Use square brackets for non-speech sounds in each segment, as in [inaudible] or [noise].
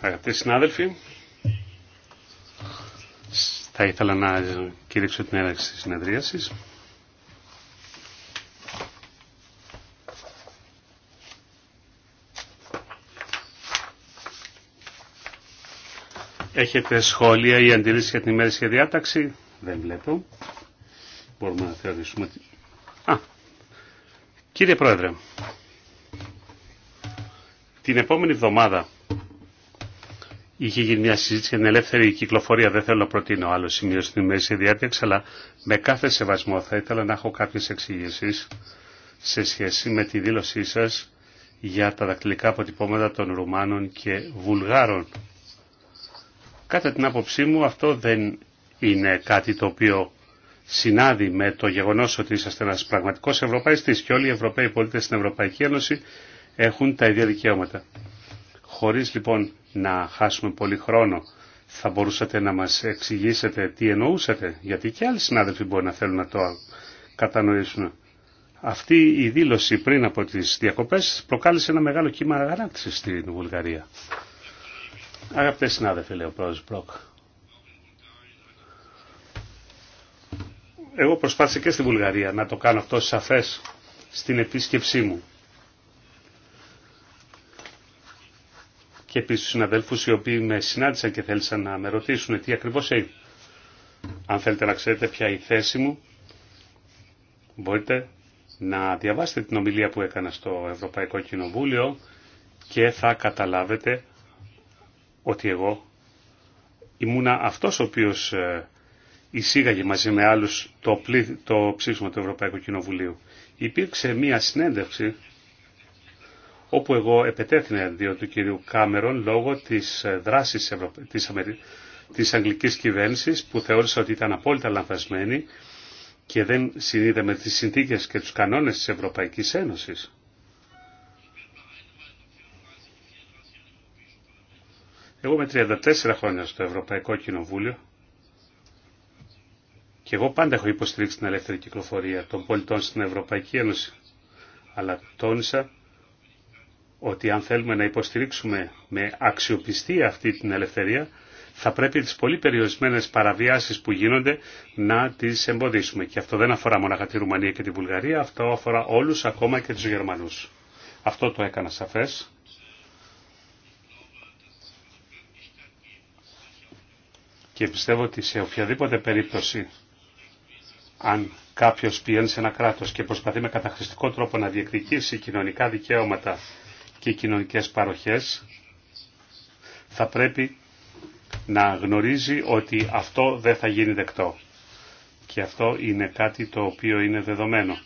Αγαπητοί συνάδελφοι, θα ήθελα να κήρυξω την έναρξη της συνεδρίασης. Έχετε σχόλια ή αντιρρήσεις για την και διάταξη. Δεν βλέπω. Μπορούμε να θεωρήσουμε ότι... Α, κύριε Πρόεδρε, την επόμενη εβδομάδα είχε γίνει μια συζήτηση για την ελεύθερη κυκλοφορία. Δεν θέλω να προτείνω άλλο σημείο στην ημερήσια διάρκεια, αλλά με κάθε σεβασμό θα ήθελα να έχω κάποιες εξηγήσει σε σχέση με τη δήλωσή σας για τα δακτυλικά αποτυπώματα των Ρουμάνων και Βουλγάρων. Κατά την άποψή μου αυτό δεν είναι κάτι το οποίο συνάδει με το γεγονός ότι είσαστε ένας πραγματικός Ευρωπαϊστής και όλοι οι Ευρωπαίοι πολίτες στην Ευρωπαϊκή Ένωση έχουν τα ίδια δικαιώματα. Χωρίς λοιπόν να χάσουμε πολύ χρόνο, θα μπορούσατε να μας εξηγήσετε τι εννοούσατε, γιατί και άλλοι συνάδελφοι μπορεί να θέλουν να το κατανοήσουν. Αυτή η δήλωση πριν από τις διακοπές προκάλεσε ένα μεγάλο κύμα αγανάκτησης στην Βουλγαρία. Αγαπητέ συνάδελφοι, λέει ο πρόεδρος Μπροκ. Εγώ προσπάθησα και στη Βουλγαρία να το κάνω αυτό σαφές στην επίσκεψή μου. και επίση του συναδέλφου, οι οποίοι με συνάντησαν και θέλησαν να με ρωτήσουν τι ακριβώ έγινε. Αν θέλετε να ξέρετε ποια είναι η θέση μου, μπορείτε να διαβάσετε την ομιλία που έκανα στο Ευρωπαϊκό Κοινοβούλιο και θα καταλάβετε ότι εγώ ήμουνα αυτός ο οποίος ε, εισήγαγε μαζί με άλλους το, πλή, το ψήφισμα του Ευρωπαϊκού Κοινοβουλίου. Υπήρξε μία συνέντευξη όπου εγώ επετέθηνα δύο του κυρίου Κάμερον λόγω της ε, δράσης της, Αμερι... της αγγλικής κυβέρνησης που θεώρησα ότι ήταν απόλυτα λανθασμένη και δεν συνείδε με τις συνθήκες και τους κανόνες της Ευρωπαϊκής Ένωσης. Εγώ με 34 χρόνια στο Ευρωπαϊκό Κοινοβούλιο και εγώ πάντα έχω υποστηρίξει την ελεύθερη κυκλοφορία των πολιτών στην Ευρωπαϊκή Ένωση. Αλλά τόνισα ότι αν θέλουμε να υποστηρίξουμε με αξιοπιστία αυτή την ελευθερία, θα πρέπει τις πολύ περιορισμένες παραβιάσεις που γίνονται να τις εμποδίσουμε. Και αυτό δεν αφορά μόνο τη Ρουμανία και τη Βουλγαρία, αυτό αφορά όλους, ακόμα και τους Γερμανούς. Αυτό το έκανα σαφές. Και πιστεύω ότι σε οποιαδήποτε περίπτωση, αν κάποιος πηγαίνει σε ένα κράτος και προσπαθεί με καταχρηστικό τρόπο να διεκδικήσει κοινωνικά δικαιώματα και κοινωνικές παροχές θα πρέπει να γνωρίζει ότι αυτό δεν θα γίνει δεκτό. Και αυτό είναι κάτι το οποίο είναι δεδομένο.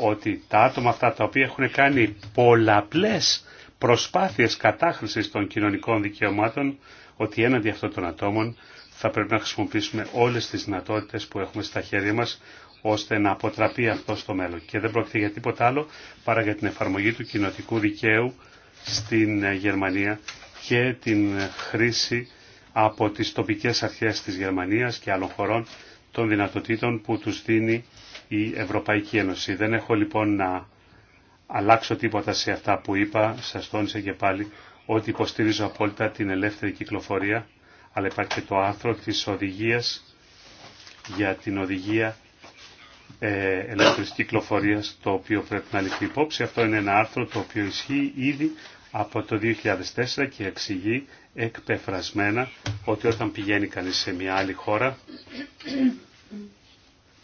Ότι τα άτομα αυτά τα οποία έχουν κάνει πολλαπλές προσπάθειες κατάχρησης των κοινωνικών δικαιωμάτων, ότι έναντι αυτών των ατόμων θα πρέπει να χρησιμοποιήσουμε όλες τις δυνατότητες που έχουμε στα χέρια μας, ώστε να αποτραπεί αυτό στο μέλλον. Και δεν πρόκειται για τίποτα άλλο παρά για την εφαρμογή του κοινοτικού δικαίου στην ε, Γερμανία και την ε, χρήση από τις τοπικές αρχές της Γερμανίας και άλλων χωρών των δυνατοτήτων που τους δίνει η Ευρωπαϊκή Ένωση. Δεν έχω λοιπόν να αλλάξω τίποτα σε αυτά που είπα, Σα τόνισα και πάλι ότι υποστηρίζω απόλυτα την ελεύθερη κυκλοφορία, αλλά υπάρχει και το άρθρο της οδηγίας για την οδηγία ε, ελεύθερης κυκλοφορίας το οποίο πρέπει να ληφθεί υπόψη. Αυτό είναι ένα άρθρο το οποίο ισχύει ήδη από το 2004 και εξηγεί εκπεφρασμένα ότι όταν πηγαίνει κανείς σε μια άλλη χώρα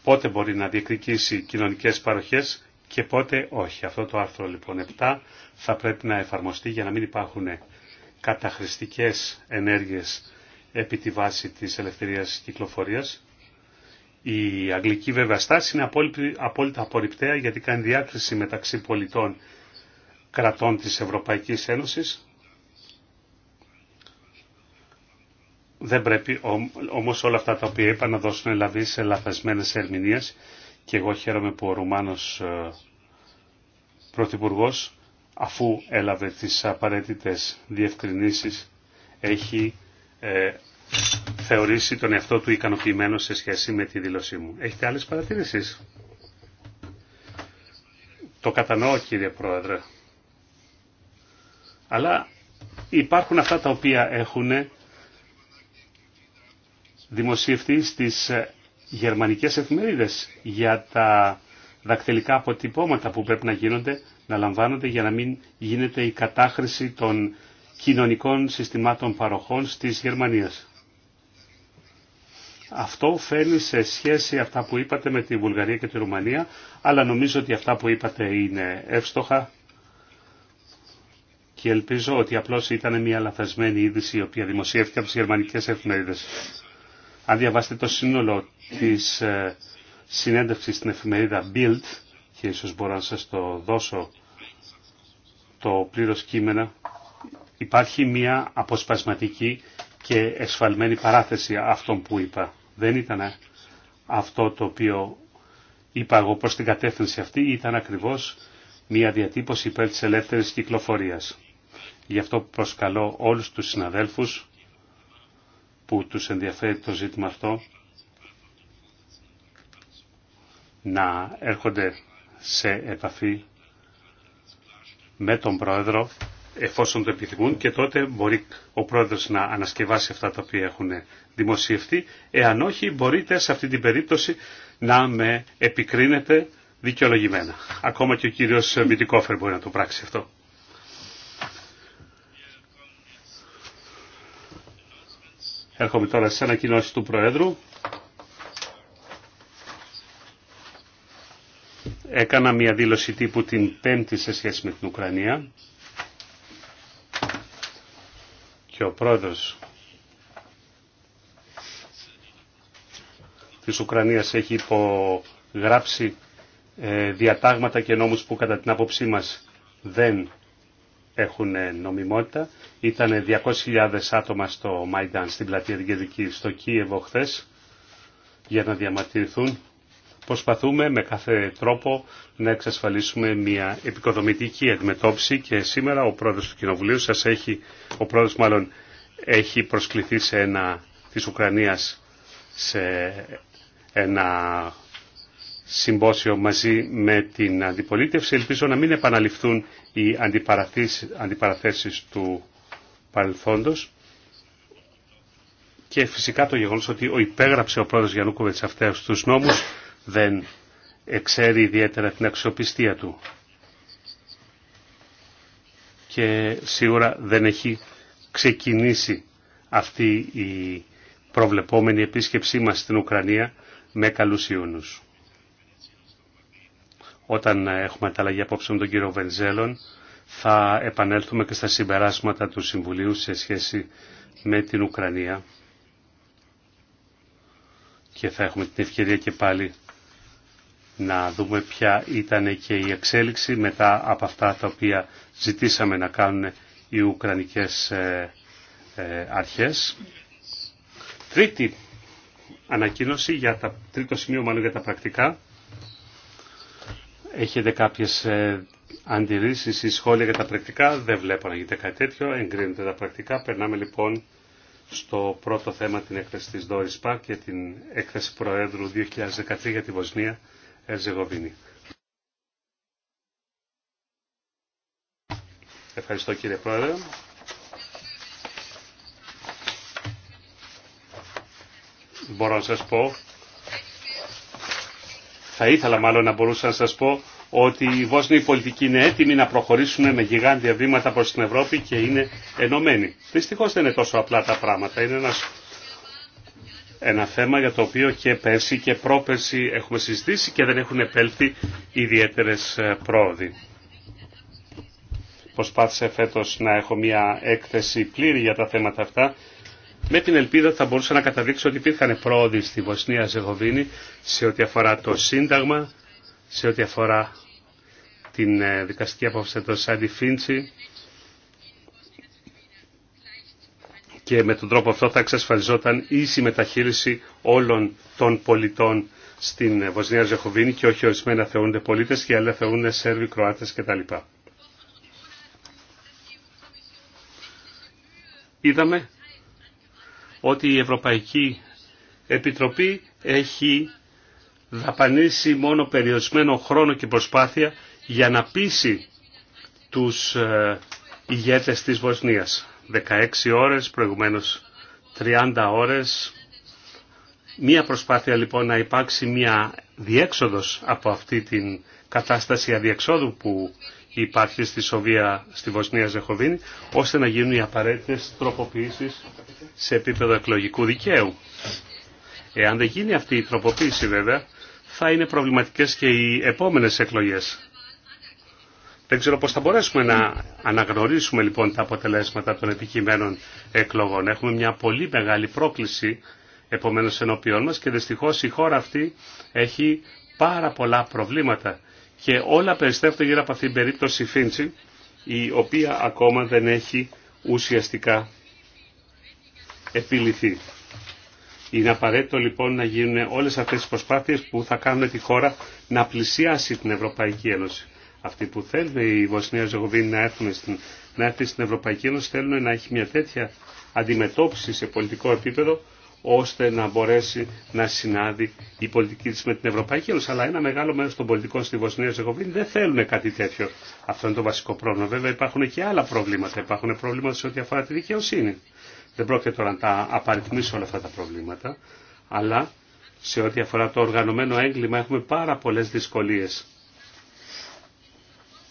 πότε μπορεί να διεκδικήσει κοινωνικές παροχές και πότε όχι. Αυτό το άρθρο λοιπόν 7 θα πρέπει να εφαρμοστεί για να μην υπάρχουν καταχρηστικές ενέργειες επί τη βάση της ελευθερίας κυκλοφορίας η αγγλική βέβαια στάση είναι απόλυτα απορριπταία γιατί κάνει διάκριση μεταξύ πολιτών κρατών της Ευρωπαϊκής Ένωσης. Δεν πρέπει όμως όλα αυτά τα οποία είπα να δώσουν λαβή σε λαθασμένες ερμηνείες και εγώ χαίρομαι που ο Ρουμάνος ε, Πρωθυπουργός αφού έλαβε τις απαραίτητες διευκρινήσεις έχει ε, θεωρήσει τον εαυτό του ικανοποιημένο σε σχέση με τη δήλωσή μου. Έχετε άλλες παρατηρήσεις. Το κατανοώ κύριε Πρόεδρε. Αλλά υπάρχουν αυτά τα οποία έχουν δημοσιευτεί στις γερμανικές εφημερίδες για τα δακτυλικά αποτυπώματα που πρέπει να γίνονται, να λαμβάνονται για να μην γίνεται η κατάχρηση των κοινωνικών συστημάτων παροχών στις Γερμανίες. Αυτό φαίνει σε σχέση αυτά που είπατε με τη Βουλγαρία και τη Ρουμανία, αλλά νομίζω ότι αυτά που είπατε είναι εύστοχα και ελπίζω ότι απλώς ήταν μια λαθασμένη είδηση η οποία δημοσιεύτηκε από τις γερμανικές εφημερίδες. Αν διαβάσετε το σύνολο της ε, συνέντευξης στην εφημερίδα Bild, και ίσως μπορώ να σας το δώσω το πλήρως κείμενα, υπάρχει μια αποσπασματική και εσφαλμένη παράθεση αυτών που είπα. Δεν ήταν αυτό το οποίο είπα εγώ προς την κατεύθυνση αυτή, ήταν ακριβώς μια διατύπωση υπέρ της ελεύθερης κυκλοφορίας. Γι' αυτό προσκαλώ όλους τους συναδέλφους που τους ενδιαφέρει το ζήτημα αυτό να έρχονται σε επαφή με τον Πρόεδρο εφόσον το επιθυμούν και τότε μπορεί ο Πρόεδρος να ανασκευάσει αυτά τα οποία έχουν δημοσιευτεί. Εάν όχι, μπορείτε σε αυτή την περίπτωση να με επικρίνετε δικαιολογημένα. Ακόμα και ο κύριος μιτικόφερ μπορεί να το πράξει αυτό. Έρχομαι τώρα ένα ανακοινώσεις του Προέδρου. Έκανα μια δήλωση τύπου την πέμπτη σε σχέση με την Ουκρανία και ο πρόεδρος της Ουκρανίας έχει υπογράψει ε, διατάγματα και νόμους που κατά την άποψή μας δεν έχουν ε, νομιμότητα. Ήταν 200.000 άτομα στο Μαϊντάν, στην πλατεία δικαιωτική, στο Κίεβο χθε για να διαμαρτυρηθούν. Προσπαθούμε με κάθε τρόπο να εξασφαλίσουμε μια επικοδομητική εκμετώπιση και σήμερα ο πρόεδρος του Κοινοβουλίου σας έχει, ο πρόεδρος μάλλον έχει προσκληθεί σε ένα της Ουκρανίας σε ένα συμπόσιο μαζί με την αντιπολίτευση. Ελπίζω να μην επαναληφθούν οι αντιπαραθέσεις του παρελθόντος. Και φυσικά το γεγονός ότι ο υπέγραψε ο πρόεδρος Γιαννούκοβιτς αυτές τους νόμους δεν εξαίρει ιδιαίτερα την αξιοπιστία του. Και σίγουρα δεν έχει ξεκινήσει αυτή η προβλεπόμενη επίσκεψή μας στην Ουκρανία με καλούς Ιούνους. Όταν έχουμε ανταλλαγή απόψε με τον κύριο Βενζέλον, θα επανέλθουμε και στα συμπεράσματα του Συμβουλίου σε σχέση με την Ουκρανία και θα έχουμε την ευκαιρία και πάλι να δούμε ποια ήταν και η εξέλιξη μετά από αυτά τα οποία ζητήσαμε να κάνουν οι Ουκρανικές ε, ε, αρχές. Τρίτη ανακοίνωση για τα, τρίτο σημείο μάλλον για τα πρακτικά. Έχετε κάποιες ε, αντιρρήσεις ή σχόλια για τα πρακτικά. Δεν βλέπω να γίνεται κάτι τέτοιο. Εγκρίνονται τα πρακτικά. Περνάμε λοιπόν στο πρώτο θέμα την έκθεση της Doris Park και την έκθεση Προέδρου 2013 για τη Βοσνία Ερζεγοβίνη. Ευχαριστώ κύριε Πρόεδρε. μπορώ να σας πω, θα ήθελα μάλλον να μπορούσα να σας πω ότι οι Βόσνοι πολιτικοί είναι έτοιμοι να προχωρήσουν με γιγάντια βήματα προς την Ευρώπη και είναι ενωμένοι. Δυστυχώς δεν είναι τόσο απλά τα πράγματα. Είναι ένα θέμα για το οποίο και πέρσι και πρόπερσι έχουμε συζητήσει και δεν έχουν επέλθει ιδιαίτερες ε, πρόοδοι. Προσπάθησα φέτος να έχω μια έκθεση πλήρη για τα θέματα αυτά με την ελπίδα ότι θα μπορούσα να καταδείξω ότι υπήρχαν πρόοδοι στη Βοσνία Ζεγοβίνη σε ό,τι αφορά το Σύνταγμα, σε ό,τι αφορά την ε, δικαστική απόφαση του Σάντι Φίντσι και με τον τρόπο αυτό θα εξασφαλιζόταν ίση μεταχείριση όλων των πολιτών στην ε, Βοσνία Ζεχοβίνη και όχι ορισμένα θεωρούνται πολίτες και άλλα θεωρούνται Σέρβοι, Κροάτες κτλ. Είδαμε ότι η Ευρωπαϊκή Επιτροπή έχει δαπανίσει μόνο περιορισμένο χρόνο και προσπάθεια για να πείσει τους ε, ηγέτες της Βοσνίας. 16 ώρες, προηγουμένως 30 ώρες. Μία προσπάθεια λοιπόν να υπάρξει μία διέξοδος από αυτή την κατάσταση αδιεξόδου που υπάρχει στη Σοβία, στη Βοσνία Ζεχοβίνη, ώστε να γίνουν οι απαραίτητες τροποποιήσεις σε επίπεδο εκλογικού δικαίου. Εάν δεν γίνει αυτή η τροποποίηση βέβαια, θα είναι προβληματικές και οι επόμενες εκλογές. Δεν ξέρω πώς θα μπορέσουμε να αναγνωρίσουμε λοιπόν τα αποτελέσματα των επικειμένων εκλογών. Έχουμε μια πολύ μεγάλη πρόκληση επομένως ενώπιόν μας και δυστυχώς η χώρα αυτή έχει πάρα πολλά προβλήματα και όλα περιστρέφονται γύρω από αυτήν την περίπτωση Φίντσι η οποία ακόμα δεν έχει ουσιαστικά επιληθεί. Είναι απαραίτητο λοιπόν να γίνουν όλες αυτές τις προσπάθειες που θα κάνουν τη χώρα να πλησιάσει την Ευρωπαϊκή Ένωση. Αυτοί που θέλουν η Βοσνία Ζεγοβίνη να, στην, να έρθει στην Ευρωπαϊκή Ένωση θέλουν να έχει μια τέτοια αντιμετώπιση σε πολιτικό επίπεδο ώστε να μπορέσει να συνάδει η πολιτική της με την Ευρωπαϊκή Ένωση. Αλλά ένα μεγάλο μέρος των πολιτικών στη Βοσνία Ζεγοβίνη δεν θέλουν κάτι τέτοιο. Αυτό είναι το βασικό πρόβλημα. Βέβαια υπάρχουν και άλλα προβλήματα. Υπάρχουν προβλήματα σε ό,τι αφορά τη δικαιοσύνη. Δεν πρόκειται τώρα να τα απαριθμίσω όλα αυτά τα προβλήματα, αλλά σε ό,τι αφορά το οργανωμένο έγκλημα έχουμε πάρα πολλές δυσκολίες.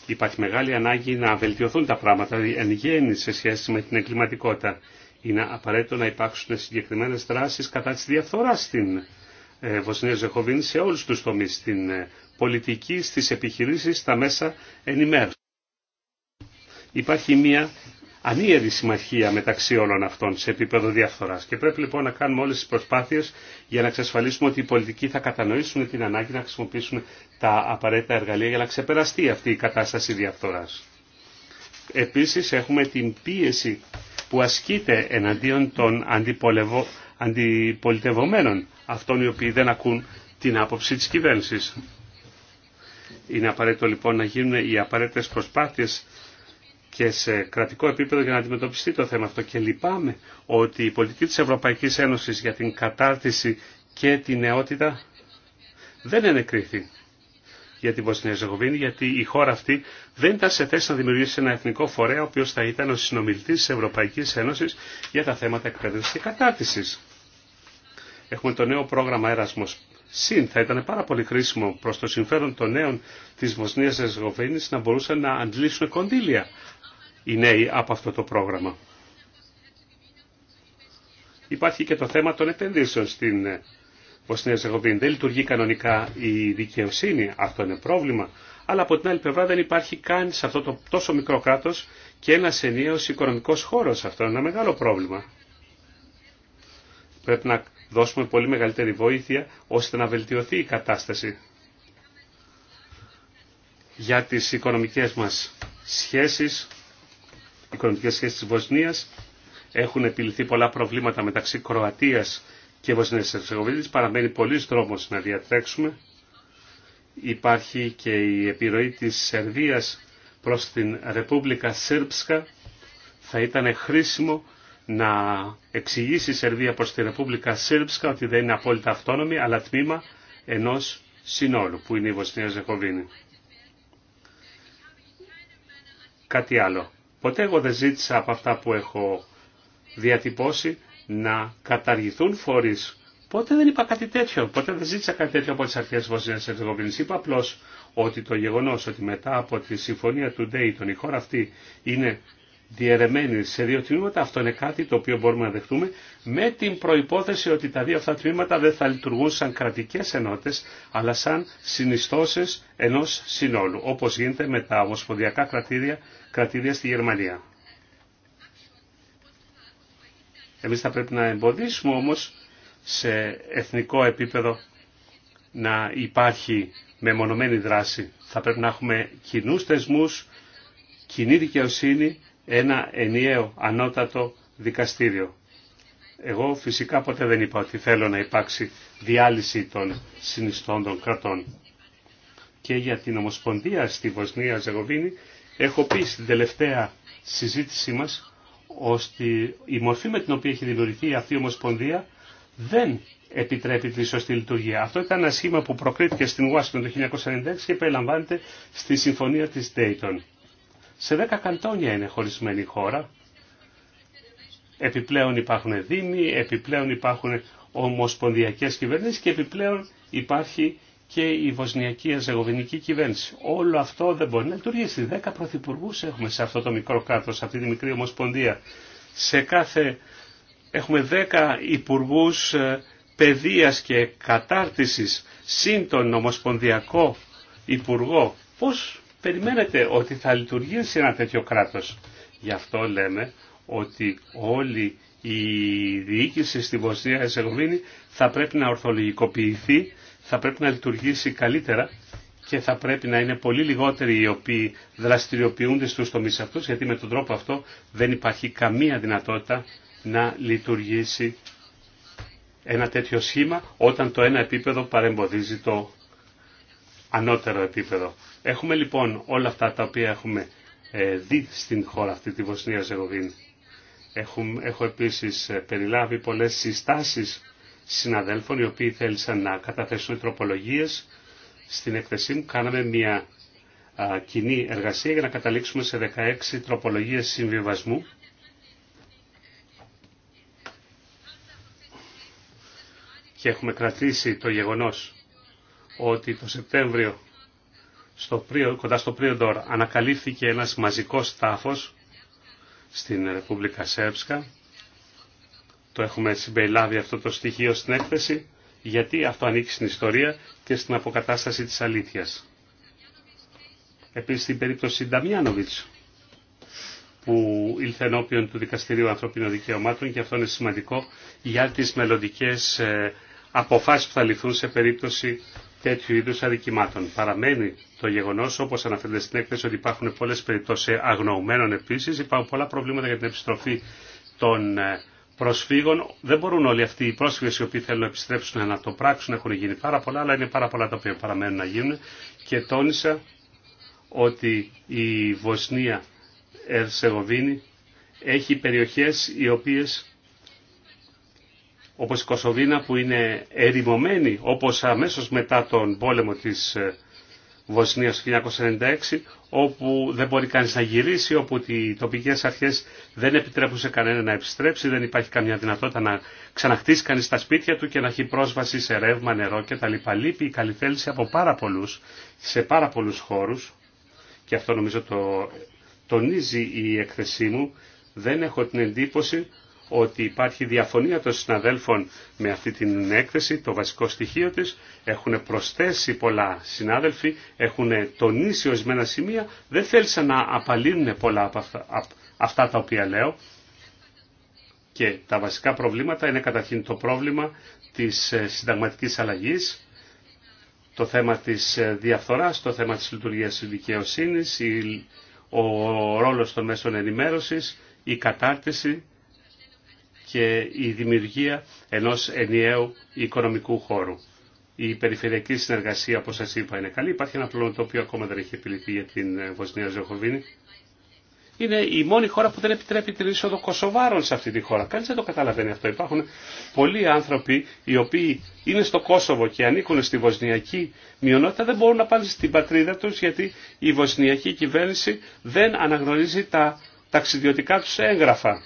Υπάρχει μεγάλη ανάγκη να βελτιωθούν τα πράγματα εν γέννη σε σχέση με την εγκληματικότητα. Είναι απαραίτητο να υπάρξουν συγκεκριμένε δράσει κατά τη διαφθορά στην ε, Βοσνία Ζεχοβίνη σε όλου του τομεί. Στην ε, πολιτική, στι επιχειρήσει, στα μέσα ενημέρωση. Υπάρχει μια ανίερη συμμαχία μεταξύ όλων αυτών σε επίπεδο διαφθοράς. Και πρέπει λοιπόν να κάνουμε όλε τι προσπάθειε για να εξασφαλίσουμε ότι οι πολιτικοί θα κατανοήσουν την ανάγκη να χρησιμοποιήσουν τα απαραίτητα εργαλεία για να ξεπεραστεί αυτή η κατάσταση διαφθοράς. Επίση έχουμε την πίεση που ασκείται εναντίον των αντιπολιτευομένων, αυτών οι οποίοι δεν ακούν την άποψη τη κυβέρνηση. Είναι απαραίτητο λοιπόν να γίνουν οι απαραίτητε προσπάθειε και σε κρατικό επίπεδο για να αντιμετωπιστεί το θέμα αυτό. Και λυπάμαι ότι η πολιτική της Ευρωπαϊκής Ένωσης για την κατάρτιση και τη νεότητα δεν ενεκρίθη για την Βοσνία Ζεγοβίνη, γιατί η χώρα αυτή δεν ήταν σε θέση να δημιουργήσει ένα εθνικό φορέα, ο οποίο θα ήταν ο συνομιλητής της Ευρωπαϊκής Ένωσης για τα θέματα εκπαίδευση και κατάρτισης. Έχουμε το νέο πρόγραμμα Erasmus. Συν θα ήταν πάρα πολύ χρήσιμο προ το συμφέρον των νέων τη Βοσνίας Ζεγοβίνη να μπορούσαν να αντλήσουν κονδύλια οι νέοι από αυτό το πρόγραμμα. Υπάρχει και το θέμα των επενδύσεων στην ε, Βοσνία Ζεγοβίνη. Δεν λειτουργεί κανονικά η δικαιοσύνη, αυτό είναι πρόβλημα. Αλλά από την άλλη πλευρά δεν υπάρχει καν σε αυτό το τόσο μικρό κράτος και ένας ενιαίος οικονομικός χώρος. Αυτό είναι ένα μεγάλο πρόβλημα. Πρέπει να δώσουμε πολύ μεγαλύτερη βοήθεια ώστε να βελτιωθεί η κατάσταση για τις οικονομικές μας σχέσεις οικονομικές σχέσεις της Βοσνίας. Έχουν επιληθεί πολλά προβλήματα μεταξύ Κροατίας και Βοσνίας Ερσεγοβίλης. Παραμένει πολλή δρόμος να διατρέξουμε. Υπάρχει και η επιρροή της Σερβίας προς την Ρεπούμπλικα Σέρψκα. Θα ήταν χρήσιμο να εξηγήσει η Σερβία προς την Ρεπούμπλικα Σέρψκα ότι δεν είναι απόλυτα αυτόνομη, αλλά τμήμα ενός συνόλου που είναι η Βοσνία Ζεχοβίνη. Κάτι άλλο. Ποτέ εγώ δεν ζήτησα από αυτά που έχω διατυπώσει να καταργηθούν φορεί Ποτέ δεν είπα κάτι τέτοιο. Ποτέ δεν ζήτησα κάτι τέτοιο από τις αρχές της Είπα απλώ ότι το γεγονός ότι μετά από τη συμφωνία του Ντέιτον τον η χώρα αυτή είναι διαιρεμένη σε δύο τμήματα, αυτό είναι κάτι το οποίο μπορούμε να δεχτούμε, με την προϋπόθεση ότι τα δύο αυτά τμήματα δεν θα λειτουργούν σαν κρατικές ενότητες, αλλά σαν συνιστώσεις ενός συνόλου, όπως γίνεται με τα ομοσπονδιακά κρατήρια κρατήρια στη Γερμανία. Εμείς θα πρέπει να εμποδίσουμε όμως σε εθνικό επίπεδο να υπάρχει μεμονωμένη δράση. Θα πρέπει να έχουμε κοινού θεσμού, κοινή δικαιοσύνη ένα ενιαίο ανώτατο δικαστήριο. Εγώ φυσικά ποτέ δεν είπα ότι θέλω να υπάρξει διάλυση των συνιστών των κρατών. Και για την Ομοσπονδία στη Βοσνία Ζεγοβίνη έχω πει στην τελευταία συζήτησή μας ότι η μορφή με την οποία έχει δημιουργηθεί αυτή η Ομοσπονδία δεν επιτρέπει τη σωστή λειτουργία. Αυτό ήταν ένα σχήμα που προκρίθηκε στην Ουάσιγκτον το 1996 και περιλαμβάνεται στη Συμφωνία της Dayton. Σε δέκα καντόνια είναι χωρισμένη η χώρα. Επιπλέον υπάρχουν δήμοι, επιπλέον υπάρχουν ομοσπονδιακές κυβερνήσεις και επιπλέον υπάρχει και η βοσνιακή αζεγοβινική κυβέρνηση. Όλο αυτό δεν μπορεί να λειτουργήσει. Δέκα πρωθυπουργού έχουμε σε αυτό το μικρό κράτο, σε αυτή τη μικρή ομοσπονδία. Σε κάθε... Έχουμε δέκα υπουργού ε, παιδείας και κατάρτισης σύν τον ομοσπονδιακό υπουργό. Πώς περιμένετε ότι θα λειτουργήσει ένα τέτοιο κράτος. Γι' αυτό λέμε ότι όλη η διοίκηση στη Βοσνία Ερσεγοβίνη θα πρέπει να ορθολογικοποιηθεί, θα πρέπει να λειτουργήσει καλύτερα και θα πρέπει να είναι πολύ λιγότεροι οι οποίοι δραστηριοποιούνται στους τομείς αυτούς, γιατί με τον τρόπο αυτό δεν υπάρχει καμία δυνατότητα να λειτουργήσει ένα τέτοιο σχήμα όταν το ένα επίπεδο παρεμποδίζει το ανώτερο επίπεδο. Έχουμε λοιπόν όλα αυτά τα οποία έχουμε ε, δει στην χώρα αυτή τη Βοσνία Ζεγοβίνη. έχω επίσης ε, περιλάβει πολλές συστάσεις συναδέλφων οι οποίοι θέλησαν να καταθέσουν τροπολογίες στην έκθεσή μου. Κάναμε μια κοινή εργασία για να καταλήξουμε σε 16 τροπολογίες συμβιβασμού. Και έχουμε κρατήσει το γεγονός ότι το Σεπτέμβριο στο πρίο, κοντά στο Πρίοντορ ανακαλύφθηκε ένας μαζικός τάφος στην Ρεπούμπλικα Σέρψκα. Το έχουμε συμπεριλάβει αυτό το στοιχείο στην έκθεση, γιατί αυτό ανήκει στην ιστορία και στην αποκατάσταση της αλήθειας. Επίσης στην περίπτωση Νταμιάνοβιτς, που ήλθε ενώπιον του Δικαστηρίου Ανθρωπίνων Δικαιωμάτων και αυτό είναι σημαντικό για τις μελλοντικέ ε, αποφάσεις που θα ληφθούν σε περίπτωση τέτοιου είδους αδικημάτων. Παραμένει το γεγονός, όπως αναφέρεται στην έκθεση, ότι υπάρχουν πολλές περιπτώσεις αγνοωμένων επίσης. Υπάρχουν πολλά προβλήματα για την επιστροφή των ε, προσφύγων. Δεν μπορούν όλοι αυτοί οι πρόσφυγες οι οποίοι θέλουν να επιστρέψουν να το πράξουν. Έχουν γίνει πάρα πολλά, αλλά είναι πάρα πολλά τα οποία παραμένουν να γίνουν. Και τόνισα ότι η Βοσνία Ερσεγοβίνη έχει περιοχές οι οποίες όπως η Κοσοβίνα που είναι ερημωμένη όπως αμέσως μετά τον πόλεμο της ε, Βοσνίας του 1996 όπου δεν μπορεί κανείς να γυρίσει, όπου οι τοπικές αρχές δεν επιτρέπουν σε κανένα να επιστρέψει, δεν υπάρχει καμιά δυνατότητα να ξαναχτίσει κανείς τα σπίτια του και να έχει πρόσβαση σε ρεύμα, νερό κτλ. Λείπει η καλυφέληση από πάρα πολλούς, σε πάρα πολλούς χώρους και αυτό νομίζω το τονίζει η έκθεσή μου. Δεν έχω την εντύπωση ότι υπάρχει διαφωνία των συναδέλφων με αυτή την έκθεση, το βασικό στοιχείο της. Έχουν προσθέσει πολλά συνάδελφοι, έχουν τονίσει ορισμένα σημεία, δεν θέλησαν να απαλύνουν πολλά αυτά, τα οποία λέω. Και τα βασικά προβλήματα είναι καταρχήν το πρόβλημα της ε, συνταγματικής αλλαγής, το θέμα της ε, διαφθοράς, το θέμα της λειτουργίας της δικαιοσύνης, ο ρόλος των μέσων ενημέρωσης, η κατάρτιση και η δημιουργία ενός ενιαίου οικονομικού χώρου. Η περιφερειακή συνεργασία, όπως σας είπα, είναι καλή. Υπάρχει ένα πρόβλημα το οποίο ακόμα δεν έχει επιληθεί για την Βοσνία Ζεχοβίνη. Είναι η μόνη χώρα που δεν επιτρέπει την είσοδο Κωσοβάρων σε αυτή τη χώρα. Κανείς δεν το καταλαβαίνει αυτό. Υπάρχουν πολλοί άνθρωποι οι οποίοι είναι στο Κόσοβο και ανήκουν στη βοσνιακή μειονότητα δεν μπορούν να πάνε στην πατρίδα τους γιατί η βοσνιακή κυβέρνηση δεν αναγνωρίζει τα ταξιδιωτικά τους έγγραφα.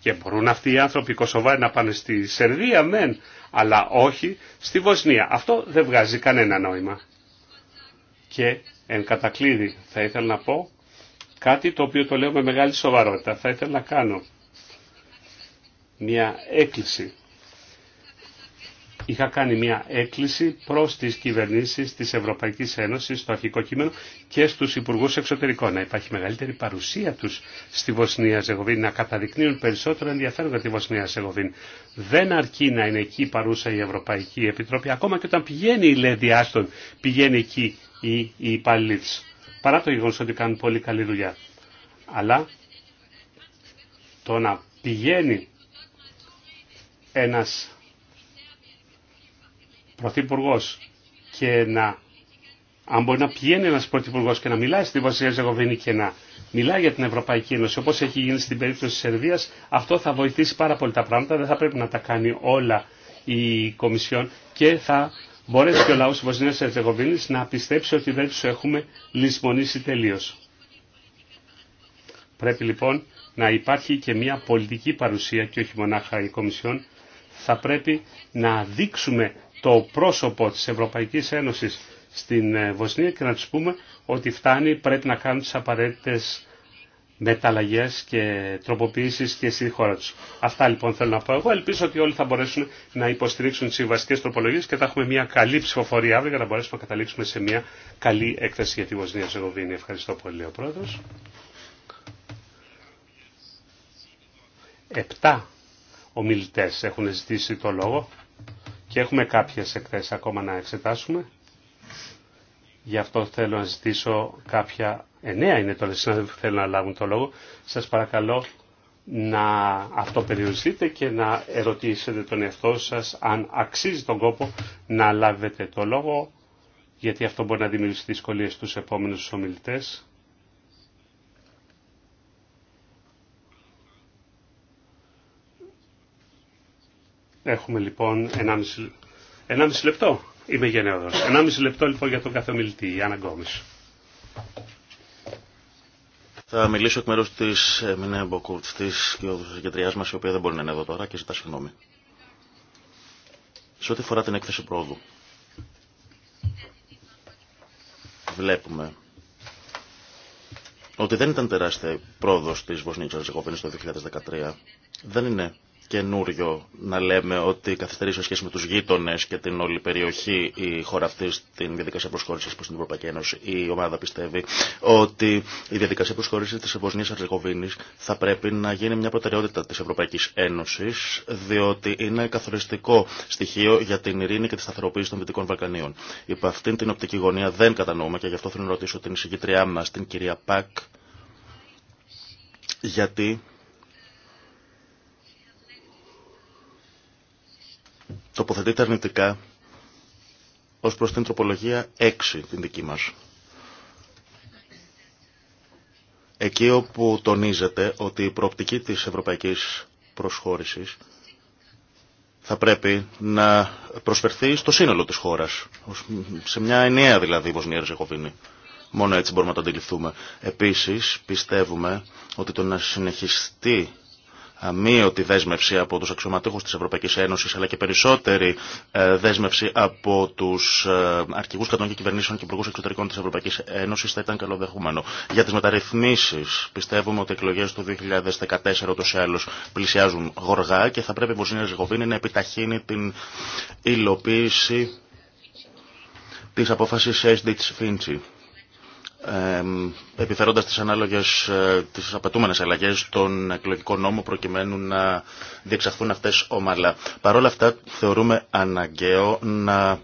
Και μπορούν αυτοί οι άνθρωποι οι να πάνε στη Σερβία, μεν, αλλά όχι στη Βοσνία. Αυτό δεν βγάζει κανένα νόημα. Και εν κατακλείδη θα ήθελα να πω κάτι το οποίο το λέω με μεγάλη σοβαρότητα. Θα ήθελα να κάνω μια έκκληση είχα κάνει μια έκκληση προς τις κυβερνήσεις της Ευρωπαϊκής Ένωσης στο αρχικό κείμενο και στους Υπουργούς Εξωτερικών. Να υπάρχει μεγαλύτερη παρουσία τους στη Βοσνία Ζεγοβίνη, να καταδεικνύουν περισσότερο ενδιαφέρον για τη Βοσνία Ζεγοβίνη. Δεν αρκεί να είναι εκεί παρούσα η Ευρωπαϊκή Επιτροπή, ακόμα και όταν πηγαίνει η Λέδη Άστον, πηγαίνει εκεί η, η Παλίτς, Παρά το γεγονός ότι κάνουν πολύ καλή δουλειά. Αλλά το να πηγαίνει ένας Πρωθυπουργό και να. Αν μπορεί να πηγαίνει ένα Πρωθυπουργό και να μιλάει στη Βοσνία Ζεγοβίνη και να μιλάει για την Ευρωπαϊκή Ένωση, όπω έχει γίνει στην περίπτωση τη Σερβία, αυτό θα βοηθήσει πάρα πολύ τα πράγματα. Δεν θα πρέπει να τα κάνει όλα η Κομισιόν και θα μπορέσει και ο λαό τη Βοσνία Ζεγοβίνη να πιστέψει ότι δεν του έχουμε λησμονήσει τελείω. Πρέπει λοιπόν να υπάρχει και μια πολιτική παρουσία και όχι μονάχα η Κομισιόν. Θα πρέπει να δείξουμε το πρόσωπο της Ευρωπαϊκής Ένωσης στην ε, Βοσνία και να τους πούμε ότι φτάνει, πρέπει να κάνουν τις απαραίτητες μεταλλαγές και τροποποιήσεις και στη χώρα τους. Αυτά λοιπόν θέλω να πω εγώ. Ελπίζω ότι όλοι θα μπορέσουν να υποστηρίξουν τις συμβαστικές τροπολογίες και θα έχουμε μια καλή ψηφοφορία αύριο για να μπορέσουμε να καταλήξουμε σε μια καλή έκθεση για τη Βοσνία Ζεγοβίνη. Ευχαριστώ πολύ ο Πρόεδρος. Επτά ομιλητές έχουν ζητήσει το λόγο και έχουμε κάποιες εκθέσεις ακόμα να εξετάσουμε. Γι' αυτό θέλω να ζητήσω κάποια... Εννέα είναι τώρα συνάδελφοι που θέλουν να λάβουν το λόγο. Σας παρακαλώ να αυτοπεριοριστείτε και να ερωτήσετε τον εαυτό σας αν αξίζει τον κόπο να λάβετε το λόγο γιατί αυτό μπορεί να δημιουργήσει δυσκολίες στους επόμενους ομιλητές. Έχουμε λοιπόν 1,5 λεπτό. Είμαι γενναιόδο. 1,5 λεπτό λοιπόν για τον κάθε ομιλητή, Άννα Γκόμης. Θα μιλήσω εκ μέρου τη ε, Μινέα Μποκούτ, τη γιατριά μα, η οποία δεν μπορεί να είναι εδώ τώρα και ζητά συγγνώμη. Σε ό,τι αφορά την έκθεση πρόοδου, βλέπουμε ότι δεν ήταν τεράστια η πρόοδο τη Βοσνία Ερζεγοβίνη το 2013. Δεν είναι καινούριο να λέμε ότι καθυστερεί σε σχέση με του γείτονε και την όλη περιοχή η χώρα αυτή στην διαδικασία προσχώρηση προ την Ευρωπαϊκή Ένωση. Η ομάδα πιστεύει ότι η διαδικασία προσχώρηση τη Βοσνία Αρζεγοβίνη θα πρέπει να γίνει μια προτεραιότητα τη Ευρωπαϊκή Ένωση, διότι είναι καθοριστικό στοιχείο για την ειρήνη και τη σταθεροποίηση των Δυτικών Βαλκανίων. Υπό αυτήν την οπτική γωνία δεν κατανοούμε και γι' αυτό θέλω να ρωτήσω την εισηγητριά μα, την κυρία Πακ, γιατί τοποθετείται αρνητικά ως προς την τροπολογία 6 την δική μας. Εκεί όπου τονίζεται ότι η προοπτική της ευρωπαϊκής προσχώρησης θα πρέπει να προσφερθεί στο σύνολο της χώρας, σε μια ενιαία δηλαδή Βοσνία Βοσνία-Ριζεγοβίνη. Μόνο έτσι μπορούμε να το αντιληφθούμε. Επίσης πιστεύουμε ότι το να συνεχιστεί αμύωτη δέσμευση από τους αξιωματούχους της Ευρωπαϊκής Ένωσης αλλά και περισσότερη ε, δέσμευση από τους ε, αρχηγούς κατών και κυβερνήσεων και υπουργούς εξωτερικών της Ευρωπαϊκής Ένωσης θα ήταν καλοδεχούμενο. Για τις μεταρρυθμίσεις πιστεύουμε ότι οι εκλογές του 2014 ούτως ή άλλως πλησιάζουν γοργά και θα πρέπει η Βοσνία Ζεγοβίνη να επιταχύνει την υλοποίηση της απόφασης ΦΙΝΤΣΙ επιφερόντας τις ανάλογες, ε, τις απαιτούμενες αλλαγές των εκλογικών νόμων προκειμένου να διεξαχθούν αυτές ομαλά. Παρ' όλα αυτά θεωρούμε αναγκαίο να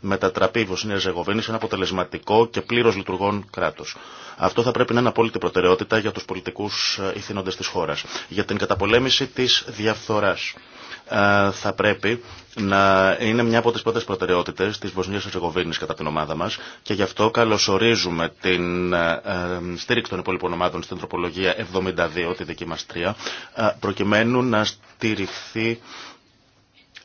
μετατραπεί η Βοσνία Ζεγοβίνη σε ένα αποτελεσματικό και πλήρως λειτουργών κράτο. Αυτό θα πρέπει να είναι απόλυτη προτεραιότητα για τους πολιτικούς ε, ηθήνοντες τη χώρα. Για την καταπολέμηση της διαφθοράς ε, θα πρέπει να είναι μια από τις πρώτες προτεραιότητες της Βοσνίας Ερσεγοβίνης κατά την ομάδα μας και γι' αυτό καλωσορίζουμε την ε, ε, στήριξη των υπόλοιπων ομάδων στην τροπολογία 72, τη δική μας τρία, προκειμένου να στηριχθεί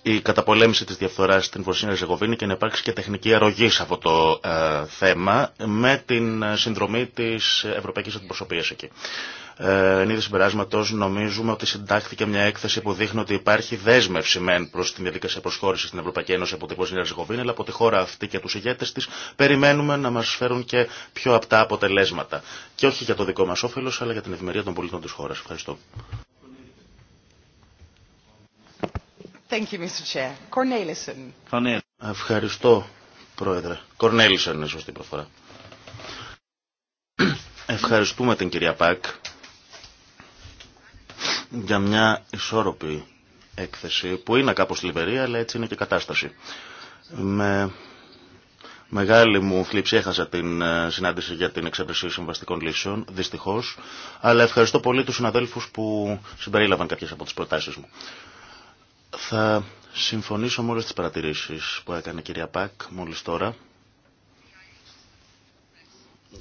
η καταπολέμηση της διαφθοράς στην Βοσνία Ζεγοβίνη και να υπάρξει και τεχνική αρρωγή σε αυτό το θέμα με την συνδρομή της Ευρωπαϊκής Αντιπροσωπείας εκεί. Ε, εν είδη συμπεράσματο, νομίζουμε ότι συντάχθηκε μια έκθεση που δείχνει ότι υπάρχει δέσμευση μεν προ την διαδικασία προσχώρηση στην Ευρωπαϊκή Ένωση από την Ποσνία Ριζεγοβίνη, αλλά από τη χώρα αυτή και του ηγέτε τη περιμένουμε να μα φέρουν και πιο απτά αποτελέσματα. Και όχι για το δικό μα όφελο, αλλά για την ευημερία των πολιτών τη χώρα. Ευχαριστώ. Ευχαριστώ, Πρόεδρε. Κορνέλισεν είναι σωστή προφορά. Ευχαριστούμε την κυρία Πακ για μια ισόρροπη έκθεση που είναι κάπως λιβερή αλλά έτσι είναι και η κατάσταση. Με μεγάλη μου θλίψη έχασα την ε, συνάντηση για την εξέπρεση συμβαστικών λύσεων, δυστυχώς, αλλά ευχαριστώ πολύ τους συναδέλφους που συμπερίλαβαν κάποιες από τις προτάσεις μου. Θα συμφωνήσω με όλες τις παρατηρήσεις που έκανε η κυρία Πακ μόλις τώρα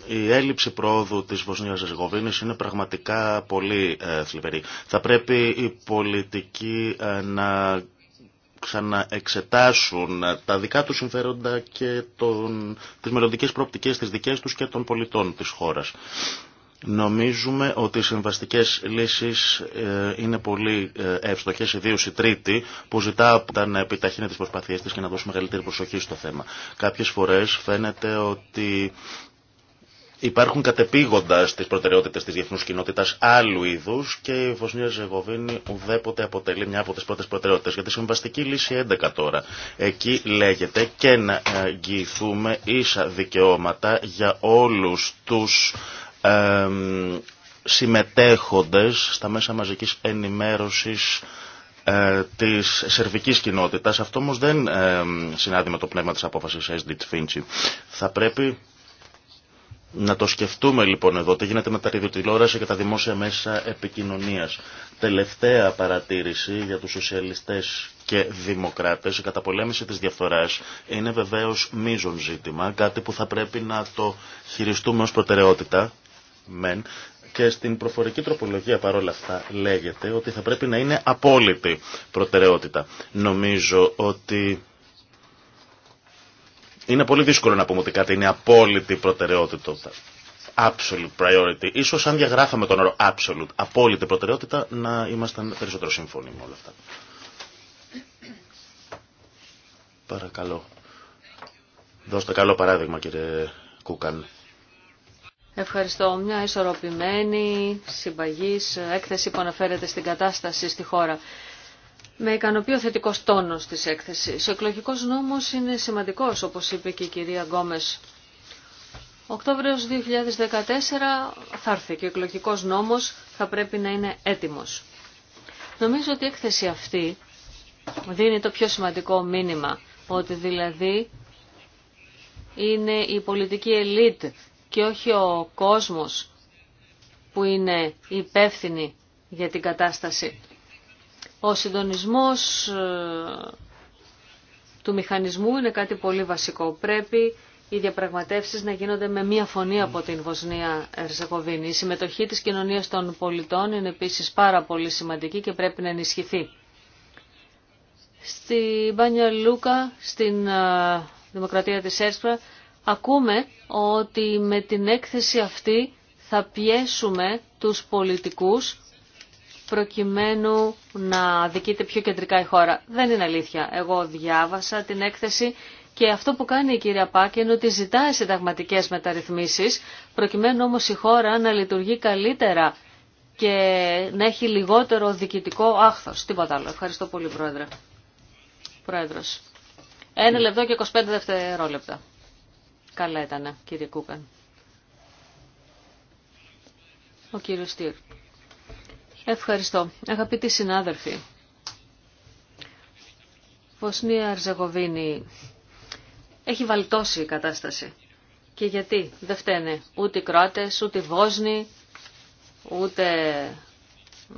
η έλλειψη πρόοδου της Βοσνίας Ζεγοβίνης είναι πραγματικά πολύ ε, θλιβερή. Θα πρέπει οι πολιτικοί ε, να ξαναεξετάσουν ε, τα δικά τους συμφέροντα και τον, τις μελλοντικές προοπτικές της δικές τους και των πολιτών της χώρας. Νομίζουμε ότι οι συμβαστικές λύσεις είναι πολύ εύστοχες, ιδίως η τρίτη, που ζητά από να επιταχύνει τις προσπαθίες της και να δώσει μεγαλύτερη προσοχή στο θέμα. Κάποιες φορές φαίνεται ότι Υπάρχουν κατεπήγοντα τι προτεραιότητε τη διεθνού κοινότητα άλλου είδου και η Βοσνία Ζεγοβίνη ουδέποτε αποτελεί μια από τι πρώτε προτεραιότητε. Για τη συμβαστική λύση 11 τώρα. Εκεί λέγεται και να εγγυηθούμε ίσα δικαιώματα για όλου του ε, συμμετέχοντες στα μέσα μαζικής ενημέρωσης ε, της σερβικής Αυτό όμως δεν ε, συνάδει με το πνεύμα της απόφασης SDT. Finch. Θα πρέπει να το σκεφτούμε λοιπόν εδώ, τι γίνεται με τα ριδιοτηλόραση και τα δημόσια μέσα επικοινωνίας. Τελευταία παρατήρηση για τους σοσιαλιστές και δημοκράτες, η καταπολέμηση της διαφθοράς είναι βεβαίως μείζον ζήτημα, κάτι που θα πρέπει να το χειριστούμε ως προτεραιότητα. Μεν, και στην προφορική τροπολογία παρόλα αυτά λέγεται ότι θα πρέπει να είναι απόλυτη προτεραιότητα. Νομίζω ότι είναι πολύ δύσκολο να πούμε ότι κάτι είναι απόλυτη προτεραιότητα. Absolute priority. Ίσως αν διαγράφαμε τον όρο absolute, απόλυτη προτεραιότητα, να ήμασταν περισσότερο σύμφωνοι με όλα αυτά. Παρακαλώ. Δώστε καλό παράδειγμα κύριε Κούκαν. Ευχαριστώ. Μια ισορροπημένη, συμπαγής έκθεση που αναφέρεται στην κατάσταση στη χώρα με ικανοποιεί ο θετικό τόνο τη έκθεση. Ο εκλογικό νόμο είναι σημαντικό, όπω είπε και η κυρία Γκόμε. Οκτώβριο 2014 θα έρθει και ο εκλογικό νόμο θα πρέπει να είναι έτοιμο. Νομίζω ότι η έκθεση αυτή δίνει το πιο σημαντικό μήνυμα, ότι δηλαδή είναι η πολιτική ελίτ και όχι ο κόσμος που είναι υπεύθυνη για την κατάσταση. Ο συντονισμός ε, του μηχανισμού είναι κάτι πολύ βασικό. Πρέπει οι διαπραγματεύσεις να γίνονται με μία φωνή από την Βοσνία Ερζεγοβίνη. Η συμμετοχή της κοινωνίας των πολιτών είναι επίσης πάρα πολύ σημαντική και πρέπει να ενισχυθεί. Στη Μπάνια Λούκα, στην ε, Δημοκρατία της Έρσπρα, ακούμε ότι με την έκθεση αυτή θα πιέσουμε τους πολιτικούς προκειμένου να δικείται πιο κεντρικά η χώρα. Δεν είναι αλήθεια. Εγώ διάβασα την έκθεση και αυτό που κάνει η κυρία Πάκη είναι ότι ζητάει συνταγματικέ μεταρρυθμίσεις, προκειμένου όμως η χώρα να λειτουργεί καλύτερα και να έχει λιγότερο διοικητικό άχθος. Τίποτα άλλο. Ευχαριστώ πολύ, Πρόεδρε. Πρόεδρος. Ένα λεπτό και 25 δευτερόλεπτα. Καλά ήταν, κύριε Κούκαν. Ο κύριος Στύρ. Ευχαριστώ. Αγαπητοί συνάδελφοι, Βοσνία Αρζεγοβίνη έχει βαλτώσει η κατάσταση. Και γιατί δεν φταίνε ούτε οι Κροάτες, ούτε οι Βόσνοι, ούτε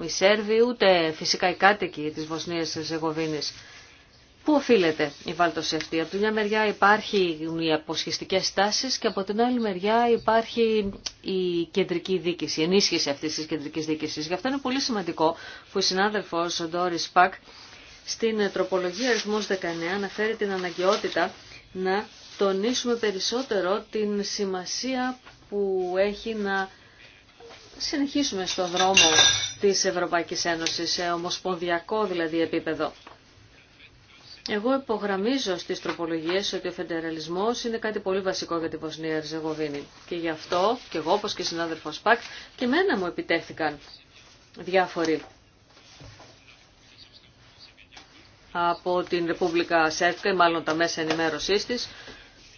οι Σέρβοι, ούτε φυσικά οι κάτοικοι της Βοσνίας Αρζεγοβίνης. Πού οφείλεται η βάλτωση αυτή. Από τη μια μεριά υπάρχουν οι αποσχιστικές τάσεις και από την άλλη μεριά υπάρχει η κεντρική δίκηση, η ενίσχυση αυτής της κεντρικής δίκησης. Γι' αυτό είναι πολύ σημαντικό που η συνάδελφος Ντόρις Πακ στην τροπολογία αριθμός 19 αναφέρει την αναγκαιότητα να τονίσουμε περισσότερο την σημασία που έχει να συνεχίσουμε στον δρόμο της Ευρωπαϊκής Ένωσης, σε ομοσπονδιακό δηλαδή επίπεδο. Εγώ υπογραμμίζω στις τροπολογίες ότι ο φεντεραλισμό είναι κάτι πολύ βασικό για την Βοσνία Ερζεγοβίνη. Και γι' αυτό και εγώ όπω και η συνάδελφος Πακ και μένα μου επιτέθηκαν διάφοροι από την Ρεπούμπλικα Σέρφκα, μάλλον τα μέσα ενημέρωσής τη,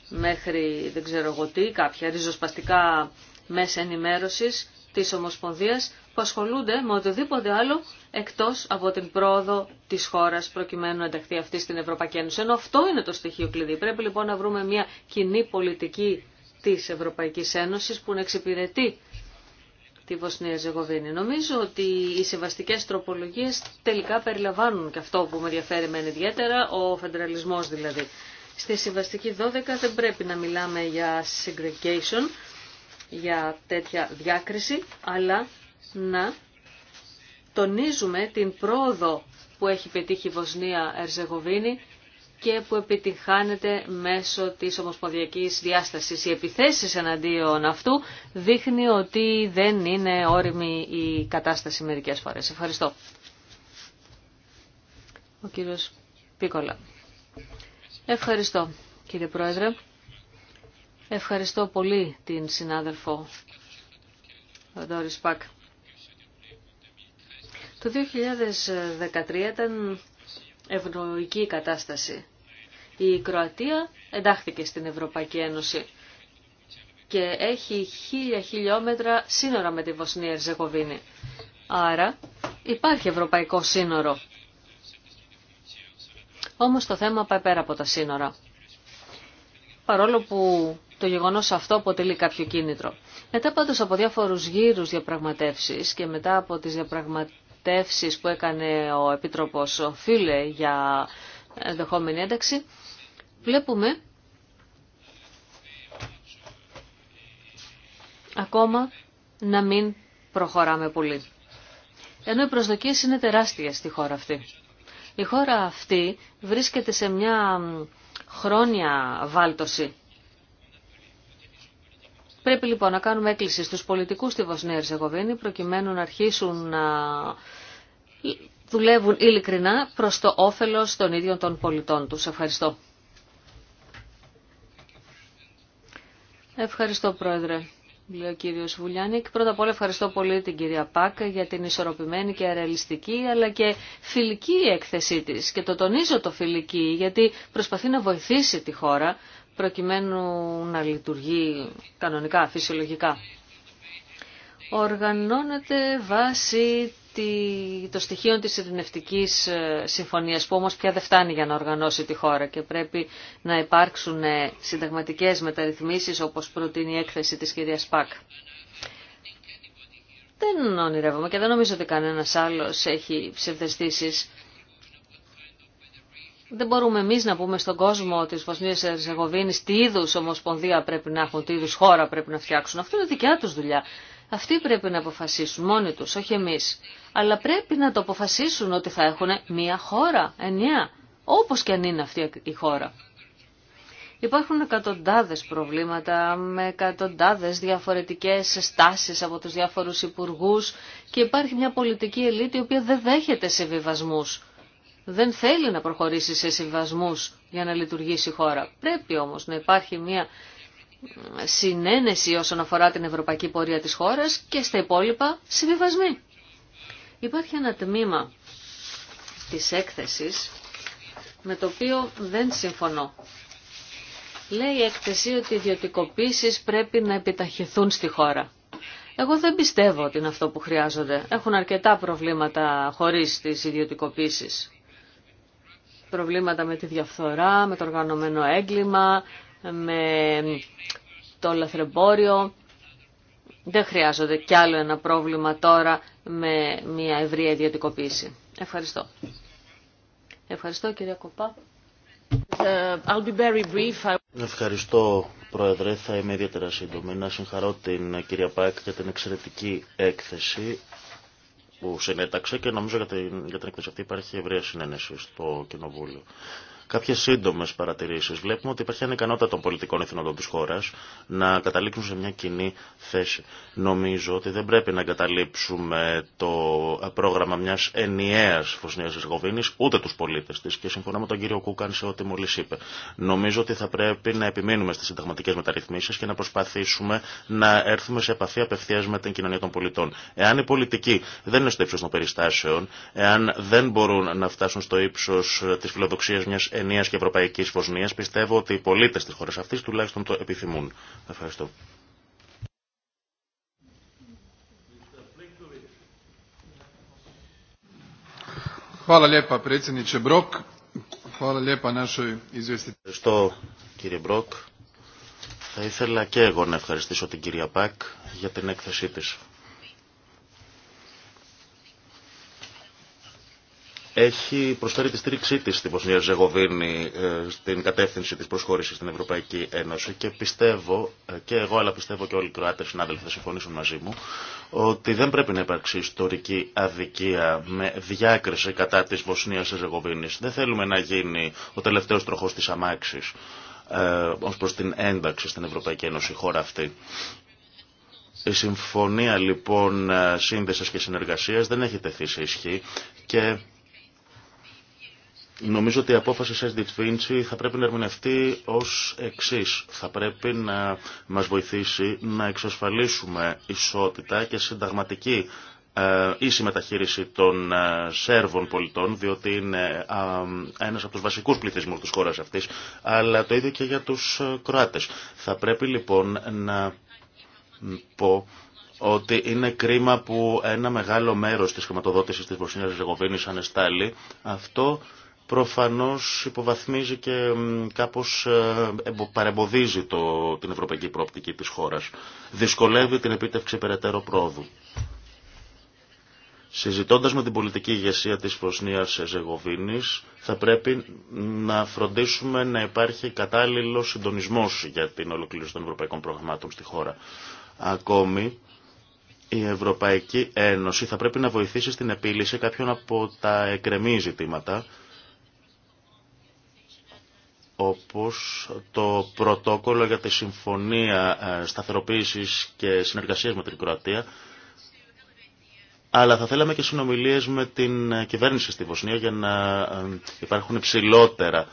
μέχρι δεν ξέρω εγώ τι, κάποια ριζοσπαστικά μέσα ενημέρωσης της Ομοσπονδίας που ασχολούνται με οτιδήποτε άλλο εκτός από την πρόοδο της χώρας προκειμένου να ενταχθεί αυτή στην Ευρωπαϊκή Ένωση. Ενώ αυτό είναι το στοιχείο κλειδί. Πρέπει λοιπόν να βρούμε μια κοινή πολιτική της Ευρωπαϊκής Ένωσης που να εξυπηρετεί τη Βοσνία Ζεγοβίνη. Νομίζω ότι οι σεβαστικές τροπολογίες τελικά περιλαμβάνουν και αυτό που με ενδιαφέρει μεν ιδιαίτερα, ο φεντραλισμός δηλαδή. Στη συμβαστική 12 δεν πρέπει να μιλάμε για segregation, για τέτοια διάκριση, αλλά να τονίζουμε την πρόοδο που έχει πετύχει η Βοσνία Ερζεγοβίνη και που επιτυχάνεται μέσω της ομοσπονδιακής διάστασης. Οι επιθέσεις εναντίον αυτού δείχνει ότι δεν είναι όριμη η κατάσταση μερικές φορές. Ευχαριστώ. Ο κύριος Πίκολα. Ευχαριστώ κύριε Πρόεδρε. Ευχαριστώ πολύ την συνάδελφο Δόρις Πακ. Το 2013 ήταν ευνοϊκή κατάσταση. Η Κροατία εντάχθηκε στην Ευρωπαϊκή Ένωση και έχει χίλια χιλιόμετρα σύνορα με τη Βοσνία Ερζεγοβίνη. Άρα υπάρχει ευρωπαϊκό σύνορο. Όμως το θέμα πάει πέρα από τα σύνορα. Παρόλο που το γεγονός αυτό αποτελεί κάποιο κίνητρο. Μετά πάντως από διάφορους γύρους διαπραγματεύσεις και μετά από τις διαπραγματεύσεις που έκανε ο Επίτροπος Φίλε για ενδεχόμενη ένταξη, βλέπουμε ακόμα να μην προχωράμε πολύ. Ενώ οι προσδοκίες είναι τεράστιες στη χώρα αυτή. Η χώρα αυτή βρίσκεται σε μια χρόνια βάλτωση Πρέπει λοιπόν να κάνουμε έκκληση στους πολιτικούς στη Βοσνία Ερζεγοβίνη προκειμένου να αρχίσουν να δουλεύουν ειλικρινά προς το όφελος των ίδιων των πολιτών τους. Ευχαριστώ. Ευχαριστώ Πρόεδρε. Λέει ο κύριο Βουλιάνικ. Πρώτα απ' όλα ευχαριστώ πολύ την κυρία Πάκ για την ισορροπημένη και αρεαλιστική αλλά και φιλική έκθεσή τη. Και το τονίζω το φιλική γιατί προσπαθεί να βοηθήσει τη χώρα προκειμένου να λειτουργεί κανονικά, φυσιολογικά. Οργανώνεται βάσει το στοιχείο της ειρηνευτικής ε, συμφωνίας που όμως πια δεν φτάνει για να οργανώσει τη χώρα και πρέπει να υπάρξουν ε, συνταγματικές μεταρρυθμίσεις όπως προτείνει η έκθεση της κυρίας Πακ. Δεν ονειρεύομαι και δεν νομίζω ότι κανένας άλλος έχει ψευδεστήσεις δεν μπορούμε εμεί να πούμε στον κόσμο τη Βοσνία Ερζεγοβίνη τι είδου ομοσπονδία πρέπει να έχουν, τι είδου χώρα πρέπει να φτιάξουν. Αυτό είναι δικιά του δουλειά. Αυτοί πρέπει να αποφασίσουν μόνοι του, όχι εμεί. Αλλά πρέπει να το αποφασίσουν ότι θα έχουν μία χώρα, ενιαία, Όπω και αν είναι αυτή η χώρα. Υπάρχουν εκατοντάδε προβλήματα με εκατοντάδε διαφορετικέ στάσει από του διάφορου υπουργού και υπάρχει μια πολιτική ελίτ η οποία δεν δέχεται σε βιβασμού δεν θέλει να προχωρήσει σε συμβασμούς για να λειτουργήσει η χώρα. Πρέπει όμως να υπάρχει μια συνένεση όσον αφορά την ευρωπαϊκή πορεία της χώρας και στα υπόλοιπα συμβιβασμοί. Υπάρχει ένα τμήμα της έκθεσης με το οποίο δεν συμφωνώ. Λέει η έκθεση ότι οι ιδιωτικοποίησεις πρέπει να επιταχυθούν στη χώρα. Εγώ δεν πιστεύω ότι είναι αυτό που χρειάζονται. Έχουν αρκετά προβλήματα χωρίς τις ιδιωτικοποίησεις προβλήματα με τη διαφθορά, με το οργανωμένο έγκλημα, με το λαθρεμπόριο. Δεν χρειάζονται κι άλλο ένα πρόβλημα τώρα με μια ευρία ιδιωτικοποίηση. Ευχαριστώ. Ευχαριστώ κυρία Κοπά. Uh, Ευχαριστώ Πρόεδρε, θα είμαι ιδιαίτερα σύντομη. Να συγχαρώ την κυρία Πάκ για την εξαιρετική έκθεση που συνέταξε και νομίζω για την, για την υπάρχει ευρεία συνένεση στο Κοινοβούλιο. Κάποιε σύντομε παρατηρήσει. Βλέπουμε ότι υπάρχει ανικανότητα των πολιτικών εθνοτών τη χώρα να καταλήξουν σε μια κοινή θέση. Νομίζω ότι δεν πρέπει να εγκαταλείψουμε το πρόγραμμα μια ενιαία Βοσνία Ζεγοβίνη, ούτε του πολίτε τη. Και συμφωνώ με τον κύριο Κούκαν σε ό,τι μόλι είπε. Νομίζω ότι θα πρέπει να επιμείνουμε στι συνταγματικέ μεταρρυθμίσει και να προσπαθήσουμε να έρθουμε σε επαφή απευθεία με την κοινωνία των πολιτών. Εάν οι πολιτικοί δεν είναι στο ύψο των περιστάσεων, εάν δεν μπορούν να φτάσουν στο ύψο τη φιλοδοξία μια ενίας και ευρωπαϊκής Βοσνίας. Πιστεύω ότι οι πολίτες της χώρας αυτής τουλάχιστον το επιθυμούν. Ευχαριστώ. Ευχαριστώ κύριε Μπροκ. Θα ήθελα και εγώ να ευχαριστήσω την κυρία Πακ για την έκθεσή της. έχει προσφέρει τη στήριξή της στη Βοσνία Ζεγοβίνη ε, στην κατεύθυνση της προσχώρησης στην Ευρωπαϊκή Ένωση και πιστεύω, ε, και εγώ αλλά πιστεύω και όλοι οι Κροάτες συνάδελφοι θα συμφωνήσουν μαζί μου, ότι δεν πρέπει να υπάρξει ιστορική αδικία με διάκριση κατά της Βοσνίας Ζεγοβίνης. Δεν θέλουμε να γίνει ο τελευταίος τροχός της αμάξης ε, ως προς την ένταξη στην Ευρωπαϊκή Ένωση χώρα αυτή. Η συμφωνία λοιπόν ε, σύνδεσης και συνεργασίας δεν έχει τεθεί σε ισχύ και Νομίζω ότι η απόφαση σας Διτσβίντσι θα πρέπει να ερμηνευτεί ως εξής. Θα πρέπει να μας βοηθήσει να εξασφαλίσουμε ισότητα και συνταγματική ε, ίση μεταχείριση των ε, Σέρβων πολιτών, διότι είναι ε, ένας από τους βασικούς πληθυσμούς της χώρας αυτής, αλλά το ίδιο και για τους Κροάτες. Θα πρέπει λοιπόν να πω ότι είναι κρίμα που ένα μεγάλο μέρος της χρηματοδότησης της Βοσνίας Ζεγοβίνης ανεστάλλει προφανώς υποβαθμίζει και κάπως ε, παρεμποδίζει το, την ευρωπαϊκή προοπτική της χώρας. Δυσκολεύει την επίτευξη περαιτέρω πρόοδου. Συζητώντας με την πολιτική ηγεσία της Βοσνίας Ζεγοβίνης, θα πρέπει να φροντίσουμε να υπάρχει κατάλληλο συντονισμός για την ολοκλήρωση των ευρωπαϊκών προγραμμάτων στη χώρα. Ακόμη, η Ευρωπαϊκή Ένωση θα πρέπει να βοηθήσει στην επίλυση κάποιων από τα εκρεμή ζητήματα, όπως το πρωτόκολλο για τη Συμφωνία ε, Σταθεροποίησης και Συνεργασίας με την Κροατία, αλλά θα θέλαμε και συνομιλίες με την ε, κυβέρνηση στη Βοσνία για να ε, υπάρχουν υψηλότερα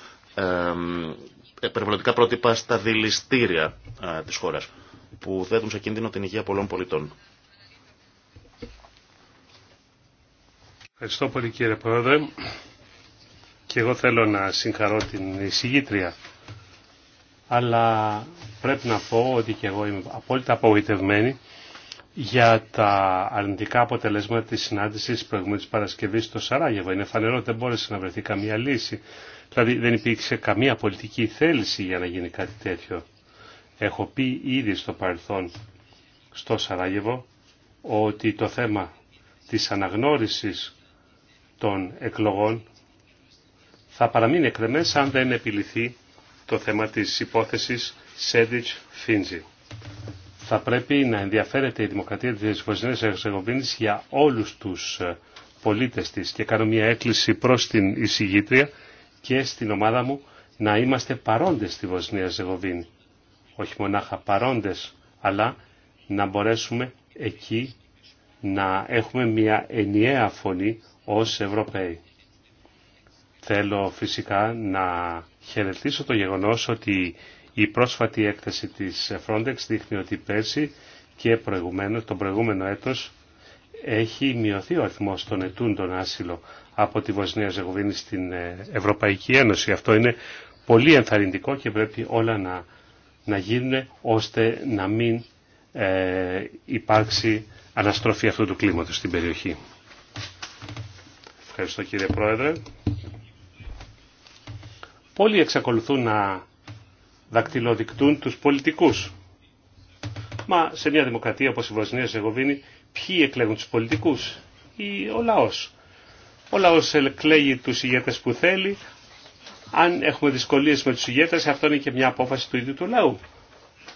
περιβαλλοντικά πρότυπα στα δηληστήρια της χώρας που θέτουν σε κίνδυνο την υγεία πολλών πολιτών. Ευχαριστώ πολύ κύριε Πρόεδρε. Και εγώ θέλω να συγχαρώ την εισηγήτρια. Αλλά πρέπει να πω ότι και εγώ είμαι απόλυτα απογοητευμένη για τα αρνητικά αποτελέσματα της συνάντησης προηγούμενης Παρασκευής στο Σαράγεβο. Είναι φανερό ότι δεν μπόρεσε να βρεθεί καμία λύση. Δηλαδή δεν υπήρξε καμία πολιτική θέληση για να γίνει κάτι τέτοιο. Έχω πει ήδη στο παρελθόν στο Σαράγεβο ότι το θέμα της αναγνώρισης των εκλογών θα παραμείνει εκρεμές αν δεν επιληθεί το θέμα της υπόθεσης Σέντιτς Φίντζη. Θα πρέπει να ενδιαφέρεται η δημοκρατία της Βοσνίας Ερσεγοβίνης για όλους τους ε, πολίτες της και κάνω μια έκκληση προς την εισηγήτρια και στην ομάδα μου να είμαστε παρόντες στη Βοσνία Ζεγοβίνη. Όχι μονάχα παρόντες, αλλά να μπορέσουμε εκεί να έχουμε μια ενιαία φωνή ως Ευρωπαίοι. Θέλω φυσικά να χαιρετήσω το γεγονός ότι η πρόσφατη έκθεση της Frontex δείχνει ότι πέρσι και προηγουμένως, τον προηγούμενο έτος έχει μειωθεί ο αριθμός των ετούντων άσυλο από τη Βοσνία Ζεγοβίνη στην ε, Ευρωπαϊκή Ένωση. Αυτό είναι πολύ ενθαρρυντικό και πρέπει όλα να, να γίνουν ώστε να μην ε, υπάρξει αναστροφή αυτού του κλίματος στην περιοχή. Ευχαριστώ κύριε Πρόεδρε. Πολλοί εξακολουθούν να δακτυλοδεικτούν τους πολιτικούς. Μα σε μια δημοκρατία όπως η Βοσνία Ζεγοβίνη, ποιοι εκλέγουν τους πολιτικούς ή ο λαός. Ο λαός εκλέγει τους ηγέτες που θέλει. Αν έχουμε δυσκολίες με τους ηγέτες, αυτό είναι και μια απόφαση του ίδιου του λαού.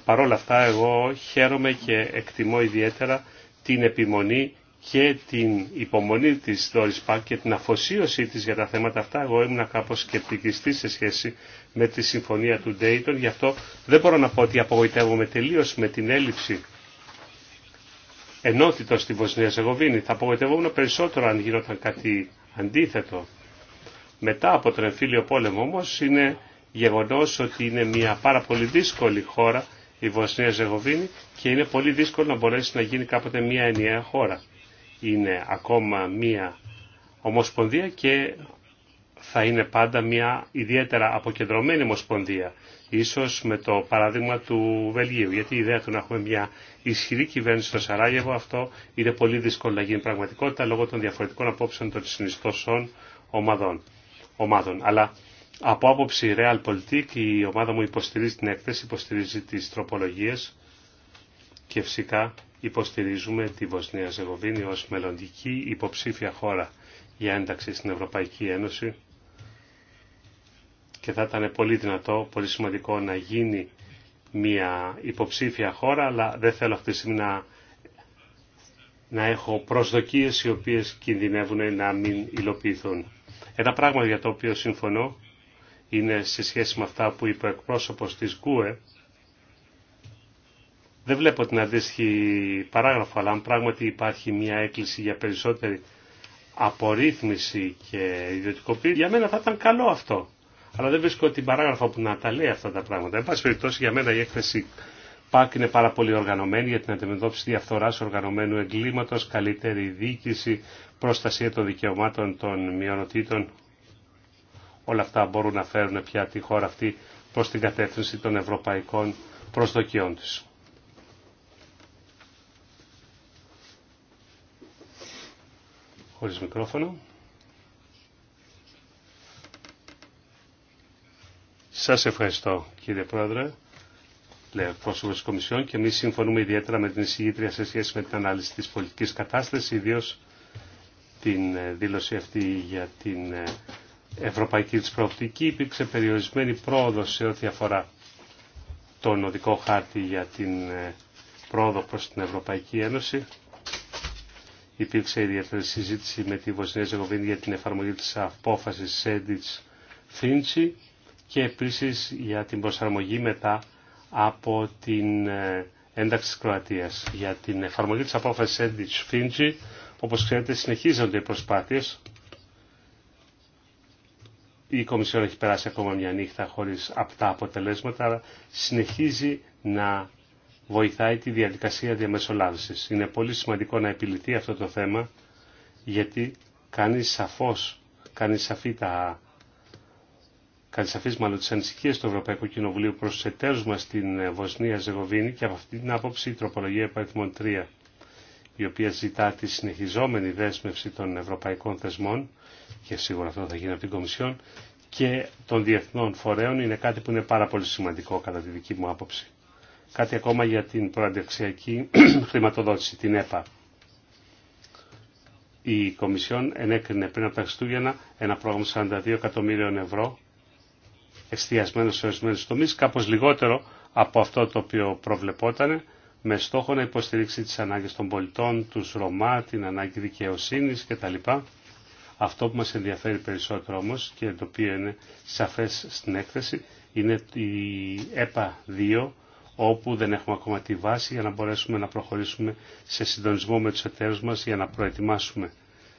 Παρ' όλα αυτά εγώ χαίρομαι και εκτιμώ ιδιαίτερα την επιμονή και την υπομονή της Doris Park και την αφοσίωσή της για τα θέματα αυτά, εγώ ήμουν κάπως σκεπτικιστή σε σχέση με τη συμφωνία του Dayton, γι' αυτό δεν μπορώ να πω ότι απογοητεύομαι τελείως με την έλλειψη ενότητα στη Βοσνία Ζεγοβίνη. Θα απογοητεύομαι περισσότερο αν γινόταν κάτι αντίθετο. Μετά από τον εμφύλιο πόλεμο όμως είναι γεγονός ότι είναι μια πάρα πολύ δύσκολη χώρα η Βοσνία Ζεγοβίνη και είναι πολύ δύσκολο να μπορέσει να γίνει κάποτε μια ενιαία χώρα είναι ακόμα μία ομοσπονδία και θα είναι πάντα μια ιδιαίτερα αποκεντρωμένη ομοσπονδία. Ίσως με το παράδειγμα του Βελγίου. Γιατί η ιδέα του να έχουμε μια ισχυρή κυβέρνηση στο Σαράγεβο αυτό είναι πολύ δύσκολο να γίνει πραγματικότητα λόγω των διαφορετικών απόψεων των συνιστώσεων ομάδων. ομάδων. Αλλά από άποψη Realpolitik η ομάδα μου υποστηρίζει την έκθεση, υποστηρίζει τις τροπολογίες και φυσικά υποστηρίζουμε τη Βοσνία Ζεγοβίνη ως μελλοντική υποψήφια χώρα για ένταξη στην Ευρωπαϊκή Ένωση και θα ήταν πολύ δυνατό, πολύ σημαντικό να γίνει μια υποψήφια χώρα, αλλά δεν θέλω αυτή τη στιγμή να, έχω προσδοκίες οι οποίες κινδυνεύουν να μην υλοποιηθούν. Ένα πράγμα για το οποίο συμφωνώ είναι σε σχέση με αυτά που είπε ο εκπρόσωπος της ΚΟΕ, δεν βλέπω την αντίστοιχη παράγραφο, αλλά αν πράγματι υπάρχει μια έκκληση για περισσότερη απορρίθμιση και ιδιωτικοποίηση, για μένα θα ήταν καλό αυτό. Αλλά δεν βρίσκω την παράγραφο που να τα λέει αυτά τα πράγματα. Εν πάση περιπτώσει, για μένα η έκθεση ΠΑΚ είναι πάρα πολύ οργανωμένη για την αντιμετώπιση διαφθορά οργανωμένου εγκλήματο, καλύτερη διοίκηση, προστασία των δικαιωμάτων των μειονοτήτων. Όλα αυτά μπορούν να φέρουν πια τη χώρα αυτή προ την κατεύθυνση των ευρωπαϊκών προσδοκιών της. χωρίς μικρόφωνο. Σας ευχαριστώ κύριε Πρόεδρε, λέει πρόσωπος της Κομισιόν και εμείς συμφωνούμε ιδιαίτερα με την εισηγήτρια σε σχέση με την ανάλυση της πολιτικής κατάστασης, ιδίως την ε, δήλωση αυτή για την ε, ευρωπαϊκή της προοπτική. Υπήρξε περιορισμένη πρόοδος σε ό,τι αφορά τον οδικό χάρτη για την ε, πρόοδο προς την Ευρωπαϊκή Ένωση. Υπήρξε ιδιαίτερη συζήτηση με τη Βοσνία Ζεγοβίνη για την εφαρμογή της απόφασης Σέντιτς Φίντσι και επίσης για την προσαρμογή μετά από την ε, ένταξη της Κροατίας. Για την εφαρμογή της απόφασης Σέντιτς Φίντσι, όπως ξέρετε, συνεχίζονται οι προσπάθειες. Η Κομισιόν έχει περάσει ακόμα μια νύχτα χωρίς απτά αποτελέσματα, αλλά συνεχίζει να βοηθάει τη διαδικασία διαμεσολάβησης. Είναι πολύ σημαντικό να επιληθεί αυτό το θέμα γιατί κάνει σαφώς, κάνει σαφή τα κάνει σαφής μάλλον τις ανησυχίες του Ευρωπαϊκού Κοινοβουλίου προς τους εταίρους μας στην ε, Βοσνία Ζεγοβίνη και από αυτή την άποψη η τροπολογία επαριθμών 3 η οποία ζητά τη συνεχιζόμενη δέσμευση των ευρωπαϊκών θεσμών και σίγουρα αυτό θα γίνει από την Κομισιόν και των διεθνών φορέων είναι κάτι που είναι πάρα πολύ σημαντικό κατά τη δική μου άποψη. Κάτι ακόμα για την προαντεξιακή [clears throat] χρηματοδότηση, την ΕΠΑ. Η Κομισιόν ενέκρινε πριν από τα Χριστούγεννα ένα πρόγραμμα 42 εκατομμύριων ευρώ εστιασμένο σε ορισμένου τομεί, κάπω λιγότερο από αυτό το οποίο προβλεπόταν, με στόχο να υποστηρίξει τι ανάγκε των πολιτών, του Ρωμά, την ανάγκη δικαιοσύνη κτλ. Αυτό που μα ενδιαφέρει περισσότερο όμω και το οποίο είναι σαφέ στην έκθεση είναι η ΕΠΑ 2 όπου δεν έχουμε ακόμα τη βάση για να μπορέσουμε να προχωρήσουμε σε συντονισμό με τους εταίρους μας για να προετοιμάσουμε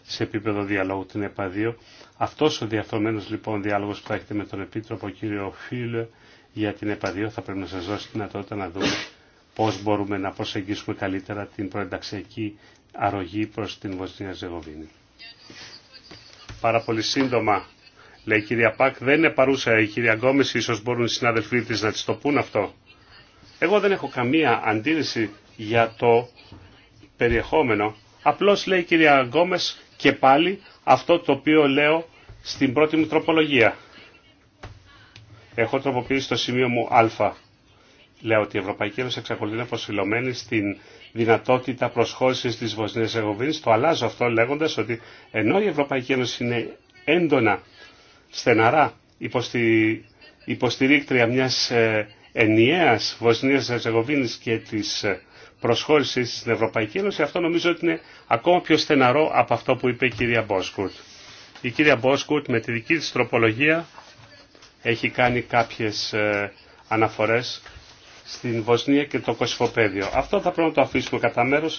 σε επίπεδο διαλόγου την ΕΠΑ 2. Αυτός ο διαφθορμένος λοιπόν διάλογος που θα έχετε με τον Επίτροπο κύριο Φίλε για την ΕΠΑ θα πρέπει να σας δώσει τη δυνατότητα να δούμε πώς μπορούμε να προσεγγίσουμε καλύτερα την προενταξιακή αρρωγή προς την Βοσνία Ζεγοβίνη. Πάρα πολύ σύντομα, λέει η κυρία Πακ, δεν είναι παρούσα η κυρία Γκόμες, ίσως μπορούν οι συνάδελφοί της να της το πούν αυτό. Εγώ δεν έχω καμία αντίρρηση για το περιεχόμενο. Απλώς λέει η κυρία Γκόμες και πάλι αυτό το οποίο λέω στην πρώτη μου τροπολογία. Έχω τροποποιήσει το σημείο μου α. Λέω ότι η Ευρωπαϊκή Ένωση εξακολουθεί να προσφυλωμένη στην δυνατότητα προσχώρηση τη Βοσνία Ερεγοβίνη. Το αλλάζω αυτό λέγοντα ότι ενώ η Ευρωπαϊκή Ένωση είναι έντονα, στεναρά υποστηρίκτρια μια ε, ενιαίας Βοσνίας Ζαζεγοβίνης και της ε, προσχώρησης στην Ευρωπαϊκή Ένωση, αυτό νομίζω ότι είναι ακόμα πιο στεναρό από αυτό που είπε η κυρία Μπόσκουρτ. Η κυρία Μπόσκουρτ με τη δική της τροπολογία έχει κάνει κάποιες ε, αναφορές στην Βοσνία και το Κωσυφοπαίδιο. Αυτό θα πρέπει να το αφήσουμε κατά μέρο.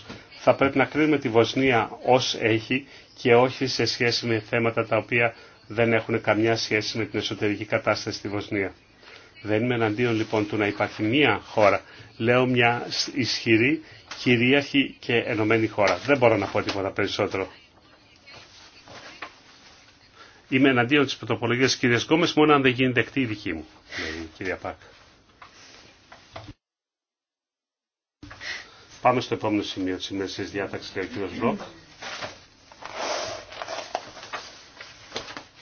Θα πρέπει να κρίνουμε τη Βοσνία ως έχει και όχι σε σχέση με θέματα τα οποία δεν έχουν καμιά σχέση με την εσωτερική κατάσταση στη Βοσνία. Δεν είμαι εναντίον λοιπόν του να υπάρχει μία χώρα. Λέω μια ισχυρή, κυρίαρχη και ενωμένη χώρα. Δεν μπορώ να πω τίποτα περισσότερο. Είμαι εναντίον της πρωτοπολογίας της κυρίας Γκόμες μόνο αν δεν γίνει δεκτή η δική μου, λέει η κυρία Πάκ. Πάμε στο επόμενο σημείο της σημερινής διάταξης, και ο κύριος Βροκ.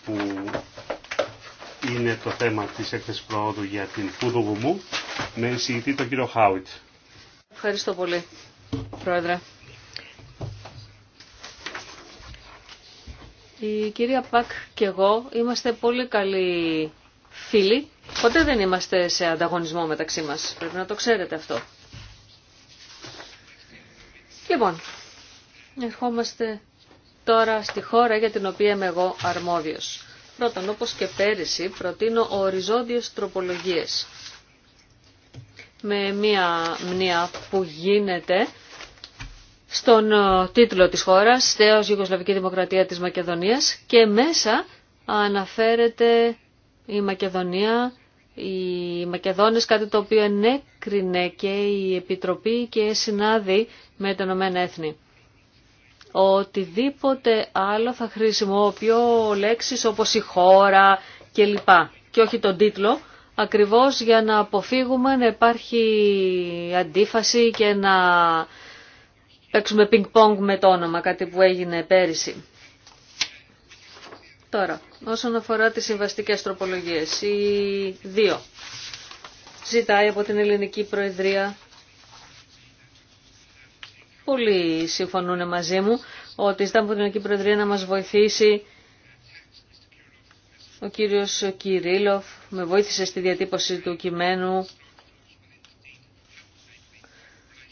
που είναι το θέμα της έκθεσης προόδου για την μου με εισηγητή τον κύριο Χάουιτ. Ευχαριστώ πολύ, Πρόεδρε. Η κυρία Πακ και εγώ είμαστε πολύ καλοί φίλοι. Ποτέ δεν είμαστε σε ανταγωνισμό μεταξύ μας. Πρέπει να το ξέρετε αυτό. Λοιπόν, ερχόμαστε τώρα στη χώρα για την οποία είμαι εγώ αρμόδιος. Πρώτον, όπως και πέρυσι, προτείνω οριζόντιες τροπολογίες. Με μία μνήα που γίνεται στον ε, τίτλο της χώρας, «Στέως Ιουγκοσλαβική Δημοκρατία της Μακεδονίας» και μέσα αναφέρεται η Μακεδονία, οι Μακεδόνες, κάτι το οποίο ενέκρινε και η Επιτροπή και συνάδει με τα Ηνωμένα Έθνη οτιδήποτε άλλο θα χρησιμοποιώ λέξεις όπως η χώρα κλπ. Και όχι τον τίτλο, ακριβώς για να αποφύγουμε να υπάρχει αντίφαση και να παίξουμε πινκ-πονγκ με το όνομα, κάτι που έγινε πέρυσι. Τώρα, όσον αφορά τις συμβαστικές τροπολογίες, οι δύο ζητάει από την Ελληνική Προεδρία πολλοί συμφωνούν μαζί μου ότι ζητάμε από την Ελληνική Προεδρία να μας βοηθήσει ο κύριος Κυρίλοφ με βοήθησε στη διατύπωση του κειμένου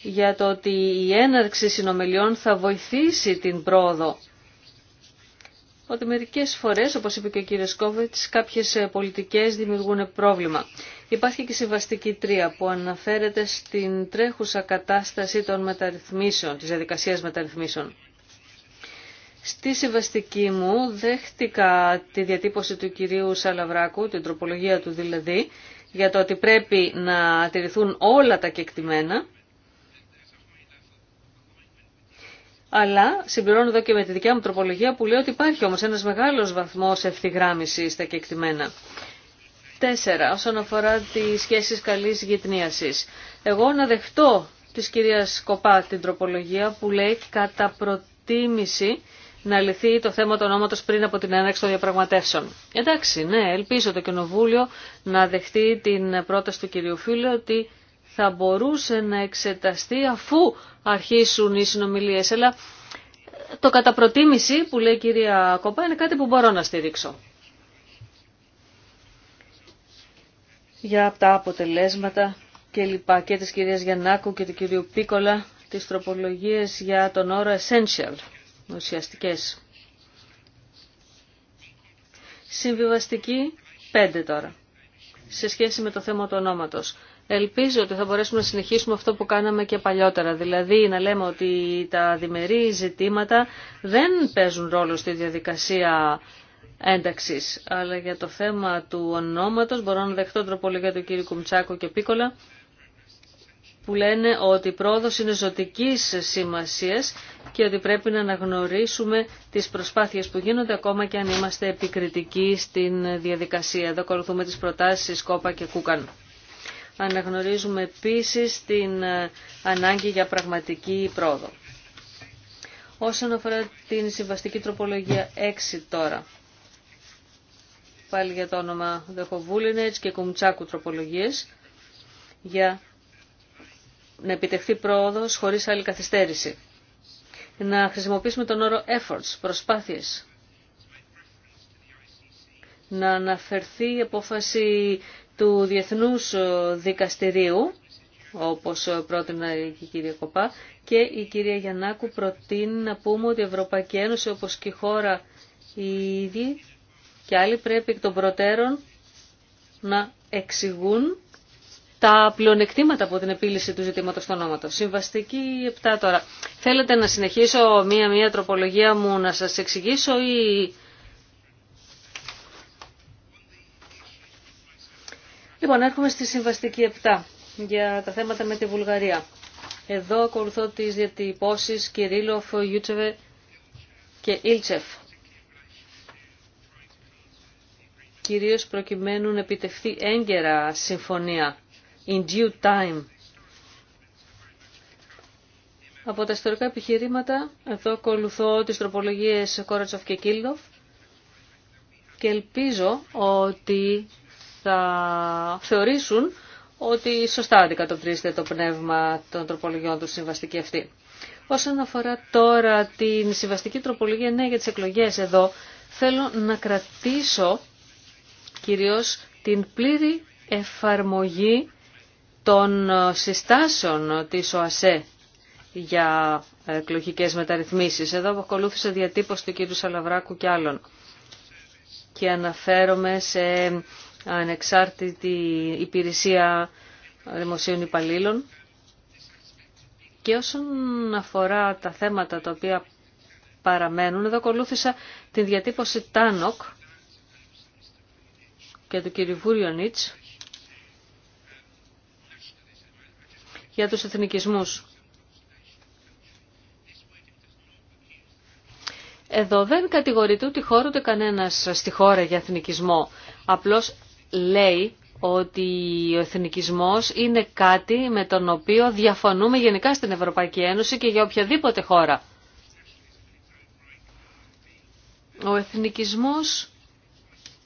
για το ότι η έναρξη συνομιλιών θα βοηθήσει την πρόοδο ότι μερικές φορές, όπως είπε και ο κύριος Κόβετς, κάποιες ε, πολιτικές δημιουργούν πρόβλημα. Υπάρχει και η Συμβαστική τριά, που αναφέρεται στην τρέχουσα κατάσταση των μεταρρυθμίσεων, της διαδικασίας μεταρρυθμίσεων. Στη συμβαστική μου δέχτηκα τη διατύπωση του κυρίου Σαλαβράκου, την τροπολογία του δηλαδή, για το ότι πρέπει να τηρηθούν όλα τα κεκτημένα Αλλά συμπληρώνω εδώ και με τη δικιά μου τροπολογία που λέει ότι υπάρχει όμως ένας μεγάλος βαθμός ευθυγράμμισης στα κεκτημένα. Τέσσερα, όσον αφορά τις σχέσεις καλής γυτνίασης. Εγώ να δεχτώ της κυρίας Κοπά την τροπολογία που λέει κατά προτίμηση να λυθεί το θέμα του ονόματο πριν από την έναρξη των διαπραγματεύσεων. Εντάξει, ναι, ελπίζω το Κοινοβούλιο να δεχτεί την πρόταση του κυρίου Φίλου ότι θα μπορούσε να εξεταστεί αφού αρχίσουν οι συνομιλίες. Αλλά το κατά προτίμηση που λέει η κυρία Κοπά είναι κάτι που μπορώ να στηρίξω. Για τα αποτελέσματα και λοιπά και της κυρίας Γιαννάκου και του κυρίου Πίκολα τις τροπολογίες για τον όρο essential, ουσιαστικές. Συμβιβαστική 5 τώρα, σε σχέση με το θέμα του ονόματος. Ελπίζω ότι θα μπορέσουμε να συνεχίσουμε αυτό που κάναμε και παλιότερα, δηλαδή να λέμε ότι τα διμερεί ζητήματα δεν παίζουν ρόλο στη διαδικασία ένταξης, αλλά για το θέμα του ονόματος μπορώ να δεχτώ για τον κύριο Κουμτσάκο και Πίκολα που λένε ότι η πρόοδος είναι ζωτικής σημασίας και ότι πρέπει να αναγνωρίσουμε τις προσπάθειες που γίνονται ακόμα και αν είμαστε επικριτικοί στην διαδικασία. Εδώ ακολουθούμε τις προτάσεις Κόπα και Κούκαν αναγνωρίζουμε επίσης την ε, ανάγκη για πραγματική πρόοδο. Όσον αφορά την συμβαστική τροπολογία 6 τώρα, πάλι για το όνομα Δεχοβούλινετς και Κουμτσάκου τροπολογίες, για να επιτευχθεί πρόοδος χωρίς άλλη καθυστέρηση. Να χρησιμοποιήσουμε τον όρο efforts, προσπάθειες. Να αναφερθεί η απόφαση του Διεθνούς Δικαστηρίου, όπως πρότεινα η κυρία Κοπά, και η κυρία Γιαννάκου προτείνει να πούμε ότι η Ευρωπαϊκή Ένωση, όπως και η χώρα η και άλλοι πρέπει εκ των προτέρων να εξηγούν τα πλεονεκτήματα από την επίλυση του ζητήματος του ονόματος. Συμβαστική 7 τώρα. Θέλετε να συνεχίσω μία-μία τροπολογία μου να σας εξηγήσω ή Λοιπόν, έρχομαι στη συμβαστική 7 για τα θέματα με τη Βουλγαρία. Εδώ ακολουθώ τις διατυπώσεις Κυρίλοφ, Γιούτσεβε και Ήλτσεφ. Κυρίως προκειμένου να επιτευχθεί έγκαιρα συμφωνία, in due time. Από τα ιστορικά επιχειρήματα, εδώ ακολουθώ τις τροπολογίες Κόρατσοφ και Κίλντοφ και ελπίζω ότι θα θεωρήσουν ότι σωστά αντικατοπτρίζεται το πνεύμα των τροπολογιών του συμβαστική αυτή. Όσον αφορά τώρα την συμβαστική τροπολογία, ναι, για τις εκλογές εδώ, θέλω να κρατήσω κυρίως την πλήρη εφαρμογή των συστάσεων της ΟΑΣΕ για εκλογικές μεταρρυθμίσεις. Εδώ ακολούθησε διατύπωση του κ. Σαλαβράκου και άλλων. Και αναφέρομαι σε ανεξάρτητη υπηρεσία δημοσίων υπαλλήλων. Και όσον αφορά τα θέματα τα οποία παραμένουν, εδώ ακολούθησα την διατύπωση Τάνοκ και του κ. Βούριονιτς για τους εθνικισμούς. Εδώ δεν κατηγορείται ούτε χώρο ούτε κανένας στη χώρα για εθνικισμό. Απλώς λέει ότι ο εθνικισμός είναι κάτι με τον οποίο διαφωνούμε γενικά στην Ευρωπαϊκή Ένωση και για οποιαδήποτε χώρα. Ο εθνικισμός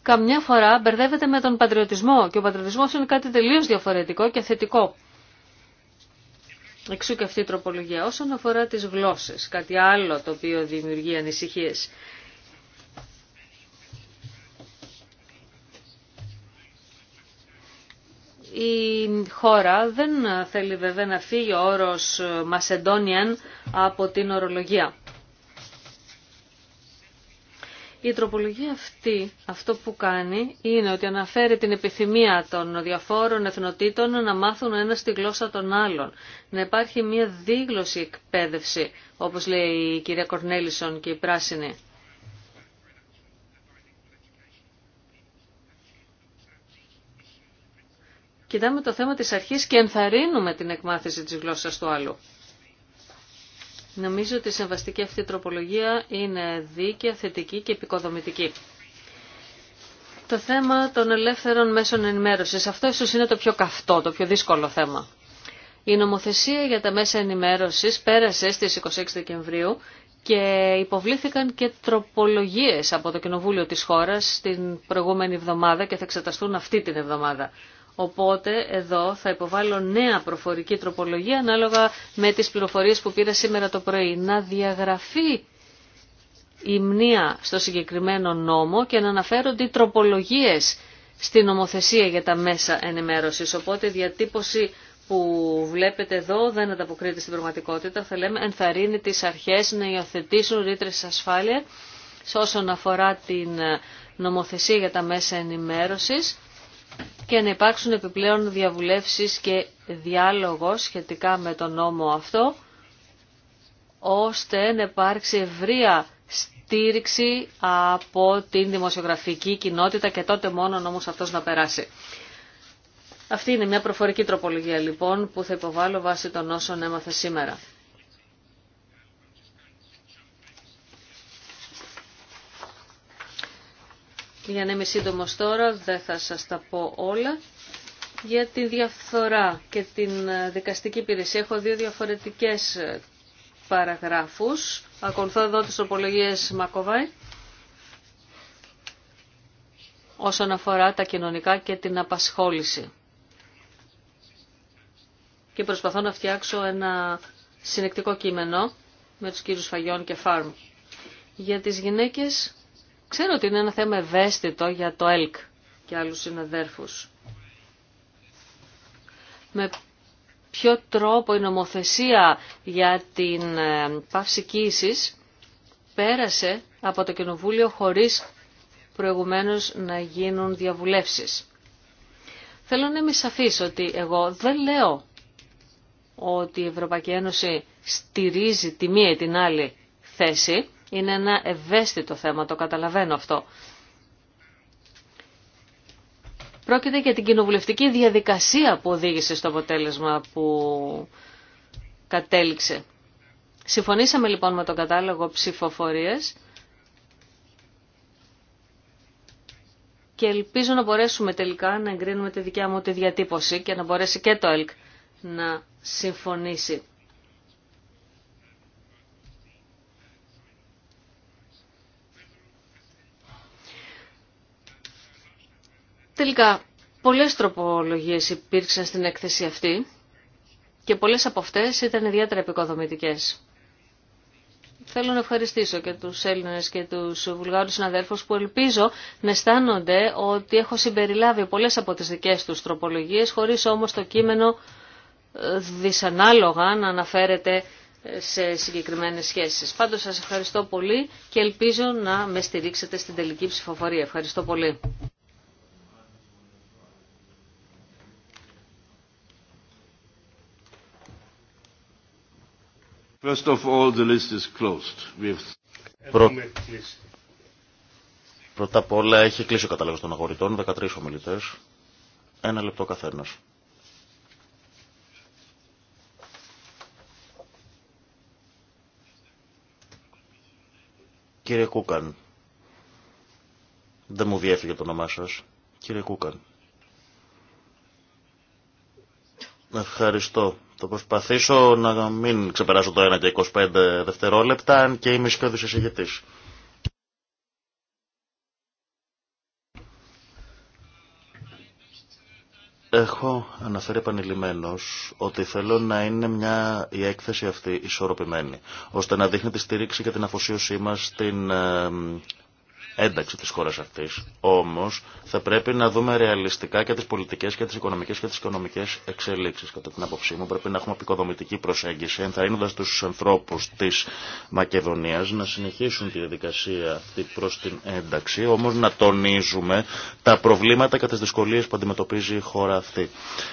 καμιά φορά μπερδεύεται με τον πατριωτισμό και ο πατριωτισμός είναι κάτι τελείως διαφορετικό και θετικό. Εξού και αυτή η τροπολογία. Όσον αφορά τις γλώσσες, κάτι άλλο το οποίο δημιουργεί ανησυχίες. Η χώρα δεν θέλει βέβαια να φύγει ο όρος Μασεντόνιαν από την ορολογία. Η τροπολογία αυτή, αυτό που κάνει, είναι ότι αναφέρει την επιθυμία των διαφόρων εθνοτήτων να μάθουν ένα στη γλώσσα των άλλων. Να υπάρχει μια δίγλωση εκπαίδευση, όπως λέει η κυρία Κορνέλισον και η Πράσινη. κοιτάμε το θέμα της αρχής και ενθαρρύνουμε την εκμάθηση της γλώσσας του άλλου. Νομίζω ότι η συμβαστική αυτή τροπολογία είναι δίκαια, θετική και επικοδομητική. Το θέμα των ελεύθερων μέσων ενημέρωσης, αυτό ίσως είναι το πιο καυτό, το πιο δύσκολο θέμα. Η νομοθεσία για τα μέσα ενημέρωσης πέρασε στις 26 Δεκεμβρίου και υποβλήθηκαν και τροπολογίες από το Κοινοβούλιο της χώρας την προηγούμενη εβδομάδα και θα εξεταστούν αυτή την εβδομάδα. Οπότε εδώ θα υποβάλω νέα προφορική τροπολογία ανάλογα με τις πληροφορίες που πήρα σήμερα το πρωί. Να διαγραφεί η μνήα στο συγκεκριμένο νόμο και να αναφέρονται οι τροπολογίες στην νομοθεσία για τα μέσα ενημέρωσης. Οπότε η διατύπωση που βλέπετε εδώ δεν ανταποκρίνεται στην πραγματικότητα. Θα λέμε ενθαρρύνει τις αρχές να υιοθετήσουν ρήτρες ασφάλεια σε όσον αφορά την νομοθεσία για τα μέσα ενημέρωσης και να υπάρξουν επιπλέον διαβουλεύσεις και διάλογο σχετικά με τον νόμο αυτό, ώστε να υπάρξει ευρεία στήριξη από την δημοσιογραφική κοινότητα και τότε μόνο ο νόμος αυτός να περάσει. Αυτή είναι μια προφορική τροπολογία λοιπόν που θα υποβάλω βάσει των όσων έμαθα σήμερα. Για να είμαι σύντομο τώρα, δεν θα σας τα πω όλα. Για τη διαφθορά και την δικαστική υπηρεσία έχω δύο διαφορετικές παραγράφους. Ακολουθώ εδώ τις τροπολογίες Μακοβάη όσον αφορά τα κοινωνικά και την απασχόληση. Και προσπαθώ να φτιάξω ένα συνεκτικό κείμενο με τους κύριους Φαγιών και Φάρμ. Για τις γυναίκες Ξέρω ότι είναι ένα θέμα ευαίσθητο για το ΕΛΚ και άλλους συναδέρφους. Με ποιο τρόπο η νομοθεσία για την ε, παύση κοίησης πέρασε από το Κοινοβούλιο χωρίς προηγουμένως να γίνουν διαβουλεύσεις. Θέλω να είμαι σαφής ότι εγώ δεν λέω ότι η Ευρωπαϊκή Ένωση στηρίζει τη μία ή την άλλη θέση, είναι ένα ευαίσθητο θέμα, το καταλαβαίνω αυτό. Πρόκειται για την κοινοβουλευτική διαδικασία που οδήγησε στο αποτέλεσμα που κατέληξε. Συμφωνήσαμε λοιπόν με τον κατάλογο ψηφοφορίες και ελπίζω να μπορέσουμε τελικά να εγκρίνουμε τη δικιά μου τη διατύπωση και να μπορέσει και το ΕΛΚ να συμφωνήσει. Τελικά, πολλές τροπολογίες υπήρξαν στην έκθεση αυτή και πολλές από αυτές ήταν ιδιαίτερα επικοδομητικές. Θέλω να ευχαριστήσω και τους Έλληνες και τους Βουλγάρους συναδέλφους που ελπίζω να αισθάνονται ότι έχω συμπεριλάβει πολλές από τις δικές τους τροπολογίες χωρίς όμως το κείμενο ε, δυσανάλογα να αναφέρεται ε, σε συγκεκριμένες σχέσεις. Πάντως σας ευχαριστώ πολύ και ελπίζω να με στηρίξετε στην τελική ψηφοφορία. Ευχαριστώ πολύ. Πρώτα απ' όλα έχει κλείσει ο καταλόγος των αγορητών, 13 ομιλητές, ένα λεπτό καθένας. Κύριε Κούκαν, δεν μου διέφυγε το όνομά σας. Κύριε Κούκαν. Ευχαριστώ, θα προσπαθήσω να μην ξεπεράσω το 1 και 25 δευτερόλεπτα, αν και είμαι σκέδος εισηγητής. Έχω αναφέρει επανειλημμένος ότι θέλω να είναι μια, η έκθεση αυτή ισορροπημένη, ώστε να δείχνει τη στήριξη και την αφοσίωσή μας στην ε, ένταξη της χώρας αυτής. Όμως θα πρέπει να δούμε ρεαλιστικά και τις πολιτικές και τις οικονομικές και τις οικονομικές εξελίξεις. Κατά την άποψή μου πρέπει να έχουμε επικοδομητική προσέγγιση ενθαρρύνοντας τους ανθρώπους της Μακεδονίας να συνεχίσουν τη διαδικασία αυτή προς την ένταξη, όμως να τονίζουμε τα προβλήματα και τις δυσκολίες που αντιμετωπίζει η χώρα αυτή.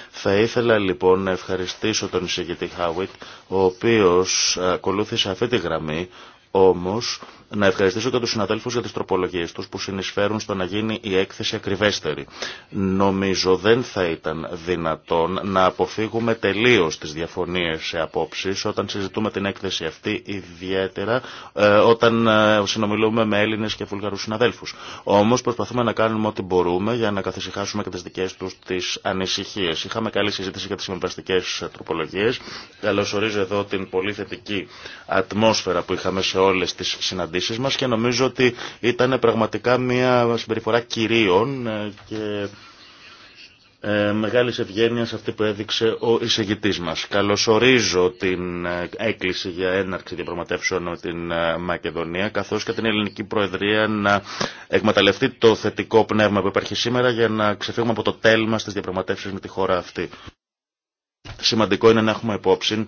Θα ήθελα λοιπόν να ευχαριστήσω τον εισηγητή Χάουιτ, ο οποίος ακολούθησε αυτή τη γραμμή, όμως να ευχαριστήσω και του συναδέλφου για τι τροπολογίε του που συνεισφέρουν στο να γίνει η έκθεση ακριβέστερη. Νομίζω δεν θα ήταν δυνατόν να αποφύγουμε τελείω τι διαφωνίε σε απόψει όταν συζητούμε την έκθεση αυτή, ιδιαίτερα ε, όταν ε, συνομιλούμε με Έλληνε και Βουλγαρού συναδέλφου. Όμω προσπαθούμε να κάνουμε ό,τι μπορούμε για να καθησυχάσουμε και τι δικέ του τις ανησυχίες. Είχαμε καλή συζήτηση για τις συμβαστικές τροπολογίες. Καλωσορίζω εδώ την πολύ θετική ατμόσφαιρα που είχαμε σε όλε τι συναντήσει μας και νομίζω ότι ήταν πραγματικά μια συμπεριφορά κυρίων ε, και ε, μεγάλης ευγένειας αυτή που έδειξε ο εισηγητής μας. Καλωσορίζω την ε, έκκληση για έναρξη διαπραγματεύσεων με την ε, Μακεδονία καθώς και την ελληνική προεδρία να εκμεταλλευτεί το θετικό πνεύμα που υπάρχει σήμερα για να ξεφύγουμε από το τέλμα στις διαπραγματεύσεις με τη χώρα αυτή. Σημαντικό είναι να έχουμε υπόψη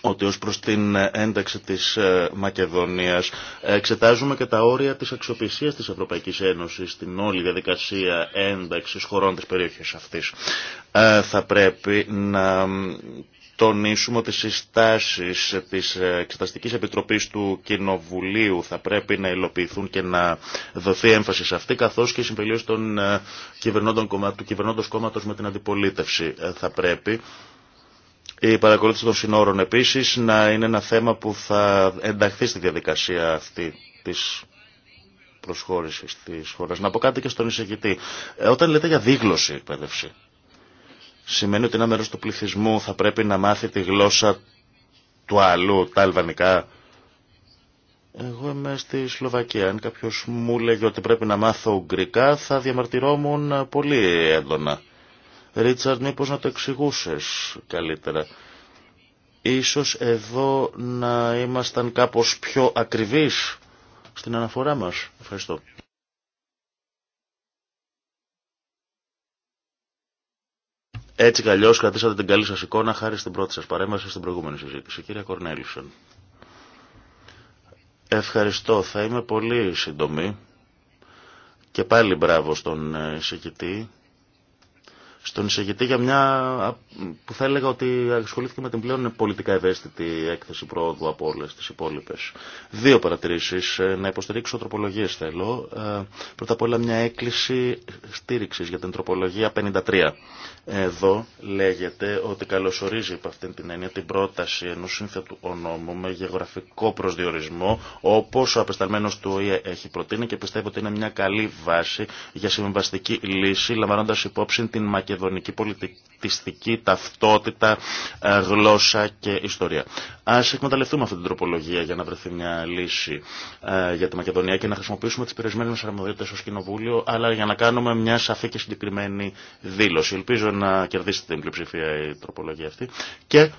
ότι ως προς την ε, ένταξη της ε, Μακεδονίας εξετάζουμε και τα όρια της αξιοπιστίας της Ευρωπαϊκής Ένωσης στην όλη διαδικασία ένταξης χωρών της περιοχής αυτής. Ε, θα πρέπει να τονίσουμε ότι οι στάσεις της Εξεταστικής Επιτροπής του Κοινοβουλίου θα πρέπει να υλοποιηθούν και να δοθεί έμφαση σε αυτή, καθώς και η συμπελίωση των του κυβερνώντος κόμματος με την αντιπολίτευση θα πρέπει η παρακολούθηση των συνόρων επίσης να είναι ένα θέμα που θα ενταχθεί στη διαδικασία αυτή της προσχώρησης της χώρας. Να πω κάτι και στον εισηγητή. Ε, όταν λέτε για δίγλωση εκπαίδευση, σημαίνει ότι ένα μέρος του πληθυσμού θα πρέπει να μάθει τη γλώσσα του άλλου, τα αλβανικά. Εγώ είμαι στη Σλοβακία. Αν κάποιος μου λέγει ότι πρέπει να μάθω ουγγρικά, θα διαμαρτυρόμουν πολύ έντονα. Ρίτσαρντ, μήπως να το εξηγούσε καλύτερα. Ίσως εδώ να ήμασταν κάπως πιο ακριβείς στην αναφορά μας. Ευχαριστώ. Έτσι κι κρατήσατε την καλή σας εικόνα χάρη στην πρώτη σας παρέμβαση στην προηγούμενη συζήτηση. Κύριε Κορνέλισον. Ευχαριστώ. Θα είμαι πολύ σύντομη. Και πάλι μπράβο στον εισηγητή στον εισηγητή για μια που θα έλεγα ότι ασχολήθηκε με την πλέον πολιτικά ευαίσθητη έκθεση πρόοδου από όλε τι υπόλοιπε. Δύο παρατηρήσει. Ε, να υποστηρίξω τροπολογίε θέλω. Ε, πρώτα απ' όλα μια έκκληση στήριξη για την τροπολογία 53. Εδώ λέγεται ότι καλωσορίζει υπ' αυτήν την έννοια την πρόταση ενό σύνθετου ονόμου με γεωγραφικό προσδιορισμό όπω ο απεσταλμένο του ΟΗΕ έχει προτείνει και πιστεύω ότι είναι μια καλή βάση για συμβαστική λύση λαμβάνοντα υπόψη την μακεδονία μακεδονική πολιτιστική ταυτότητα, ε, γλώσσα και ιστορία. Α εκμεταλλευτούμε αυτή την τροπολογία για να βρεθεί μια λύση ε, για τη Μακεδονία και να χρησιμοποιήσουμε τι περιορισμένε μα αρμοδιότητε ω κοινοβούλιο, αλλά για να κάνουμε μια σαφή και συγκεκριμένη δήλωση. Ελπίζω να κερδίσετε την πλειοψηφία η τροπολογία αυτή και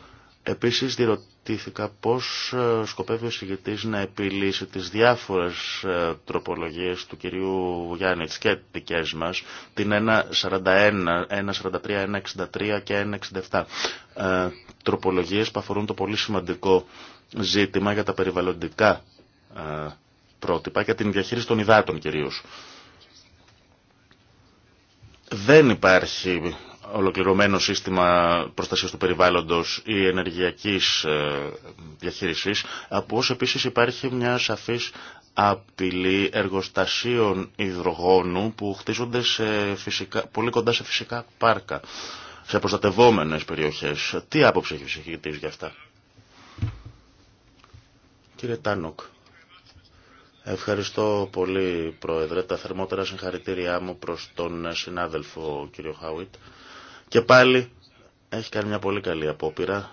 Επίσης διερωτήθηκα πώς ε, σκοπεύει ο συγκεκριτής να επιλύσει τις διάφορες ε, τροπολογίες του κυρίου Γιάννη και δικές μας, την 1.41, 1.43, 1.63 και 1.67. Ε, τροπολογίες που αφορούν το πολύ σημαντικό ζήτημα για τα περιβαλλοντικά πρότυπα και την διαχείριση των υδάτων κυρίως. Δεν υπάρχει ολοκληρωμένο σύστημα προστασίας του περιβάλλοντος ή ενεργειακής ε, διαχείρισης, από όσο επίσης υπάρχει μια σαφής απειλή εργοστασίων υδρογόνου που χτίζονται σε φυσικά, πολύ κοντά σε φυσικά πάρκα, σε προστατευόμενες περιοχές. Τι άποψη έχει ψυχητής για αυτά. Κύριε Τάνοκ. Ευχαριστώ πολύ, Πρόεδρε. Τα θερμότερα συγχαρητήριά μου προς τον συνάδελφο κύριο Χάουιτ και πάλι έχει κάνει μια πολύ καλή απόπειρα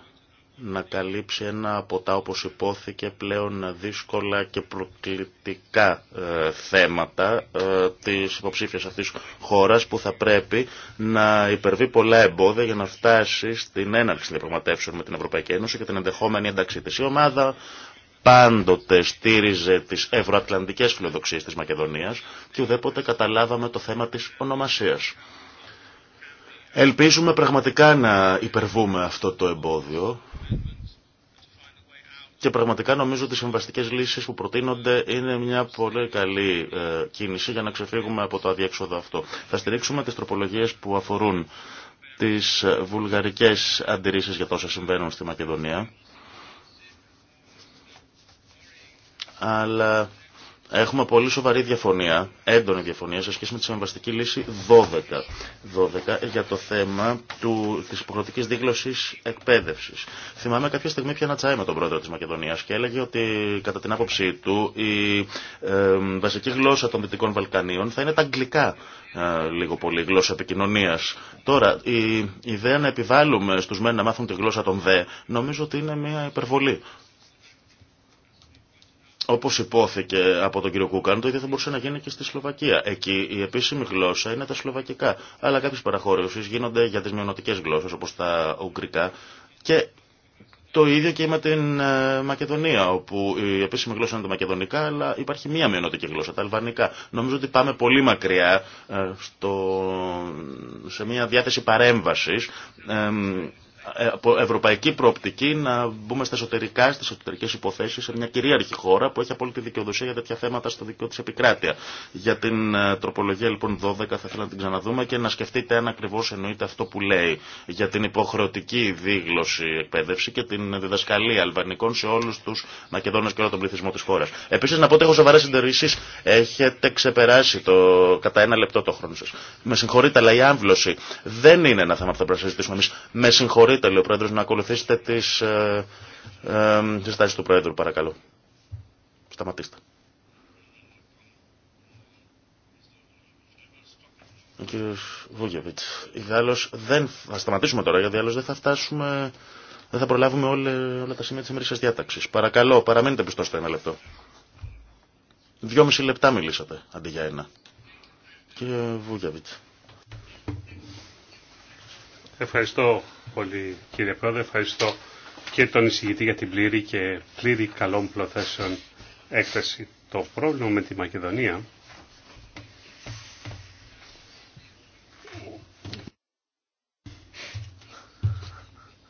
να καλύψει ένα από τα, όπως υπόθηκε, πλέον δύσκολα και προκλητικά ε, θέματα ε, της υποψήφιας αυτής χώρας που θα πρέπει να υπερβεί πολλά εμπόδια για να φτάσει στην έναρξη διαπραγματεύσεων με την Ευρωπαϊκή Ένωση και την ενδεχόμενη ένταξή της. Η ομάδα πάντοτε στήριζε τις ευρωατλαντικές φιλοδοξίες της Μακεδονίας και ουδέποτε καταλάβαμε το θέμα της ονομασίας. Ελπίζουμε πραγματικά να υπερβούμε αυτό το εμπόδιο και πραγματικά νομίζω ότι οι συμβαστικέ λύσεις που προτείνονται είναι μια πολύ καλή ε, κίνηση για να ξεφύγουμε από το αδιέξοδο αυτό. Θα στηρίξουμε τις τροπολογίε που αφορούν τις βουλγαρικές αντιρρήσεις για τόσα συμβαίνουν στη Μακεδονία. Αλλά Έχουμε πολύ σοβαρή διαφωνία, έντονη διαφωνία σε σχέση με τη συμβαστική λύση 12. 12 για το θέμα του, της υποχρεωτικής δίγλωσης εκπαίδευσης. Θυμάμαι κάποια στιγμή πια ένα τσάι με τον πρόεδρο της Μακεδονίας και έλεγε ότι κατά την άποψή του η βασική γλώσσα των Δυτικών Βαλκανίων θα είναι τα αγγλικά ε, λίγο πολύ γλώσσα επικοινωνία. Τώρα, η ιδέα να επιβάλλουμε στους μένους να μάθουν τη γλώσσα των δε, νομίζω ότι είναι μια υπερβολή. Όπως υπόθηκε από τον κύριο Κούκαν, το ίδιο θα μπορούσε να γίνει και στη Σλοβακία. Εκεί η επίσημη γλώσσα είναι τα σλοβακικά, αλλά κάποιες παραχώρησεις γίνονται για τις μειονοτικές γλώσσες, όπως τα ουγγρικά, και το ίδιο και με την ε, Μακεδονία, όπου η επίσημη γλώσσα είναι τα μακεδονικά, αλλά υπάρχει μία μειονοτική γλώσσα, τα αλβανικά. Νομίζω ότι πάμε πολύ μακριά ε, στο, σε μία διάθεση παρέμβασης, ε, ευρωπαϊκή προοπτική να μπούμε στα εσωτερικά, στι εσωτερικέ υποθέσει σε μια κυρίαρχη χώρα που έχει απόλυτη δικαιοδοσία για τέτοια θέματα στο δικό τη επικράτεια. Για την ε, τροπολογία λοιπόν 12 θα ήθελα να την ξαναδούμε και να σκεφτείτε αν ακριβώ εννοείται αυτό που λέει για την υποχρεωτική δίγλωση εκπαίδευση και την διδασκαλία αλβανικών σε όλου του Μακεδόνε και όλο τον πληθυσμό τη χώρα. Επίση να πω ότι έχω σοβαρέ συντηρήσει. Έχετε ξεπεράσει το κατά ένα λεπτό το χρόνο σα. Με συγχωρείτε, αλλά η άμβλωση δεν είναι ένα θέμα που θα πρέπει να εμεί. Με Μπορείτε, λέει ο Πρόεδρος, να ακολουθήσετε τις ε, ε του Πρόεδρου, παρακαλώ. Σταματήστε. Ο κύριος δεν... Θα σταματήσουμε τώρα, γιατί άλλως δεν θα φτάσουμε... Δεν θα προλάβουμε όλα, όλα τα σημεία της ημερήσιας διάταξης. Παρακαλώ, παραμένετε πιστό στο ένα λεπτό. Δυόμιση λεπτά μιλήσατε, αντί για ένα. Κύριε Βούγεβιτς. Ευχαριστώ πολύ κύριε Πρόεδρε, ευχαριστώ και τον εισηγητή για την πλήρη και πλήρη καλών προθέσεων έκταση. Το πρόβλημα με τη Μακεδονία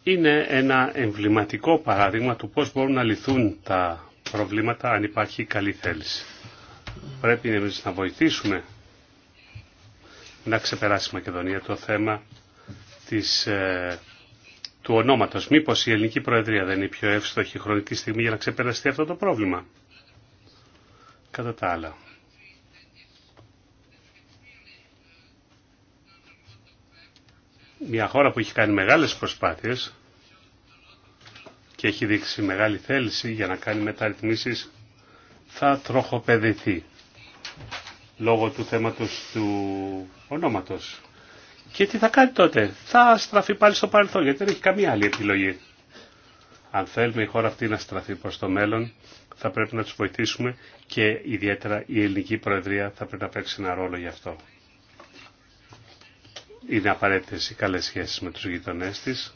είναι ένα εμβληματικό παράδειγμα του πώς μπορούν να λυθούν τα προβλήματα αν υπάρχει καλή θέληση. Πρέπει εμείς να βοηθήσουμε να ξεπεράσει η Μακεδονία το θέμα της, ε, του ονόματος. Μήπως η ελληνική προεδρία δεν είναι η πιο εύστοχη χρονική στιγμή για να ξεπεραστεί αυτό το πρόβλημα. Κατά τα άλλα. Μια χώρα που έχει κάνει μεγάλες προσπάθειες και έχει δείξει μεγάλη θέληση για να κάνει μεταρρυθμίσεις θα τροχοπεδηθεί λόγω του θέματος του ονόματος. Και τι θα κάνει τότε. Θα στραφεί πάλι στο παρελθόν γιατί δεν έχει καμία άλλη επιλογή. Αν θέλουμε η χώρα αυτή να στραφεί προς το μέλλον θα πρέπει να τους βοηθήσουμε και ιδιαίτερα η ελληνική προεδρία θα πρέπει να παίξει ένα ρόλο γι' αυτό. Είναι απαραίτητες οι καλέ σχέσεις με τους γειτονές της.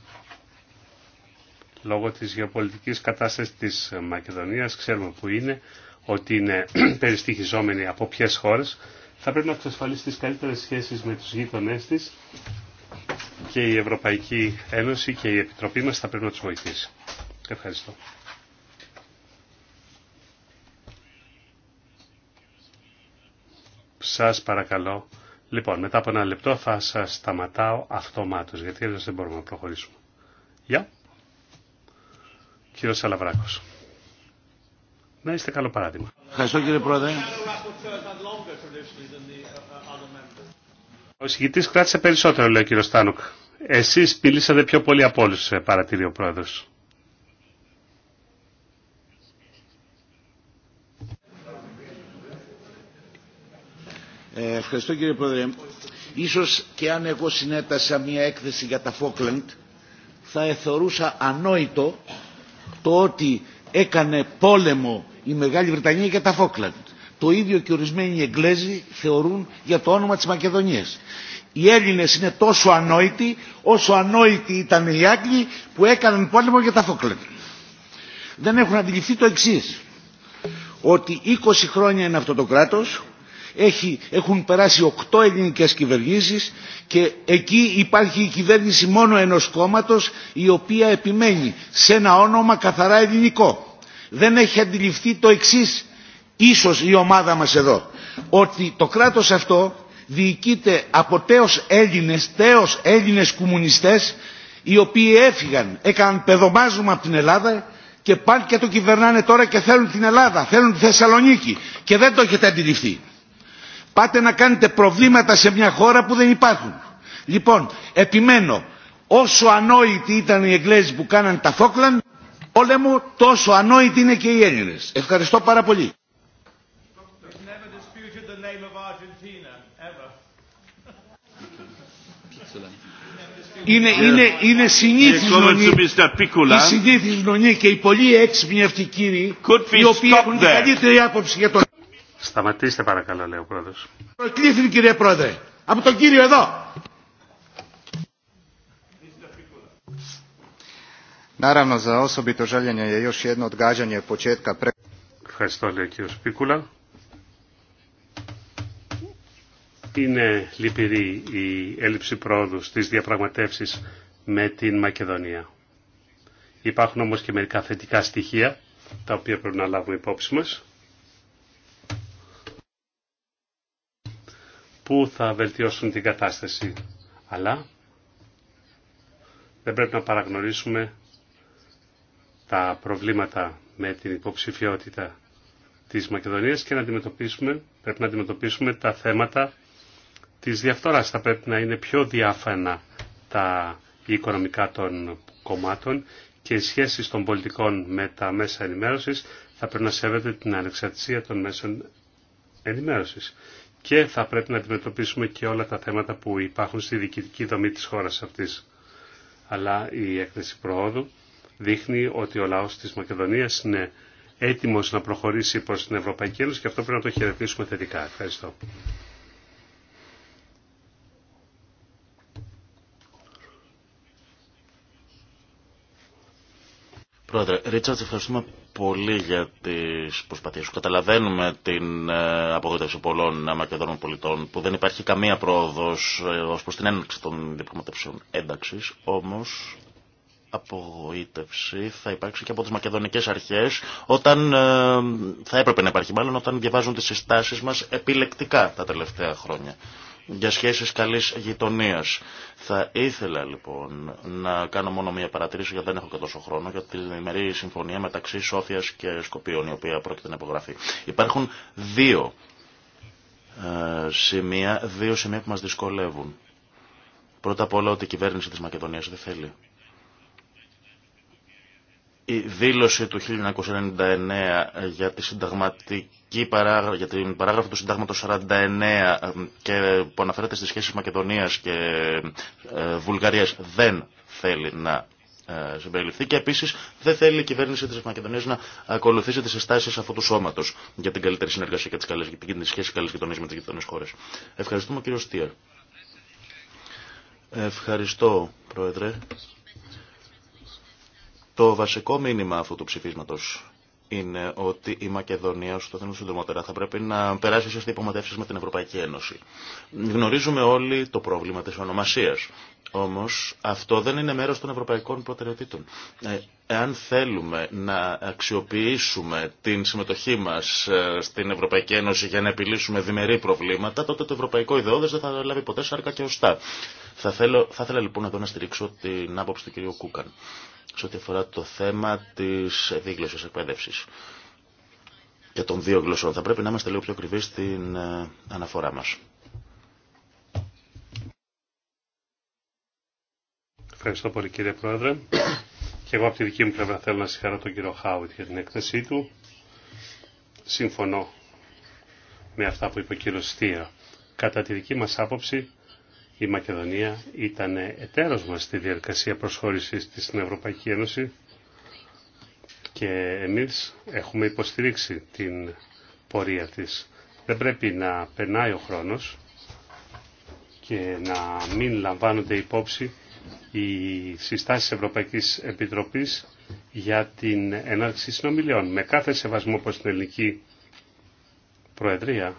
Λόγω της γεωπολιτικής κατάστασης της Μακεδονίας ξέρουμε που είναι, ότι είναι [clears throat] περιστοιχιζόμενη από ποιες χώρες θα πρέπει να εξασφαλίσει τις καλύτερες σχέσεις με τους γείτονές της και η Ευρωπαϊκή Ένωση και η Επιτροπή μας θα πρέπει να τους βοηθήσει. Ευχαριστώ. Σας παρακαλώ. Λοιπόν, μετά από ένα λεπτό θα σας σταματάω αυτομάτως, γιατί δεν μπορούμε να προχωρήσουμε. Γεια. Κύριος Σαλαβράκος. Να είστε καλό παράδειγμα. Ευχαριστώ κύριε Πρόεδρε. Uh, uh, ο συγκητής κράτησε περισσότερο, λέει ο κύριο Στάνουκ. Εσείς πήλησατε πιο πολύ από όλου, ε, παρατηρεί ο πρόεδρο. Ε, ευχαριστώ κύριε Πρόεδρε. Ίσως και αν εγώ συνέτασα μια έκθεση για τα Φόκλαντ θα εθωρούσα ανόητο το ότι έκανε πόλεμο η Μεγάλη Βρετανία για τα Φόκλαντ. Το ίδιο και ορισμένοι Εγγλέζοι θεωρούν για το όνομα της Μακεδονίας. Οι Έλληνες είναι τόσο ανόητοι όσο ανόητοι ήταν οι Άγγλοι που έκαναν πόλεμο για τα Φόκλαντ. Δεν έχουν αντιληφθεί το εξή ότι 20 χρόνια είναι αυτό το κράτος, έχουν περάσει 8 ελληνικές κυβερνήσεις και εκεί υπάρχει η κυβέρνηση μόνο ενός κόμματος η οποία επιμένει σε ένα όνομα καθαρά ελληνικό. Δεν έχει αντιληφθεί το εξής ίσως η ομάδα μας εδώ, ότι το κράτος αυτό διοικείται από τέος Έλληνες, τέος Έλληνες κομμουνιστές, οι οποίοι έφυγαν, έκαναν πεδομάζουμε από την Ελλάδα και πάνε και το κυβερνάνε τώρα και θέλουν την Ελλάδα, θέλουν τη Θεσσαλονίκη και δεν το έχετε αντιληφθεί. Πάτε να κάνετε προβλήματα σε μια χώρα που δεν υπάρχουν. Λοιπόν, επιμένω, όσο ανόητοι ήταν οι Εγγλέζοι που κάναν τα Φόκλαν, όλε μου τόσο ανόητοι είναι και οι Έλληνες. Ευχαριστώ πάρα πολύ. Είναι, ε, είναι, είναι συνήθις νονή, ε, η συνήθις νονή και οι πολύ έξυπνοι αυτοί κύριοι οι οποίοι έχουν την καλύτερη άποψη για το... Σταματήστε παρακαλώ λέει ο πρόεδρος. Προκλήθηκε κύριε πρόεδρε. Από τον κύριο εδώ. Naravno, za osobito je još jedno odgađanje početka pre... Ευχαριστώ, λέει ο κύριος Πίκουλα. Είναι λυπηρή η έλλειψη πρόοδου στις διαπραγματεύσεις με την Μακεδονία. Υπάρχουν όμως και μερικά θετικά στοιχεία, τα οποία πρέπει να λάβουμε υπόψη μας, που θα βελτιώσουν την κατάσταση. Αλλά δεν πρέπει να παραγνωρίσουμε τα προβλήματα με την υποψηφιότητα της Μακεδονίας και να αντιμετωπίσουμε, πρέπει να αντιμετωπίσουμε τα θέματα της διαφθοράς. Θα πρέπει να είναι πιο διάφανα τα οικονομικά των κομμάτων και οι σχέσεις των πολιτικών με τα μέσα ενημέρωσης θα πρέπει να σέβεται την ανεξαρτησία των μέσων ενημέρωσης. Και θα πρέπει να αντιμετωπίσουμε και όλα τα θέματα που υπάρχουν στη διοικητική δομή της χώρας αυτής. Αλλά η έκθεση προόδου δείχνει ότι ο λαός της Μακεδονίας είναι έτοιμος να προχωρήσει προς την Ευρωπαϊκή Ένωση και αυτό πρέπει να το χαιρετήσουμε θετικά. Ευχαριστώ. Πρόεδρε, Ρίτσαρτ, ευχαριστούμε πολύ για τις προσπαθίες σου. Καταλαβαίνουμε την ε, απογοήτευση πολλών Μακεδόνων πολιτών που δεν υπάρχει καμία πρόοδος ε, ως προς την έναρξη των διπλωματεύσεων ένταξης, όμως απογοήτευση θα υπάρξει και από τις μακεδονικές αρχές όταν ε, θα έπρεπε να υπάρχει μάλλον όταν διαβάζουν τις συστάσεις μας επιλεκτικά τα τελευταία χρόνια για σχέσεις καλής γειτονίας. Θα ήθελα λοιπόν να κάνω μόνο μία παρατήρηση γιατί δεν έχω και τόσο χρόνο για την ημερή συμφωνία μεταξύ Σόφιας και Σκοπίων η οποία πρόκειται να υπογραφεί. Υπάρχουν δύο ε, σημεία, δύο σημεία που μας δυσκολεύουν. Πρώτα απ' όλα ότι η κυβέρνηση της Μακεδονίας δεν θέλει η δήλωση του 1999 για, τη συνταγματική για την παράγραφο του συντάγματος 49 ε, και που αναφέρεται στις σχέσεις Μακεδονίας και ε, Βουλγαρίας δεν θέλει να ε, συμπεριληφθεί και επίσης δεν θέλει η κυβέρνηση της Μακεδονίας να ακολουθήσει τις συστάσεις αυτού του σώματος για την καλύτερη συνεργασία και τις καλές, σχέση καλής γειτονίας με τις γειτονές χώρες. Ευχαριστούμε κύριο Στίαρ. Ευχαριστώ, Πρόεδρε. Το βασικό μήνυμα αυτού του ψηφίσματο είναι ότι η Μακεδονία, όσο το θέλουν συντομότερα, θα πρέπει να περάσει σε διαπραγματεύσει με την Ευρωπαϊκή Ένωση. Γνωρίζουμε όλοι το πρόβλημα τη ονομασία. Όμω αυτό δεν είναι μέρο των ευρωπαϊκών προτεραιοτήτων. Ε, εάν θέλουμε να αξιοποιήσουμε την συμμετοχή μα ε, στην Ευρωπαϊκή Ένωση για να επιλύσουμε διμερεί προβλήματα, τότε το ευρωπαϊκό ιδεώδε δεν θα λάβει ποτέ σάρκα και οστά. Θα, θα ήθελα λοιπόν εδώ να στηρίξω την άποψη του κ. Κούκαν σε ό,τι αφορά το θέμα της δίγλωσης εκπαίδευσης και των δύο γλωσσών. Θα πρέπει να είμαστε λίγο πιο ακριβεί στην ε, αναφορά μας. Ευχαριστώ πολύ κύριε Πρόεδρε. και εγώ από τη δική μου πλευρά θέλω να συγχαρώ τον κύριο Χάουιτ για την έκθεσή του. Συμφωνώ με αυτά που είπε ο κύριος Στία. Κατά τη δική μας άποψη η Μακεδονία ήταν εταίρος μας στη διαδικασία προσχώρησης της στην Ευρωπαϊκή Ένωση και εμείς έχουμε υποστηρίξει την πορεία της. Δεν πρέπει να περνάει ο χρόνος και να μην λαμβάνονται υπόψη οι συστάσεις Ευρωπαϊκής Επιτροπής για την έναρξη συνομιλιών. Με κάθε σεβασμό προς την ελληνική Προεδρία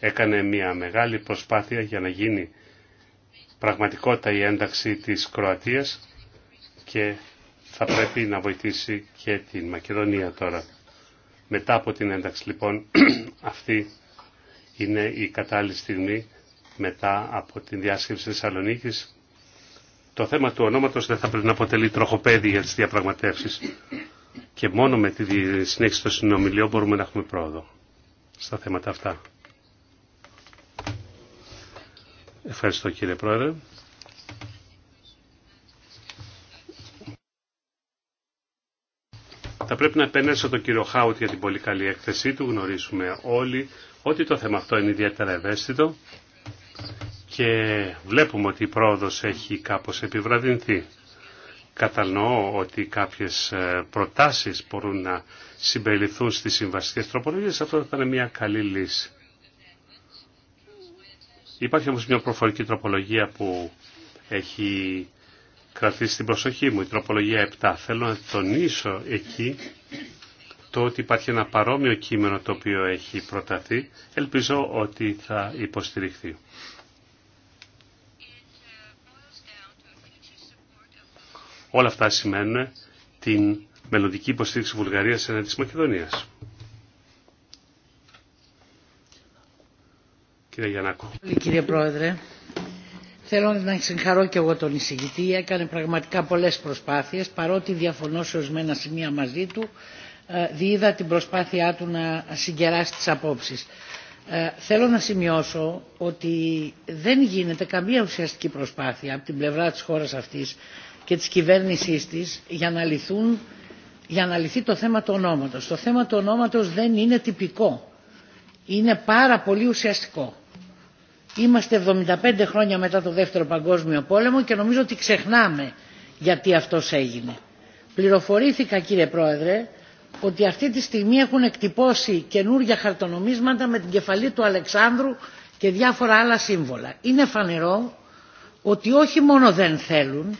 έκανε μια μεγάλη προσπάθεια για να γίνει πραγματικότητα η ένταξη της Κροατίας και θα πρέπει να βοηθήσει και την Μακεδονία τώρα. Μετά από την ένταξη λοιπόν [clears throat] αυτή είναι η κατάλληλη στιγμή μετά από την διάσκεψη της Θεσσαλονίκη. Το θέμα του ονόματος δεν θα πρέπει να αποτελεί τροχοπέδι για τις διαπραγματεύσεις και μόνο με τη συνέχιση των συνομιλίων μπορούμε να έχουμε πρόοδο στα θέματα αυτά. Ευχαριστώ κύριε Πρόεδρε. Θα πρέπει να επενέσω τον κύριο Χάουτ για την πολύ καλή έκθεσή του. Γνωρίζουμε όλοι ότι το θέμα αυτό είναι ιδιαίτερα ευαίσθητο και βλέπουμε ότι η πρόοδος έχει κάπως επιβραδυνθεί. Κατανοώ ότι κάποιες ε, προτάσεις μπορούν να συμπεριληφθούν στις συμβαστικές τροπολογίες. Αυτό θα ήταν μια καλή λύση. Υπάρχει όμως μια προφορική τροπολογία που έχει κρατήσει την προσοχή μου, η τροπολογία 7. Θέλω να τονίσω εκεί το ότι υπάρχει ένα παρόμοιο κείμενο το οποίο έχει προταθεί. Ελπίζω ότι θα υποστηριχθεί. Όλα αυτά σημαίνουν την μελλοντική υποστήριξη Βουλγαρίας εναντί της Μακεδονίας. Κύριε Γιαννάκο. Κύριε Πρόεδρε, θέλω να συγχαρώ και εγώ τον εισηγητή. Έκανε πραγματικά πολλές προσπάθειες, παρότι διαφωνώ σε ορισμένα σημεία μαζί του, ε, διείδα την προσπάθειά του να συγκεράσει τις απόψεις. Ε, θέλω να σημειώσω ότι δεν γίνεται καμία ουσιαστική προσπάθεια από την πλευρά της χώρας αυτής και της κυβέρνησής της για να, λυθούν, για να λυθεί το θέμα του ονόματος. Το θέμα του ονόματος δεν είναι τυπικό. Είναι πάρα πολύ ουσιαστικό. Είμαστε 75 χρόνια μετά το Δεύτερο Παγκόσμιο Πόλεμο και νομίζω ότι ξεχνάμε γιατί αυτός έγινε. Πληροφορήθηκα κύριε Πρόεδρε ότι αυτή τη στιγμή έχουν εκτυπώσει καινούργια χαρτονομίσματα με την κεφαλή του Αλεξάνδρου και διάφορα άλλα σύμβολα. Είναι φανερό ότι όχι μόνο δεν θέλουν,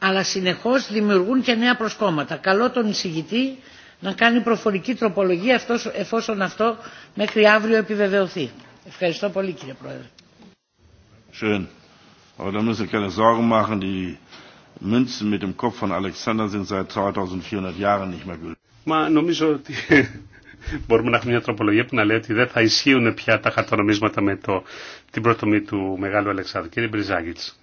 αλλά συνεχώς δημιουργούν και νέα προσκόμματα. Καλό τον εισηγητή να κάνει προφορική τροπολογία αυτός, εφόσον αυτό μέχρι αύριο επιβεβαιωθεί. Ευχαριστώ πολύ κύριε Πρόεδρε. Schön. Aber da müssen Sie keine Sorgen machen, die Münzen mit dem Kopf von Alexander sind seit 2400 Jahren nicht mehr gültig. Μα νομίζω ότι [laughs] μπορούμε να έχουμε μια τροπολογία που να λέει ότι δεν θα ισχύουν πια τα χαρτονομίσματα με το, την πρωτομή του Μεγάλου Αλεξάνδρου. Κύριε Μπριζάγκητς.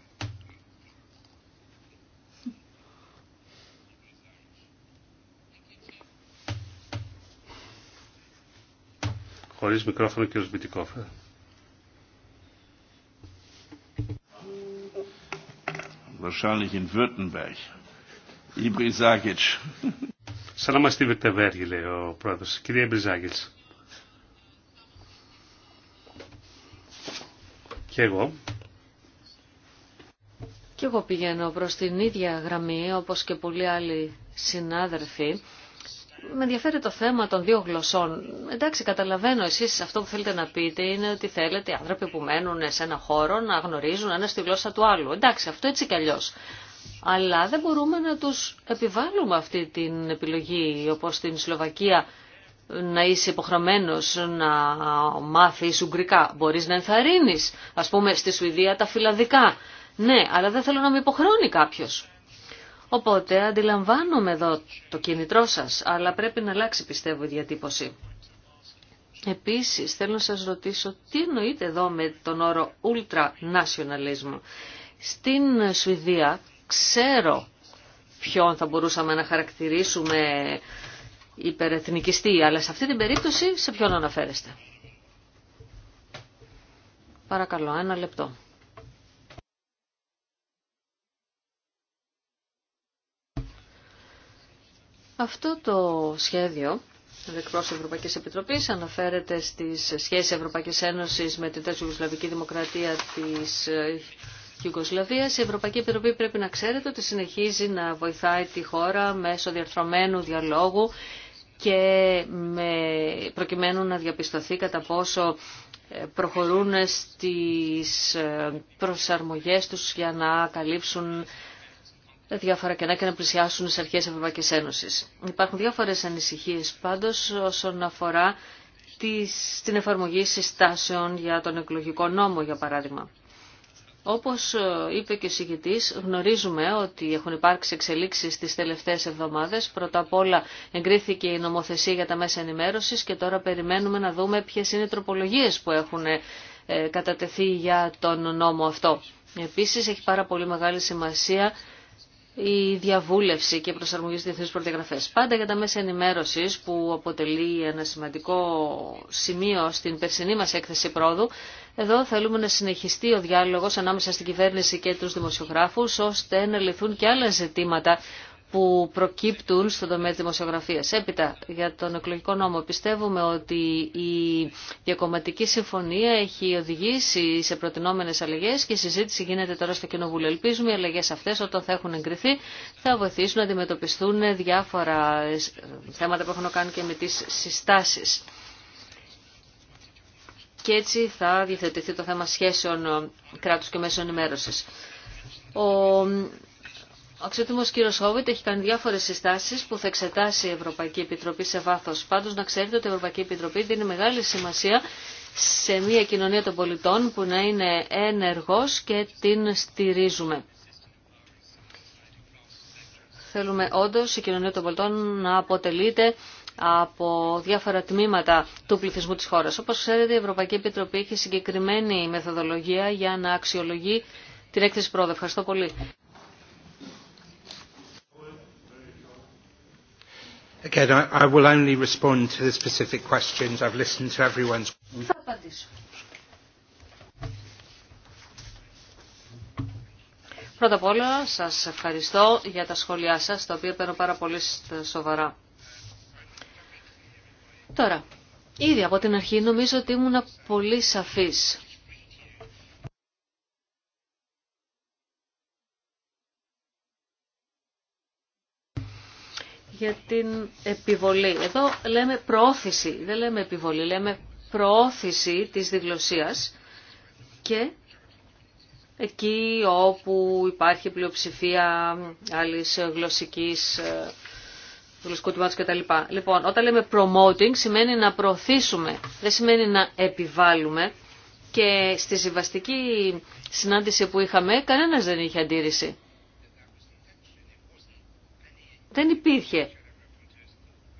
Χωρίς μικρόφωνο κύριος Μπιτικόφερ. Wahrscheinlich in Württemberg. Ibrisagic. Σαν να είμαστε στη λέει ο πρόεδρος. Κυρία Μπριζάγκητς. Και εγώ. Και εγώ πηγαίνω προς την ίδια γραμμή, όπως και πολλοί άλλοι συνάδελφοι με ενδιαφέρει το θέμα των δύο γλωσσών. Εντάξει, καταλαβαίνω εσείς αυτό που θέλετε να πείτε είναι ότι θέλετε οι άνθρωποι που μένουν σε ένα χώρο να γνωρίζουν ένα στη γλώσσα του άλλου. Εντάξει, αυτό έτσι κι αλλιώς. Αλλά δεν μπορούμε να τους επιβάλλουμε αυτή την επιλογή, όπως στην Σλοβακία να είσαι υποχρεωμένο να μάθεις ουγγρικά. Μπορείς να ενθαρρύνεις, ας πούμε, στη Σουηδία τα φιλαδικά. Ναι, αλλά δεν θέλω να με υποχρεώνει κάποιος. Οπότε αντιλαμβάνομαι εδώ το κινητρό σας, αλλά πρέπει να αλλάξει πιστεύω η διατύπωση. Επίσης θέλω να σας ρωτήσω τι εννοείται εδώ με τον όρο ultra-nationalism. Στην Σουηδία ξέρω ποιον θα μπορούσαμε να χαρακτηρίσουμε υπερεθνικιστή, αλλά σε αυτή την περίπτωση σε ποιον αναφέρεστε. Παρακαλώ, ένα λεπτό. Αυτό το σχέδιο του εκπρόσωπο Ευρωπαϊκή Επιτροπή αναφέρεται στι σχέσει Ευρωπαϊκή Ένωση με την τέτοια Ιουγκοσλαβική Δημοκρατία τη ε, Ιουγκοσλαβία. Η Ευρωπαϊκή Επιτροπή πρέπει να ξέρετε ότι συνεχίζει να βοηθάει τη χώρα μέσω διαρθρωμένου διαλόγου και με, προκειμένου να διαπιστωθεί κατά πόσο ε, προχωρούν στις ε, προσαρμογές τους για να καλύψουν διάφορα κενά και να πλησιάσουν στις αρχές Ευρωπαϊκής Ένωσης. Υπάρχουν διάφορες ανησυχίες πάντως όσον αφορά τις, την εφαρμογή συστάσεων για τον εκλογικό νόμο, για παράδειγμα. Όπως ε, είπε και ο συγκητής, γνωρίζουμε ότι έχουν υπάρξει εξελίξεις τις τελευταίες εβδομάδες. Πρώτα απ' όλα εγκρίθηκε η νομοθεσία για τα μέσα ενημέρωσης και τώρα περιμένουμε να δούμε ποιε είναι οι τροπολογίε που έχουν ε, κατατεθεί για τον νόμο αυτό. Επίση, έχει πάρα πολύ μεγάλη σημασία η διαβούλευση και προσαρμογή στις διεθνείς προδιαγραφές. Πάντα για τα μέσα ενημέρωσης που αποτελεί ένα σημαντικό σημείο στην περσινή μας έκθεση πρόοδου, εδώ θέλουμε να συνεχιστεί ο διάλογος ανάμεσα στην κυβέρνηση και τους δημοσιογράφους, ώστε να λυθούν και άλλα ζητήματα που προκύπτουν στον τομέα της δημοσιογραφίας. Έπειτα, για τον εκλογικό νόμο, πιστεύουμε ότι η διακομματική συμφωνία έχει οδηγήσει σε προτινόμενες αλλαγές και η συζήτηση γίνεται τώρα στο Κοινοβούλιο. Ελπίζουμε οι αλλαγές αυτές όταν θα έχουν εγκριθεί θα βοηθήσουν να αντιμετωπιστούν διάφορα ε, θέματα που έχουν να κάνουν και με τις συστάσεις. Και έτσι θα διευθετηθεί το θέμα σχέσεων ε, κράτους και μέσων ενημέρωσης. Ο ο αξιότιμος κύριος Χόβιτ έχει κάνει διάφορες συστάσεις που θα εξετάσει η Ευρωπαϊκή Επιτροπή σε βάθος. Πάντως να ξέρετε ότι η Ευρωπαϊκή Επιτροπή δίνει μεγάλη σημασία σε μια κοινωνία των πολιτών που να είναι ενεργός και την στηρίζουμε. Θέλουμε όντως η κοινωνία των πολιτών να αποτελείται από διάφορα τμήματα του πληθυσμού της χώρας. Όπως ξέρετε η Ευρωπαϊκή Επιτροπή έχει συγκεκριμένη μεθοδολογία για να αξιολογεί την έκθεση πρόοδο. Ευχαριστώ πολύ. Πρώτα απ' όλα, σας ευχαριστώ για τα σχόλιά σα, τα οποία παίρνω πάρα πολύ σοβαρά. Τώρα, ήδη από την αρχή νομίζω ότι ήμουν πολύ σαφής. για την επιβολή. Εδώ λέμε προώθηση, δεν λέμε επιβολή, λέμε προώθηση της διγλωσίας και εκεί όπου υπάρχει πλειοψηφία άλλης γλωσσικής ε, γλωσσικού τμήματος κτλ. Λοιπόν, όταν λέμε promoting σημαίνει να προωθήσουμε, δεν σημαίνει να επιβάλλουμε και στη συμβαστική συνάντηση που είχαμε κανένας δεν είχε αντίρρηση δεν υπήρχε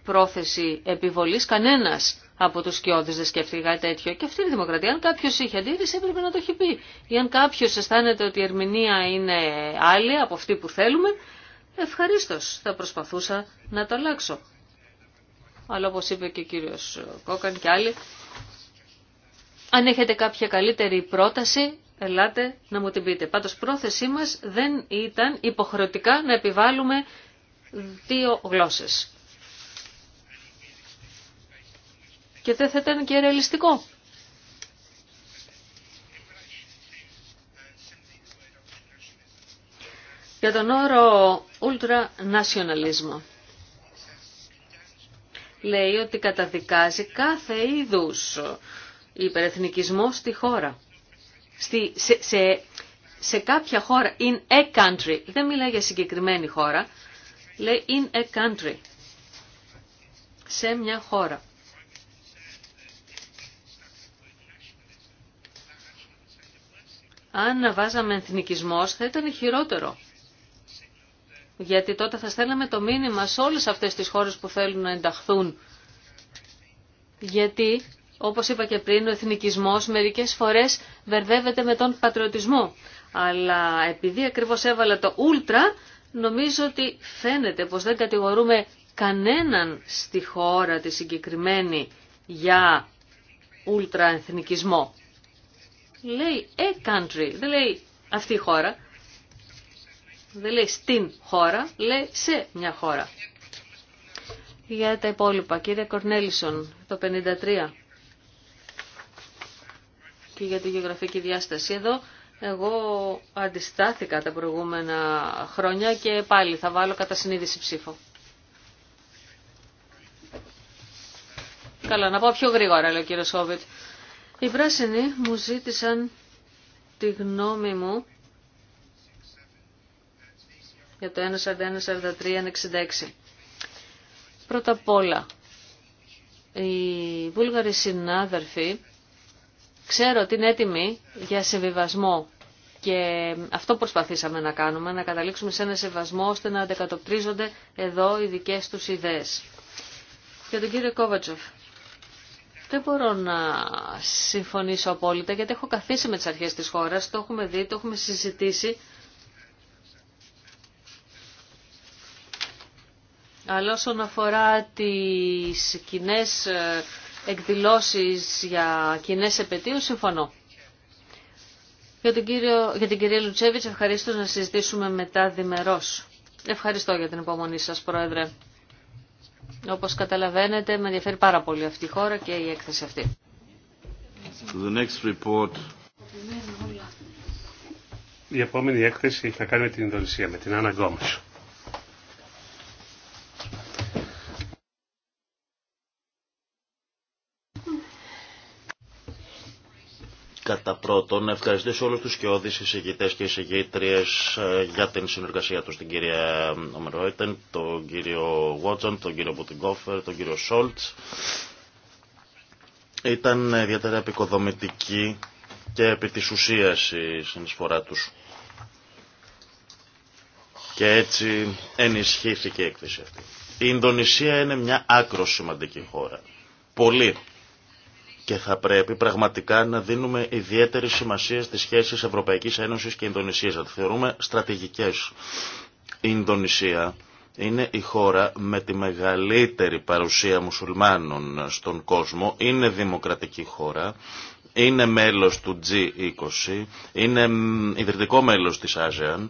πρόθεση επιβολής κανένας από τους σκιώδεις δεν σκέφτηκε κάτι τέτοιο. Και αυτή είναι η δημοκρατία. Αν κάποιο είχε αντίρρηση, έπρεπε να το έχει πει. Ή αν κάποιο αισθάνεται ότι η ερμηνεία είναι άλλη από αυτή που θέλουμε, ευχαρίστω θα προσπαθούσα να το αλλάξω. Αλλά όπω είπε και ο κύριο Κόκαν και άλλοι, αν έχετε κάποια καλύτερη πρόταση, ελάτε να μου την πείτε. Πάντως πρόθεσή μας δεν ήταν υποχρεωτικά να επιβάλλουμε δύο γλώσσες. Και δεν θα ήταν και ρεαλιστικό. Για τον όρο ultra-nationalism. λέει ότι καταδικάζει κάθε είδους υπερεθνικισμό στη χώρα. σε, σε, σε κάποια χώρα, in a country, δεν μιλάει για συγκεκριμένη χώρα, Λέει in a country. Σε μια χώρα. Αν βάζαμε εθνικισμός θα ήταν χειρότερο. Γιατί τότε θα στέλναμε το μήνυμα σε όλες αυτές τις χώρες που θέλουν να ενταχθούν. Γιατί, όπως είπα και πριν, ο εθνικισμός μερικές φορές βερβεύεται με τον πατριωτισμό. Αλλά επειδή ακριβώς έβαλα το ούλτρα, Νομίζω ότι φαίνεται πως δεν κατηγορούμε κανέναν στη χώρα τη συγκεκριμένη για ουλτραεθνικισμό. Λέει a «Ε, country, δεν λέει αυτή η χώρα. Δεν λέει στην χώρα, λέει σε μια χώρα. Για τα υπόλοιπα, κύριε Κορνέλισον, το 53 και για τη γεωγραφική διάσταση εδώ εγώ αντιστάθηκα τα προηγούμενα χρόνια και πάλι θα βάλω κατά συνείδηση ψήφο. Καλά, να πάω πιο γρήγορα, λέει ο κύριος Χόβιτ. Οι πράσινοι μου ζήτησαν τη γνώμη μου για το 1.41.43.166. Πρώτα απ' όλα, οι βούλγαροι συνάδελφοι ξέρω ότι είναι έτοιμοι για συμβιβασμό και αυτό προσπαθήσαμε να κάνουμε, να καταλήξουμε σε ένα σεβασμό ώστε να αντεκατοπτρίζονται εδώ οι δικές τους ιδέες. Για τον κύριο Κόβατσοφ, δεν μπορώ να συμφωνήσω απόλυτα γιατί έχω καθίσει με τις αρχές της χώρας, το έχουμε δει, το έχουμε συζητήσει. Αλλά όσον αφορά τις κοινέ ε, εκδηλώσεις για κοινέ επαιτίου, συμφωνώ. Για, τον κύριο, για την κυρία Λουτσέβιτς ευχαριστώ να συζητήσουμε μετά διμερώς. Ευχαριστώ για την υπομονή σας, Πρόεδρε. Όπως καταλαβαίνετε, με ενδιαφέρει πάρα πολύ αυτή η χώρα και η έκθεση αυτή. Η επόμενη έκθεση θα κάνει με την Ινδονησία, με την Άννα κατά πρώτον να ευχαριστήσω όλους τους σκιώδεις εισηγητές και εισηγήτριες ε, για την συνεργασία τους, την κυρία Ομερόιτεν, τον κύριο Βότσον, τον κύριο Μπουτιγκόφερ, τον κύριο Σόλτς. Ήταν ιδιαίτερα επικοδομητική και επί της ουσίας η συνεισφορά τους. Και έτσι ενισχύθηκε η έκθεση αυτή. Η Ινδονησία είναι μια άκρο σημαντική χώρα. Πολύ και θα πρέπει πραγματικά να δίνουμε ιδιαίτερη σημασία στις σχέσεις Ευρωπαϊκής Ένωσης και Ινδονησίας, Θα θεωρούμε στρατηγικές. Η Ινδονησία είναι η χώρα με τη μεγαλύτερη παρουσία μουσουλμάνων στον κόσμο, είναι δημοκρατική χώρα, είναι μέλος του G20, είναι ιδρυτικό μέλος της ASEAN,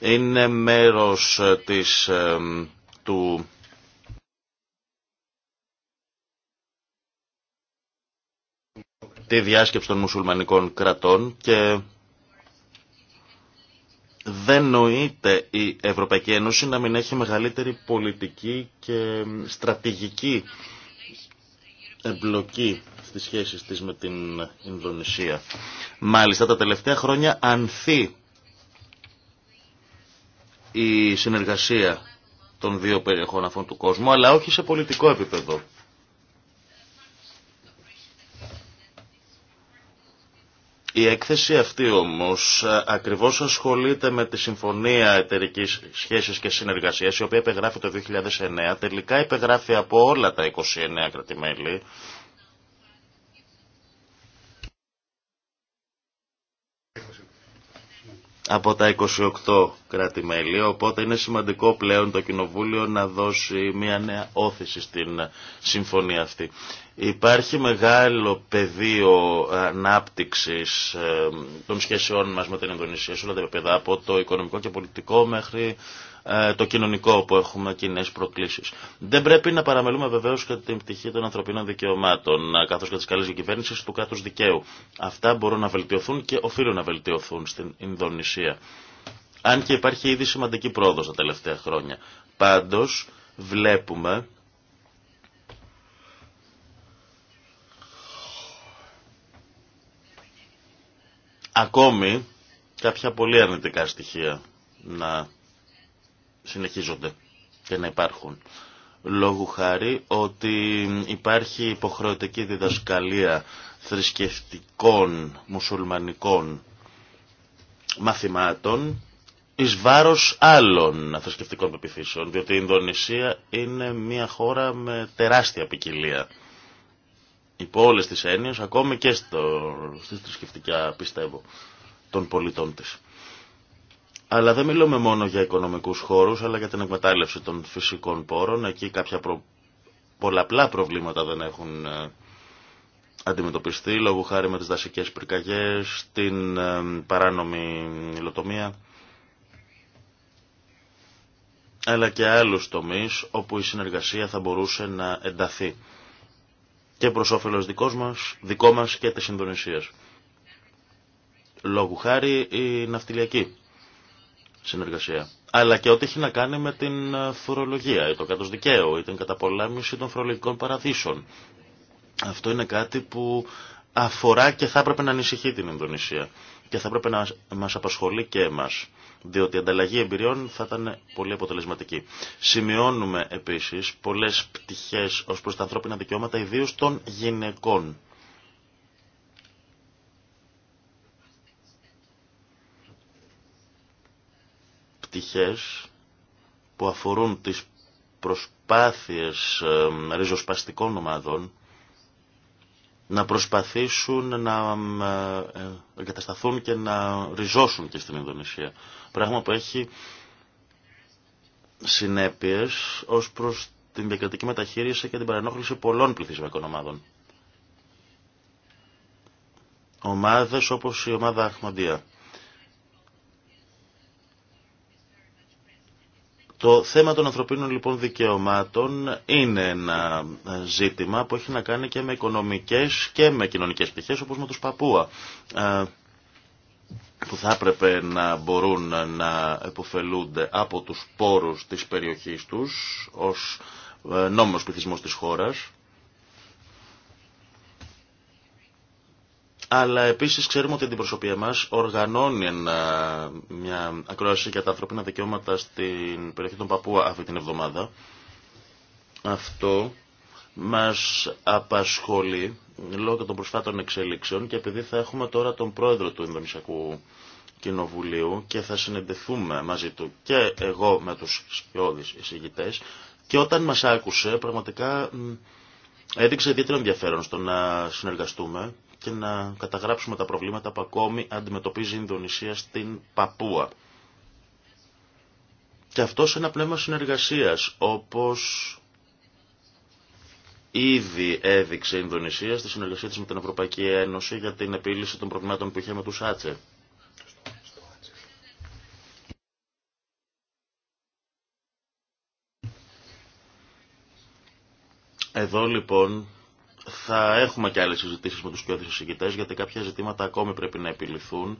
είναι μέρος ε, της, ε, του τη διάσκεψη των μουσουλμανικών κρατών και δεν νοείται η Ευρωπαϊκή Ένωση να μην έχει μεγαλύτερη πολιτική και στρατηγική εμπλοκή στις σχέσεις της με την Ινδονησία. Μάλιστα τα τελευταία χρόνια ανθεί η συνεργασία των δύο περιοχών αυτών του κόσμου, αλλά όχι σε πολιτικό επίπεδο. Η έκθεση αυτή όμως ε, ακριβώς ασχολείται με τη Συμφωνία Εταιρικής Σχέσης και Συνεργασίας η οποία υπεγράφει το 2009, τελικά υπεγράφει από όλα τα 29 κρατημέλη από τα 28 κράτη-μέλη, οπότε είναι σημαντικό πλέον το Κοινοβούλιο να δώσει μια νέα όθηση στην συμφωνία αυτή. Υπάρχει μεγάλο πεδίο ανάπτυξης ε, των σχέσεών μας με την Ινδονησία σε όλα τα επίπεδα, από το οικονομικό και πολιτικό μέχρι ε, το κοινωνικό που έχουμε κοινέ προκλήσεις. Δεν πρέπει να παραμελούμε βεβαίως και την πτυχή των ανθρωπίνων δικαιωμάτων, ε, καθώς και τις καλή κυβέρνηση του κράτους δικαίου. Αυτά μπορούν να βελτιωθούν και οφείλουν να βελτιωθούν στην Ινδονησία. Αν και υπάρχει ήδη σημαντική πρόοδο τα τελευταία χρόνια. Πάντω βλέπουμε ακόμη κάποια πολύ αρνητικά στοιχεία να συνεχίζονται και να υπάρχουν. Λόγου χάρη ότι υπάρχει υποχρεωτική διδασκαλία θρησκευτικών, μουσουλμανικών μαθημάτων εις βάρος άλλων θρησκευτικών πεπιθήσεων, διότι η Ινδονησία είναι μια χώρα με τεράστια ποικιλία. Υπό όλες τις έννοιες, ακόμη και στο, στη θρησκευτικά πιστεύω των πολιτών της. Αλλά δεν μιλούμε μόνο για οικονομικούς χώρους, αλλά για την εκμετάλλευση των φυσικών πόρων. Εκεί κάποια πολλαπλά προβλήματα δεν έχουν ε, αντιμετωπιστεί, λόγω χάρη με τις δασικές πυρκαγιές, την ε, παράνομη υλοτομία, αλλά και άλλους τομείς όπου η συνεργασία θα μπορούσε να ενταθεί και προς όφελος δικός μας, δικό μας και της Ινδονησίας. Λόγου χάρη η ναυτιλιακή συνεργασία. Αλλά και ό,τι έχει να κάνει με την ε, φορολογία, ή ε, το κράτο δικαίου, ή την καταπολέμηση των φορολογικών παραδείσων. Αυτό είναι κάτι που αφορά και θα έπρεπε να ανησυχεί την Ινδονησία. Και θα έπρεπε να μας απασχολεί και εμά, Διότι η ανταλλαγή εμπειριών θα ήταν πολύ αποτελεσματική. Σημειώνουμε επίση πολλέ πτυχέ ω προ τα ανθρώπινα δικαιώματα, ιδίω των γυναικών. πτυχές που αφορούν τις προσπάθειες ε, ριζοσπαστικών ομάδων να προσπαθήσουν να ε, εγκατασταθούν και να ριζώσουν και στην Ινδονησία. Πράγμα που έχει συνέπειες ως προς την διακριτική μεταχείριση και την παρενόχληση πολλών πληθυσμικών ομάδων. Ομάδες όπως η ομάδα Αχμαντία. Το θέμα των ανθρωπίνων λοιπόν δικαιωμάτων είναι ένα ε, ζήτημα που έχει να κάνει και με οικονομικές και με κοινωνικές πτυχές όπως με τους Παππούα ε, που θα έπρεπε να μπορούν να επωφελούνται από τους πόρους της περιοχής τους ως ε, νόμος πληθυσμός της χώρας αλλά επίσης ξέρουμε ότι η αντιπροσωπεία μας οργανώνει μια ακρόαση για τα ανθρώπινα δικαιώματα στην περιοχή των Παππού αυτή την εβδομάδα. Αυτό μας απασχολεί λόγω των προσφάτων εξέλιξεων και επειδή θα έχουμε τώρα τον πρόεδρο του Ινδονησιακού Κοινοβουλίου και θα συνεντεθούμε μαζί του και εγώ με τους σκιώδεις εισηγητές και όταν μας άκουσε πραγματικά έδειξε ιδιαίτερο ενδιαφέρον στο να συνεργαστούμε και να καταγράψουμε τα προβλήματα που ακόμη αντιμετωπίζει η Ινδονησία στην Παπούα. Και αυτό σε ένα πνεύμα συνεργασίας, όπως ήδη έδειξε η Ινδονησία στη συνεργασία της με την Ευρωπαϊκή Ένωση για την επίλυση των προβλημάτων που είχε με τους Άτσε. Εδώ λοιπόν θα έχουμε και άλλες συζητήσεις με τους πιο εισηγητές γιατί κάποια ζητήματα ακόμη πρέπει να επιληθούν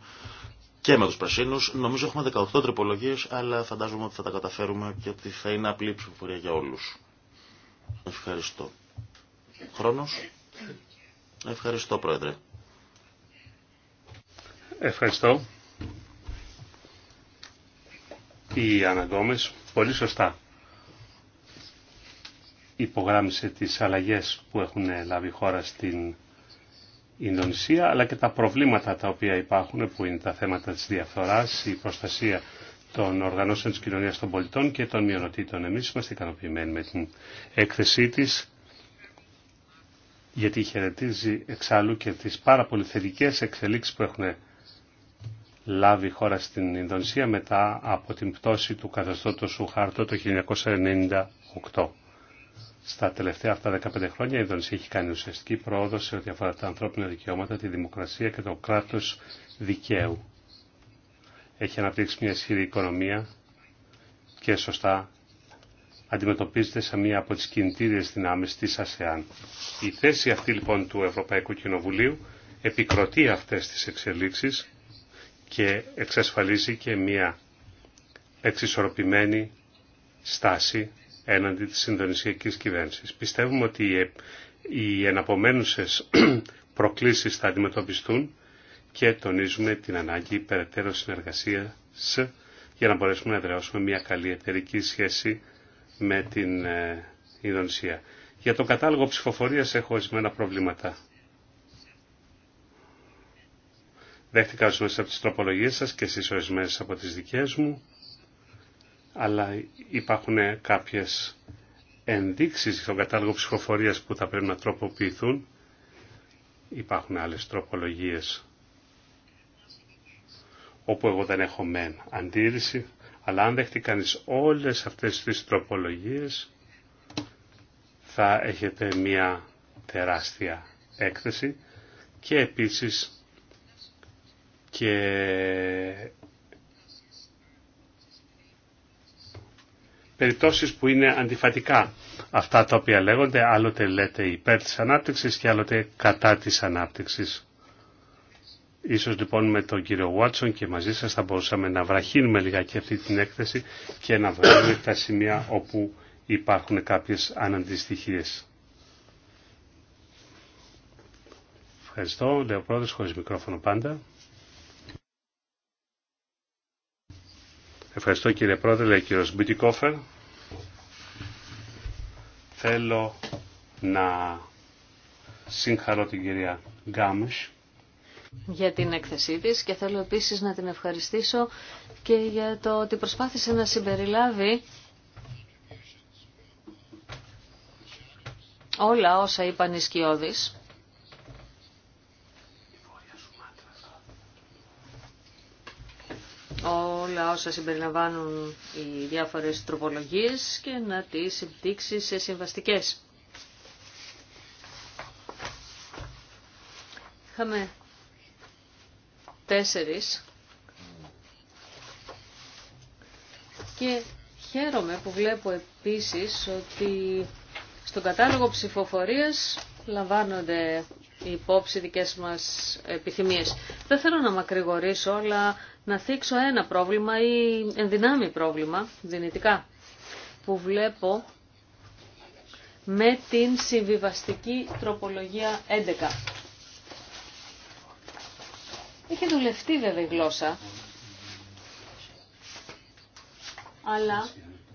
και με τους πρασίνους. Νομίζω έχουμε 18 τροπολογίες αλλά φαντάζομαι ότι θα τα καταφέρουμε και ότι θα είναι απλή ψηφοφορία για όλους. Ευχαριστώ. Χρόνος. Ευχαριστώ Πρόεδρε. Ευχαριστώ. Οι Αναγκόμες πολύ σωστά υπογράμμισε τις αλλαγές που έχουν λάβει η χώρα στην Ινδονησία, αλλά και τα προβλήματα τα οποία υπάρχουν, που είναι τα θέματα της διαφθοράς, η προστασία των οργανώσεων της κοινωνίας των πολιτών και των μειονοτήτων. Εμείς είμαστε ικανοποιημένοι με την έκθεσή της, γιατί χαιρετίζει εξάλλου και τις πάρα πολύ θετικέ εξελίξεις που έχουν λάβει η χώρα στην Ινδονησία μετά από την πτώση του καθεστώτος Σουχάρτο το 1998. Στα τελευταία αυτά 15 χρόνια η Ινδονησία έχει κάνει ουσιαστική πρόοδο σε ό,τι αφορά τα ανθρώπινα δικαιώματα, τη δημοκρασία και το κράτο δικαίου. Έχει αναπτύξει μια ισχυρή οικονομία και σωστά αντιμετωπίζεται σαν μία από τις κινητήριες δυνάμεις της ΑΣΕΑΝ. Η θέση αυτή λοιπόν του Ευρωπαϊκού Κοινοβουλίου επικροτεί αυτές τις εξελίξεις και εξασφαλίζει και μία εξισορροπημένη στάση έναντι της Ινδονησιακής κυβέρνησης. Πιστεύουμε ότι οι ε, εναπομένουσες [clears throat] προκλήσεις θα αντιμετωπιστούν και τονίζουμε την ανάγκη περαιτέρω συνεργασίας για να μπορέσουμε να εδραιώσουμε μια καλή εταιρική σχέση με την ε, Ινδονησία. Για τον κατάλογο ψηφοφορίας έχω ορισμένα προβλήματα. Δέχτηκα ορισμένε από τις τροπολογίες σας και εσείς ορισμένε από τις δικές μου αλλά υπάρχουν κάποιες ενδείξεις στον κατάλογο ψυχοφορίας που θα πρέπει να τροποποιηθούν. Υπάρχουν άλλες τροπολογίες όπου εγώ δεν έχω μεν αντίρρηση, αλλά αν δεχτεί κανείς όλες αυτές τις τροπολογίες θα έχετε μια τεράστια έκθεση και επίσης και περιπτώσεις που είναι αντιφατικά αυτά τα οποία λέγονται, άλλοτε λέτε υπέρ της ανάπτυξης και άλλοτε κατά της ανάπτυξης. Ίσως λοιπόν με τον κύριο Βάτσον και μαζί σας θα μπορούσαμε να βραχύνουμε λιγάκι αυτή την έκθεση και να βρούμε τα σημεία όπου υπάρχουν κάποιες αναντιστοιχίες. Ευχαριστώ. Λέω πρώτος χωρίς μικρόφωνο πάντα. Ευχαριστώ κύριε Πρόεδρε, λέει κύριος Μπιτικόφερ. Θέλω να συγχαρώ την κυρία Γκάμες για την έκθεσή της και θέλω επίσης να την ευχαριστήσω και για το ότι προσπάθησε να συμπεριλάβει όλα όσα είπαν οι σκιώδεις όλα όσα συμπεριλαμβάνουν οι διάφορες τροπολογίες και να τις συμπτύξει σε συμβαστικές. Είχαμε τέσσερις και χαίρομαι που βλέπω επίσης ότι στον κατάλογο ψηφοφορίας λαμβάνονται υπόψη δικές μας επιθυμίες. Δεν θέλω να μακρηγορήσω, αλλά να θίξω ένα πρόβλημα ή ενδυνάμει πρόβλημα, δυνητικά, που βλέπω με την συμβιβαστική τροπολογία 11. Έχει δουλευτεί βέβαια η γλώσσα, αλλά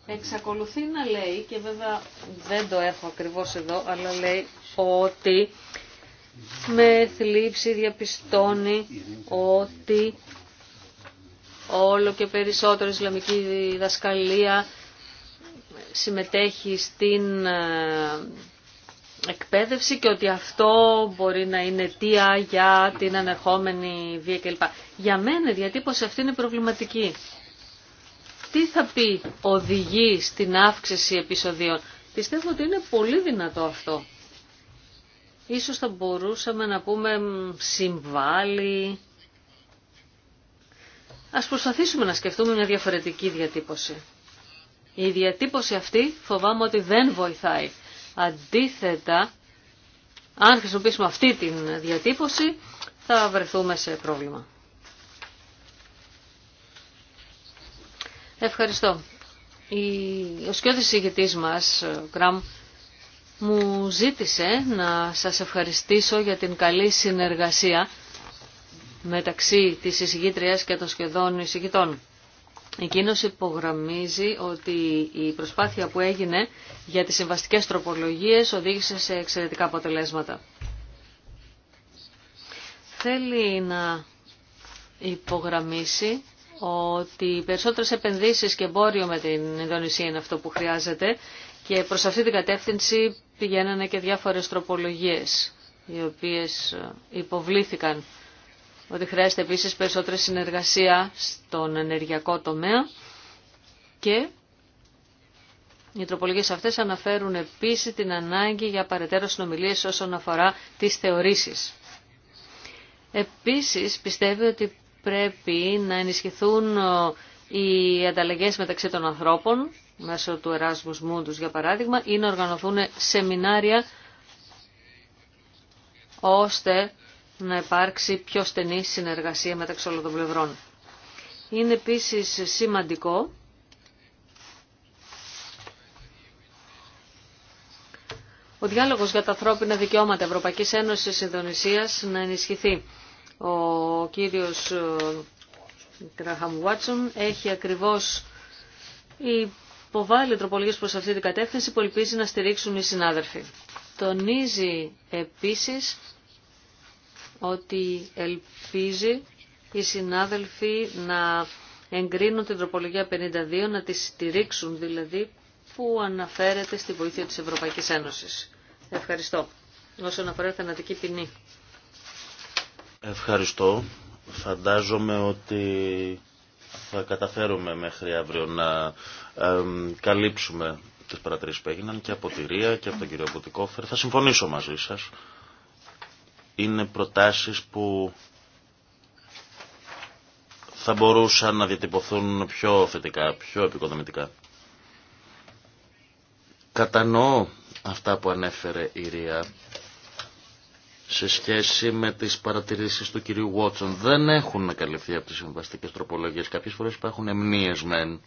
εξακολουθεί να λέει, και βέβαια δεν το έχω ακριβώς εδώ, αλλά λέει ότι με θλίψη διαπιστώνει ότι όλο και περισσότερο Ισλαμική διδασκαλία συμμετέχει στην ε, εκπαίδευση και ότι αυτό μπορεί να είναι αιτία για την ανερχόμενη βία κλπ. Για μένα η διατύπωση αυτή είναι προβληματική. Τι θα πει οδηγεί στην αύξηση επεισοδίων. Πιστεύω ότι είναι πολύ δυνατό αυτό. Ίσως θα μπορούσαμε να πούμε συμβάλλει. Ας προσπαθήσουμε να σκεφτούμε μια διαφορετική διατύπωση. Η διατύπωση αυτή φοβάμαι ότι δεν βοηθάει. Αντίθετα, αν χρησιμοποιήσουμε αυτή τη διατύπωση, θα βρεθούμε σε πρόβλημα. Ευχαριστώ. Ο σκιώδης ηγητής μας, Γκραμ, μου ζήτησε να σας ευχαριστήσω για την καλή συνεργασία μεταξύ της εισηγήτριας και των σχεδόν εισηγητών. Εκείνο υπογραμμίζει ότι η προσπάθεια που έγινε για τις συμβαστικές τροπολογίες οδήγησε σε εξαιρετικά αποτελέσματα. Θέλει να υπογραμμίσει ότι οι περισσότερες επενδύσεις και εμπόριο με την Ινδονησία είναι αυτό που χρειάζεται και προς αυτή την κατεύθυνση πηγαίνανε και διάφορες τροπολογίες οι οποίες ε, υποβλήθηκαν ότι χρειάζεται επίσης περισσότερη συνεργασία στον ενεργειακό τομέα και οι τροπολογίες αυτές αναφέρουν επίσης την ανάγκη για παρετέρω συνομιλίες όσον αφορά τις θεωρήσεις. Επίσης πιστεύει ότι πρέπει να ενισχυθούν ε, οι ανταλλαγές μεταξύ των ανθρώπων μέσω του Erasmus Mundus για παράδειγμα, ή να οργανωθούν σεμινάρια ώστε να υπάρξει πιο στενή συνεργασία μεταξύ όλων των πλευρών. Είναι επίσης σημαντικό ο διάλογος για τα ανθρώπινα δικαιώματα Ευρωπαϊκής Ένωσης Ινδονησίας να ενισχυθεί. Ο κύριος Graham έχει ακριβώς υποβάλει τροπολογίες προς αυτή την κατεύθυνση που ελπίζει να στηρίξουν οι συνάδελφοι. Τονίζει επίσης ότι ελπίζει οι συνάδελφοι να εγκρίνουν την τροπολογία 52, να τη στηρίξουν δηλαδή, που αναφέρεται στη βοήθεια της Ευρωπαϊκής Ένωσης. Ευχαριστώ. Όσον αφορά θανατική ποινή. Ευχαριστώ. Φαντάζομαι ότι θα καταφέρουμε μέχρι αύριο να καλύψουμε τις παρατηρήσεις που έγιναν και από τη Ρία και από τον κύριο Μπουτικόφερ. Θα συμφωνήσω μαζί σας. Είναι προτάσεις που θα μπορούσαν να διατυπωθούν πιο θετικά, πιο επικοδομητικά. Κατανοώ αυτά που ανέφερε η Ρία σε σχέση με τις παρατηρήσεις του κυρίου Βότσον δεν έχουν καλυφθεί από τις συμβαστικές τροπολογίες. Κάποιες φορές υπάρχουν εμνίες μεν,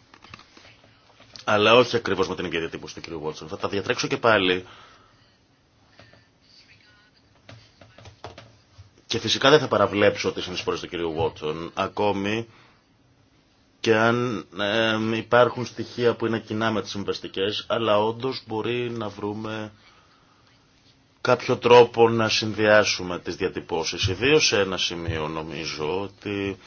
αλλά όχι ακριβώς με την ίδια διατύπωση του κυρίου Βότσον. Θα τα διατρέξω και πάλι. Και φυσικά δεν θα παραβλέψω τις συνεισφορές του κυρίου Βότσον, ακόμη και αν υπάρχουν στοιχεία που είναι κοινά με τις συμβαστικές, αλλά όντως μπορεί να βρούμε κάποιο τρόπο να συνδυάσουμε τις διατυπώσεις. ιδίω σε ένα σημείο νομίζω ότι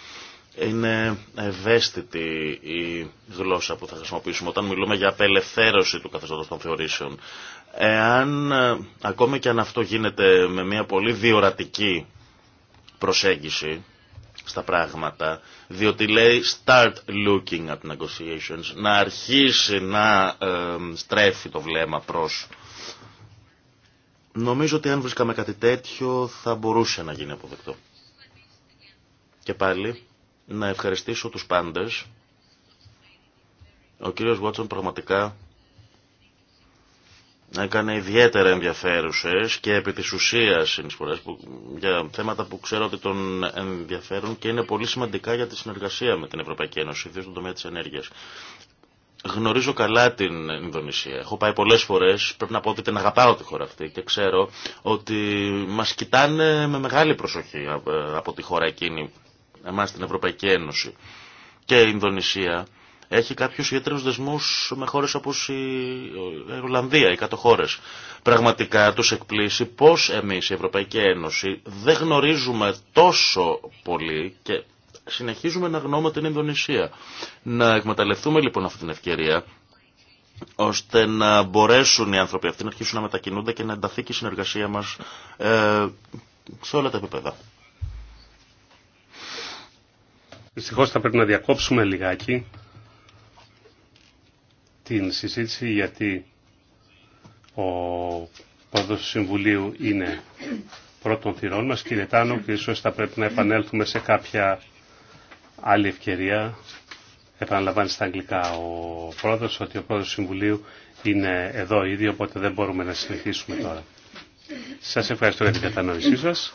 είναι ευαίσθητη η γλώσσα που θα χρησιμοποιήσουμε όταν μιλούμε για απελευθέρωση του καθεστώτος των θεωρήσεων. Εάν, ε, ακόμη και αν αυτό γίνεται με μια πολύ διορατική προσέγγιση στα πράγματα, διότι λέει start looking at negotiations, να αρχίσει να ε, στρέφει το βλέμμα προς Νομίζω ότι αν βρίσκαμε κάτι τέτοιο θα μπορούσε να γίνει αποδεκτό. Και πάλι να ευχαριστήσω τους πάντες. Ο κύριος Βότσον πραγματικά έκανε ιδιαίτερα ενδιαφέρουσες και επί της ουσίας συνεισφορές που, για θέματα που ξέρω ότι τον ενδιαφέρουν και είναι πολύ σημαντικά για τη συνεργασία με την Ευρωπαϊκή Ένωση, ιδίως στον τομέα της ενέργειας. Γνωρίζω καλά την Ινδονησία. Έχω πάει πολλές φορές, πρέπει να πω ότι την αγαπάω τη χώρα αυτή και ξέρω ότι μας κοιτάνε με μεγάλη προσοχή από τη χώρα εκείνη, εμάς την Ευρωπαϊκή Ένωση. Και η Ινδονησία έχει κάποιους ιδιαίτερους δεσμούς με χώρες όπως η Ολλανδία, οι κάτω χώρες. Πραγματικά τους εκπλήσει πώς εμείς η Ευρωπαϊκή Ένωση δεν γνωρίζουμε τόσο πολύ και συνεχίζουμε να γνώμε την Ινδονησία. Να εκμεταλλευτούμε λοιπόν αυτή την ευκαιρία ώστε να μπορέσουν οι άνθρωποι αυτοί να αρχίσουν να μετακινούνται και να ενταθεί και η συνεργασία μας ε, σε όλα τα επίπεδα. Δυστυχώ θα πρέπει να διακόψουμε λιγάκι την συζήτηση γιατί ο πρόεδρος του Συμβουλίου είναι πρώτον θυρών μας. Κύριε Τάνο, και ίσως θα πρέπει να επανέλθουμε σε κάποια άλλη ευκαιρία. Επαναλαμβάνει στα αγγλικά ο πρόεδρος ότι ο πρόεδρος Συμβουλίου είναι εδώ ήδη, οπότε δεν μπορούμε να συνεχίσουμε τώρα. Σας ευχαριστώ για την κατανόησή σας.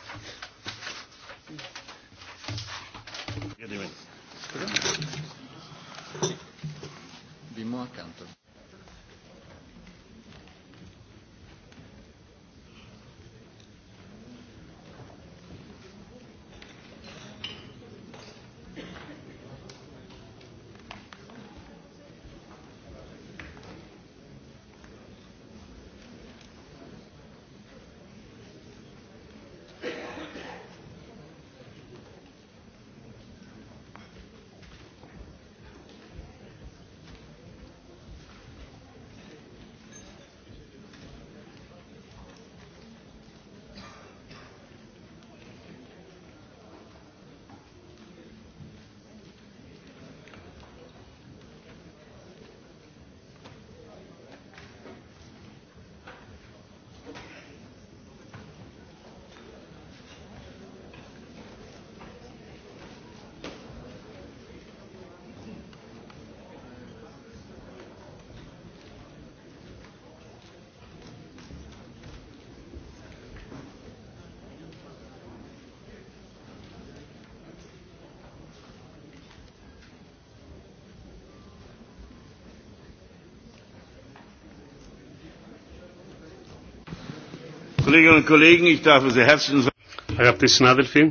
Αγαπητοί συνάδελφοι,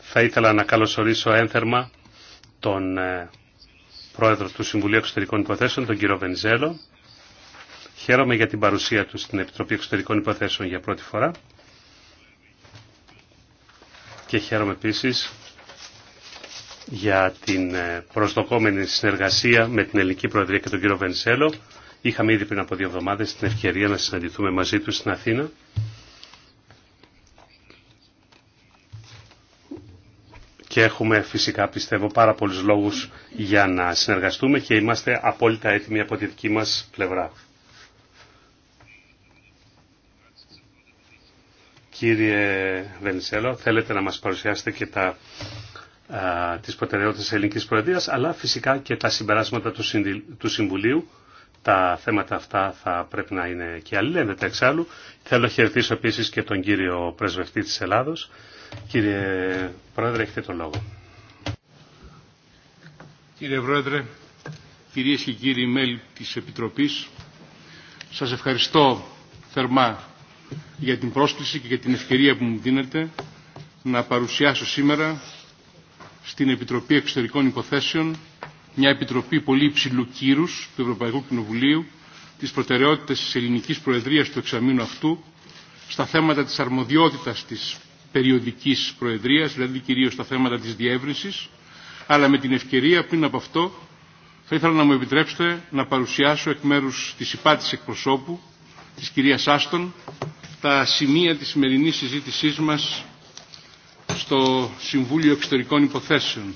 θα ήθελα να καλωσορίσω ένθερμα τον ε, πρόεδρο του Συμβουλίου Εξωτερικών Υποθέσεων, τον κύριο Βενιζέλο. Χαίρομαι για την παρουσία του στην Επιτροπή Εξωτερικών Υποθέσεων για πρώτη φορά και χαίρομαι επίσης για την ε, προσδοκόμενη συνεργασία με την Ελληνική Προεδρία και τον κύριο Βενιζέλο Είχαμε ήδη πριν από δύο εβδομάδες την ευκαιρία να συναντηθούμε μαζί του στην Αθήνα. Και έχουμε φυσικά πιστεύω πάρα πολλούς λόγους για να συνεργαστούμε και είμαστε απόλυτα έτοιμοι από τη δική μας πλευρά. Κύριε Βενισέλο, θέλετε να μας παρουσιάσετε και τα, α, τις προτεραιότητες της Ελληνικής Προεδρίας, αλλά φυσικά και τα συμπεράσματα του, Συμβουλίου, τα θέματα αυτά θα πρέπει να είναι και αλληλένδετα εξάλλου. Θέλω να χαιρετήσω επίσης και τον κύριο Πρεσβευτή της Ελλάδος. Κύριε Πρόεδρε, έχετε τον λόγο. Κύριε Πρόεδρε, κυρίες και κύριοι μέλη της Επιτροπής, σας ευχαριστώ θερμά για την πρόσκληση και για την ευκαιρία που μου δίνετε να παρουσιάσω σήμερα στην Επιτροπή Εξωτερικών Υποθέσεων μια επιτροπή πολύ υψηλού κύρου του Ευρωπαϊκού Κοινοβουλίου τι προτεραιότητε τη ελληνική προεδρία του εξαμήνου αυτού στα θέματα τη αρμοδιότητα τη περιοδική προεδρία, δηλαδή κυρίω στα θέματα τη διεύρυνση, αλλά με την ευκαιρία πριν από αυτό θα ήθελα να μου επιτρέψετε να παρουσιάσω εκ μέρου τη υπάτη εκπροσώπου τη κυρία Άστον τα σημεία της σημερινή συζήτησή μα στο Συμβούλιο Εξωτερικών Υποθέσεων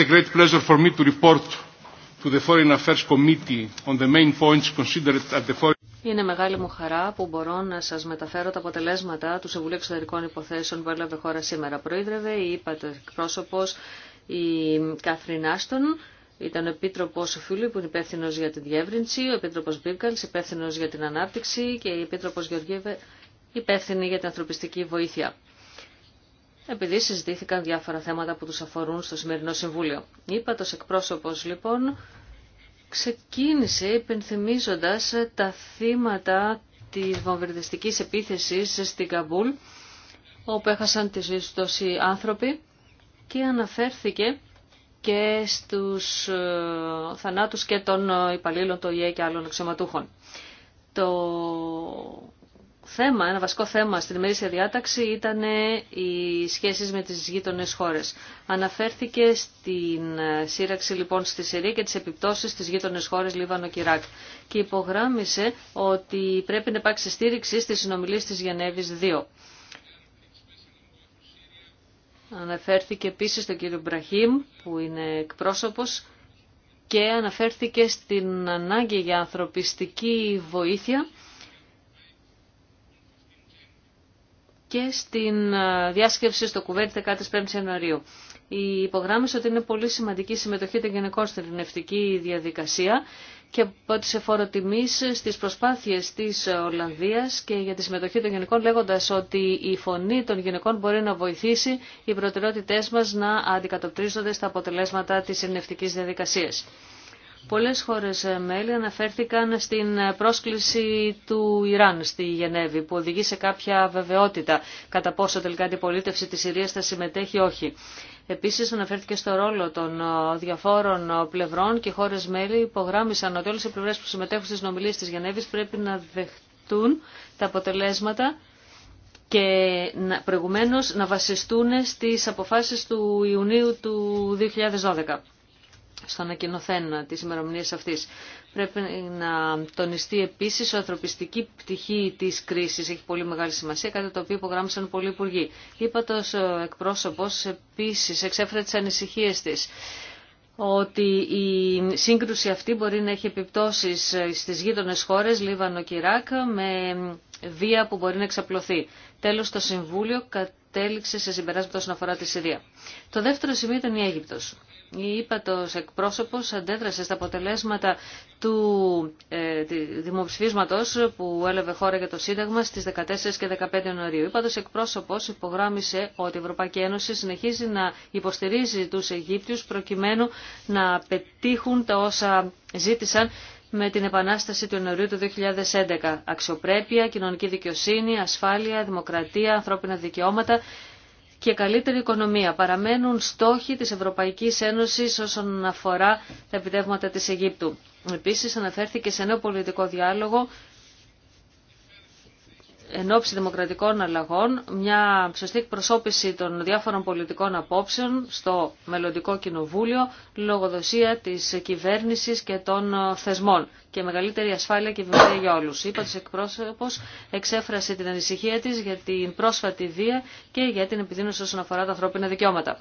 It's a great pleasure for me to report to the Foreign Affairs Committee on the main points considered at the foreign... Είναι μεγάλη μου χαρά που μπορώ να σας μεταφέρω τα αποτελέσματα του Συμβουλίου Εξωτερικών Υποθέσεων που έλαβε χώρα σήμερα. Προείδρευε η είπατε εκπρόσωπο, η Κάθριν Άστον, ήταν ο Επίτροπο Φίλου που είναι υπεύθυνο για τη διεύρυνση, ο Επίτροπο Μπίρκαλ υπεύθυνο για την ανάπτυξη και η Επίτροπο Γεωργίευε υπεύθυνη για την ανθρωπιστική βοήθεια επειδή συζητήθηκαν διάφορα θέματα που τους αφορούν στο σημερινό Συμβούλιο. Είπα εκπρόσωπος λοιπόν ξεκίνησε υπενθυμίζοντας τα θύματα της βομβερδιστικής επίθεσης στην Καμπούλ, όπου έχασαν τη ζωή τόσοι άνθρωποι και αναφέρθηκε και στους ε, θανάτους και των ε, υπαλλήλων το ΙΕ και άλλων εξωματούχων. Το θέμα, ένα βασικό θέμα στην ημερήσια διάταξη ήταν οι σχέσεις με τις γείτονες χώρες. Αναφέρθηκε στην σύραξη λοιπόν στη Συρία και τις επιπτώσεις στις γείτονες χώρες Λίβανο και και υπογράμμισε ότι πρέπει να υπάρξει στήριξη στη συνομιλίες της Γενέβης 2. Αναφέρθηκε επίσης τον κύριο Μπραχήμ που είναι εκπρόσωπος και αναφέρθηκε στην ανάγκη για ανθρωπιστική βοήθεια και στην ε, διάσκεψη στο κουβέρτι 15 Ιανουαρίου. Η υπογράμμιση ότι είναι πολύ σημαντική η συμμετοχή των γυναικών στην ερνευτική διαδικασία και από σε φόρο τιμή στι προσπάθειε τη Ολλανδία και για τη συμμετοχή των γυναικών, λέγοντα ότι η φωνή των γυναικών μπορεί να βοηθήσει οι προτεραιότητέ μα να αντικατοπτρίζονται στα αποτελέσματα τη ερνευτική διαδικασία. Πολλές χώρες ε, μέλη αναφέρθηκαν στην ε, πρόσκληση του Ιράν στη Γενέβη που οδηγεί σε κάποια βεβαιότητα κατά πόσο τελικά η πολίτευση της Συρίας θα συμμετέχει όχι. Επίσης αναφέρθηκε στο ρόλο των ε, διαφόρων πλευρών και χώρες μέλη υπογράμμισαν ότι όλες οι πλευρές που συμμετέχουν στις νομιλίες της Γενέβης πρέπει να δεχτούν τα αποτελέσματα και να, προηγουμένως να βασιστούν στις αποφάσεις του Ιουνίου του 2012 στο ανακοινωθέν τη ημερομηνία αυτή. Πρέπει να τονιστεί επίσης η ανθρωπιστική πτυχή τη κρίση έχει πολύ μεγάλη σημασία, κατά το οποίο υπογράμμισαν πολλοί υπουργοί. Είπατο εκπρόσωπο επίση εξέφερε τι ανησυχίε τη ότι η σύγκρουση αυτή μπορεί να έχει επιπτώσεις στις γείτονες χώρες, Λίβανο και Ιράκ, με βία που μπορεί να εξαπλωθεί. Τέλος, το Συμβούλιο κατέληξε σε συμπεράσματα όσον αφορά τη Συρία. Το δεύτερο σημείο ήταν η Αίγυπτος η ύπατος εκπρόσωπος αντέδρασε στα αποτελέσματα του ε, δημοψηφίσματος που έλαβε χώρα για το Σύνταγμα στις 14 και 15 Ιανουαρίου. Η ύπατος εκπρόσωπος υπογράμμισε ότι η Ευρωπαϊκή Ένωση συνεχίζει να υποστηρίζει τους Αιγύπτιους προκειμένου να πετύχουν τα όσα ζήτησαν με την επανάσταση του Ιανουαρίου του 2011. Αξιοπρέπεια, κοινωνική δικαιοσύνη, ασφάλεια, δημοκρατία, ανθρώπινα δικαιώματα και καλύτερη οικονομία παραμένουν στόχοι της Ευρωπαϊκής Ένωσης όσον αφορά τα επιτεύγματα της Αιγύπτου. Επίσης αναφέρθηκε σε νέο πολιτικό διάλογο εν ώψη δημοκρατικών αλλαγών μια σωστή εκπροσώπηση των διάφορων πολιτικών απόψεων στο μελλοντικό κοινοβούλιο, λογοδοσία της κυβέρνησης και των θεσμών και μεγαλύτερη ασφάλεια και βιβλία για όλους. Είπα της εκπρόσωπος εξέφρασε την ανησυχία της για την πρόσφατη βία και για την επιδείνωση όσον αφορά τα ανθρώπινα δικαιώματα.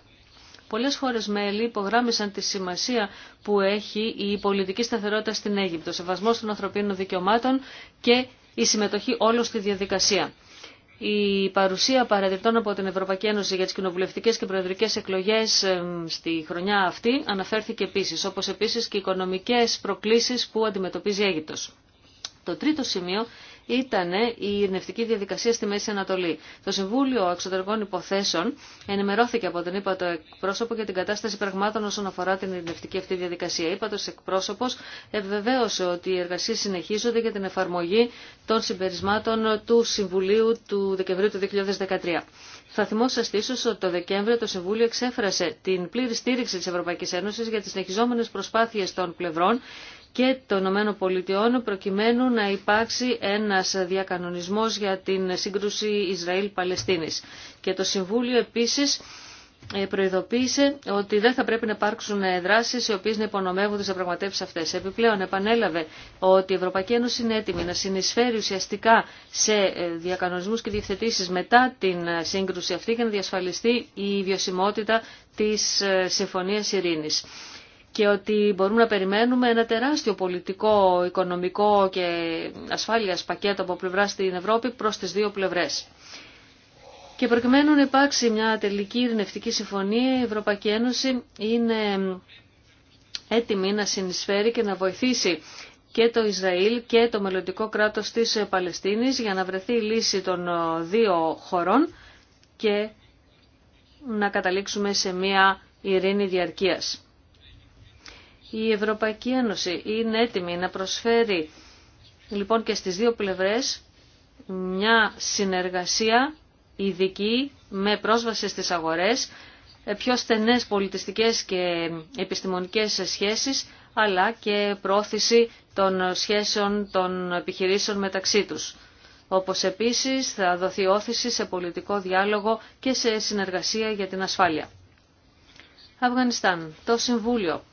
Πολλές χώρες μέλη υπογράμμισαν τη σημασία που έχει η πολιτική σταθερότητα στην Αίγυπτο, σεβασμός των ανθρωπίνων δικαιωμάτων και η συμμετοχή όλων στη διαδικασία. Η παρουσία παρατηρητών από την Ευρωπαϊκή Ένωση για τι κοινοβουλευτικέ και προεδρικέ εκλογέ στη χρονιά αυτή αναφέρθηκε επίση, όπω επίση και οι οικονομικέ προκλήσει που αντιμετωπίζει η Αίγυπτος. Το τρίτο σημείο ήταν η ειρνευτική διαδικασία στη Μέση Ανατολή. Το Συμβούλιο Εξωτερικών Υποθέσεων ενημερώθηκε από τον ύπατο εκπρόσωπο για την κατάσταση πραγμάτων όσον αφορά την ειρνευτική αυτή διαδικασία. ΥΠΑΤΟ εκπρόσωπο επιβεβαίωσε ότι οι εργασίε συνεχίζονται για την εφαρμογή των συμπερισμάτων του Συμβουλίου του Δεκεμβρίου του 2013. Θα θυμόσαστε ίσω ότι το Δεκέμβριο το Συμβούλιο εξέφρασε την πλήρη στήριξη τη Ευρωπαϊκή Ένωση για τι συνεχιζόμενε προσπάθειε των πλευρών και των Ηνωμένων Πολιτειών προκειμένου να υπάρξει ένας διακανονισμός για την σύγκρουση Ισραήλ-Παλαιστίνης. Και το Συμβούλιο επίσης ε, προειδοποίησε ότι δεν θα πρέπει να υπάρξουν ε, δράσεις οι οποίες να υπονομεύουν τις διαπραγματεύσεις αυτές. Επιπλέον επανέλαβε ότι η Ευρωπαϊκή Ένωση είναι έτοιμη να συνεισφέρει ουσιαστικά σε ε, διακανονισμούς και διευθετήσεις μετά την σύγκρουση αυτή για να διασφαλιστεί η βιωσιμότητα της Συμφωνίας Ειρήνης και ότι μπορούμε να περιμένουμε ένα τεράστιο πολιτικό, οικονομικό και ασφάλειας πακέτο από πλευρά στην Ευρώπη προς τις δύο πλευρές. Και προκειμένου να υπάρξει μια τελική ειρηνευτική συμφωνία, η Ευρωπαϊκή Ένωση είναι έτοιμη να συνεισφέρει και να βοηθήσει και το Ισραήλ και το μελλοντικό κράτος της Παλαιστίνης για να βρεθεί η λύση των δύο χωρών και να καταλήξουμε σε μια ειρήνη διαρκείας. Η Ευρωπαϊκή Ένωση είναι έτοιμη να προσφέρει λοιπόν και στις δύο πλευρές μια συνεργασία ειδική με πρόσβαση στις αγορές, ε, πιο στενές πολιτιστικές και επιστημονικές σχέσεις, αλλά και πρόθεση των σχέσεων των επιχειρήσεων μεταξύ τους. Όπως επίσης θα δοθεί όθηση σε πολιτικό διάλογο και σε συνεργασία για την ασφάλεια. Αφγανιστάν, το Συμβούλιο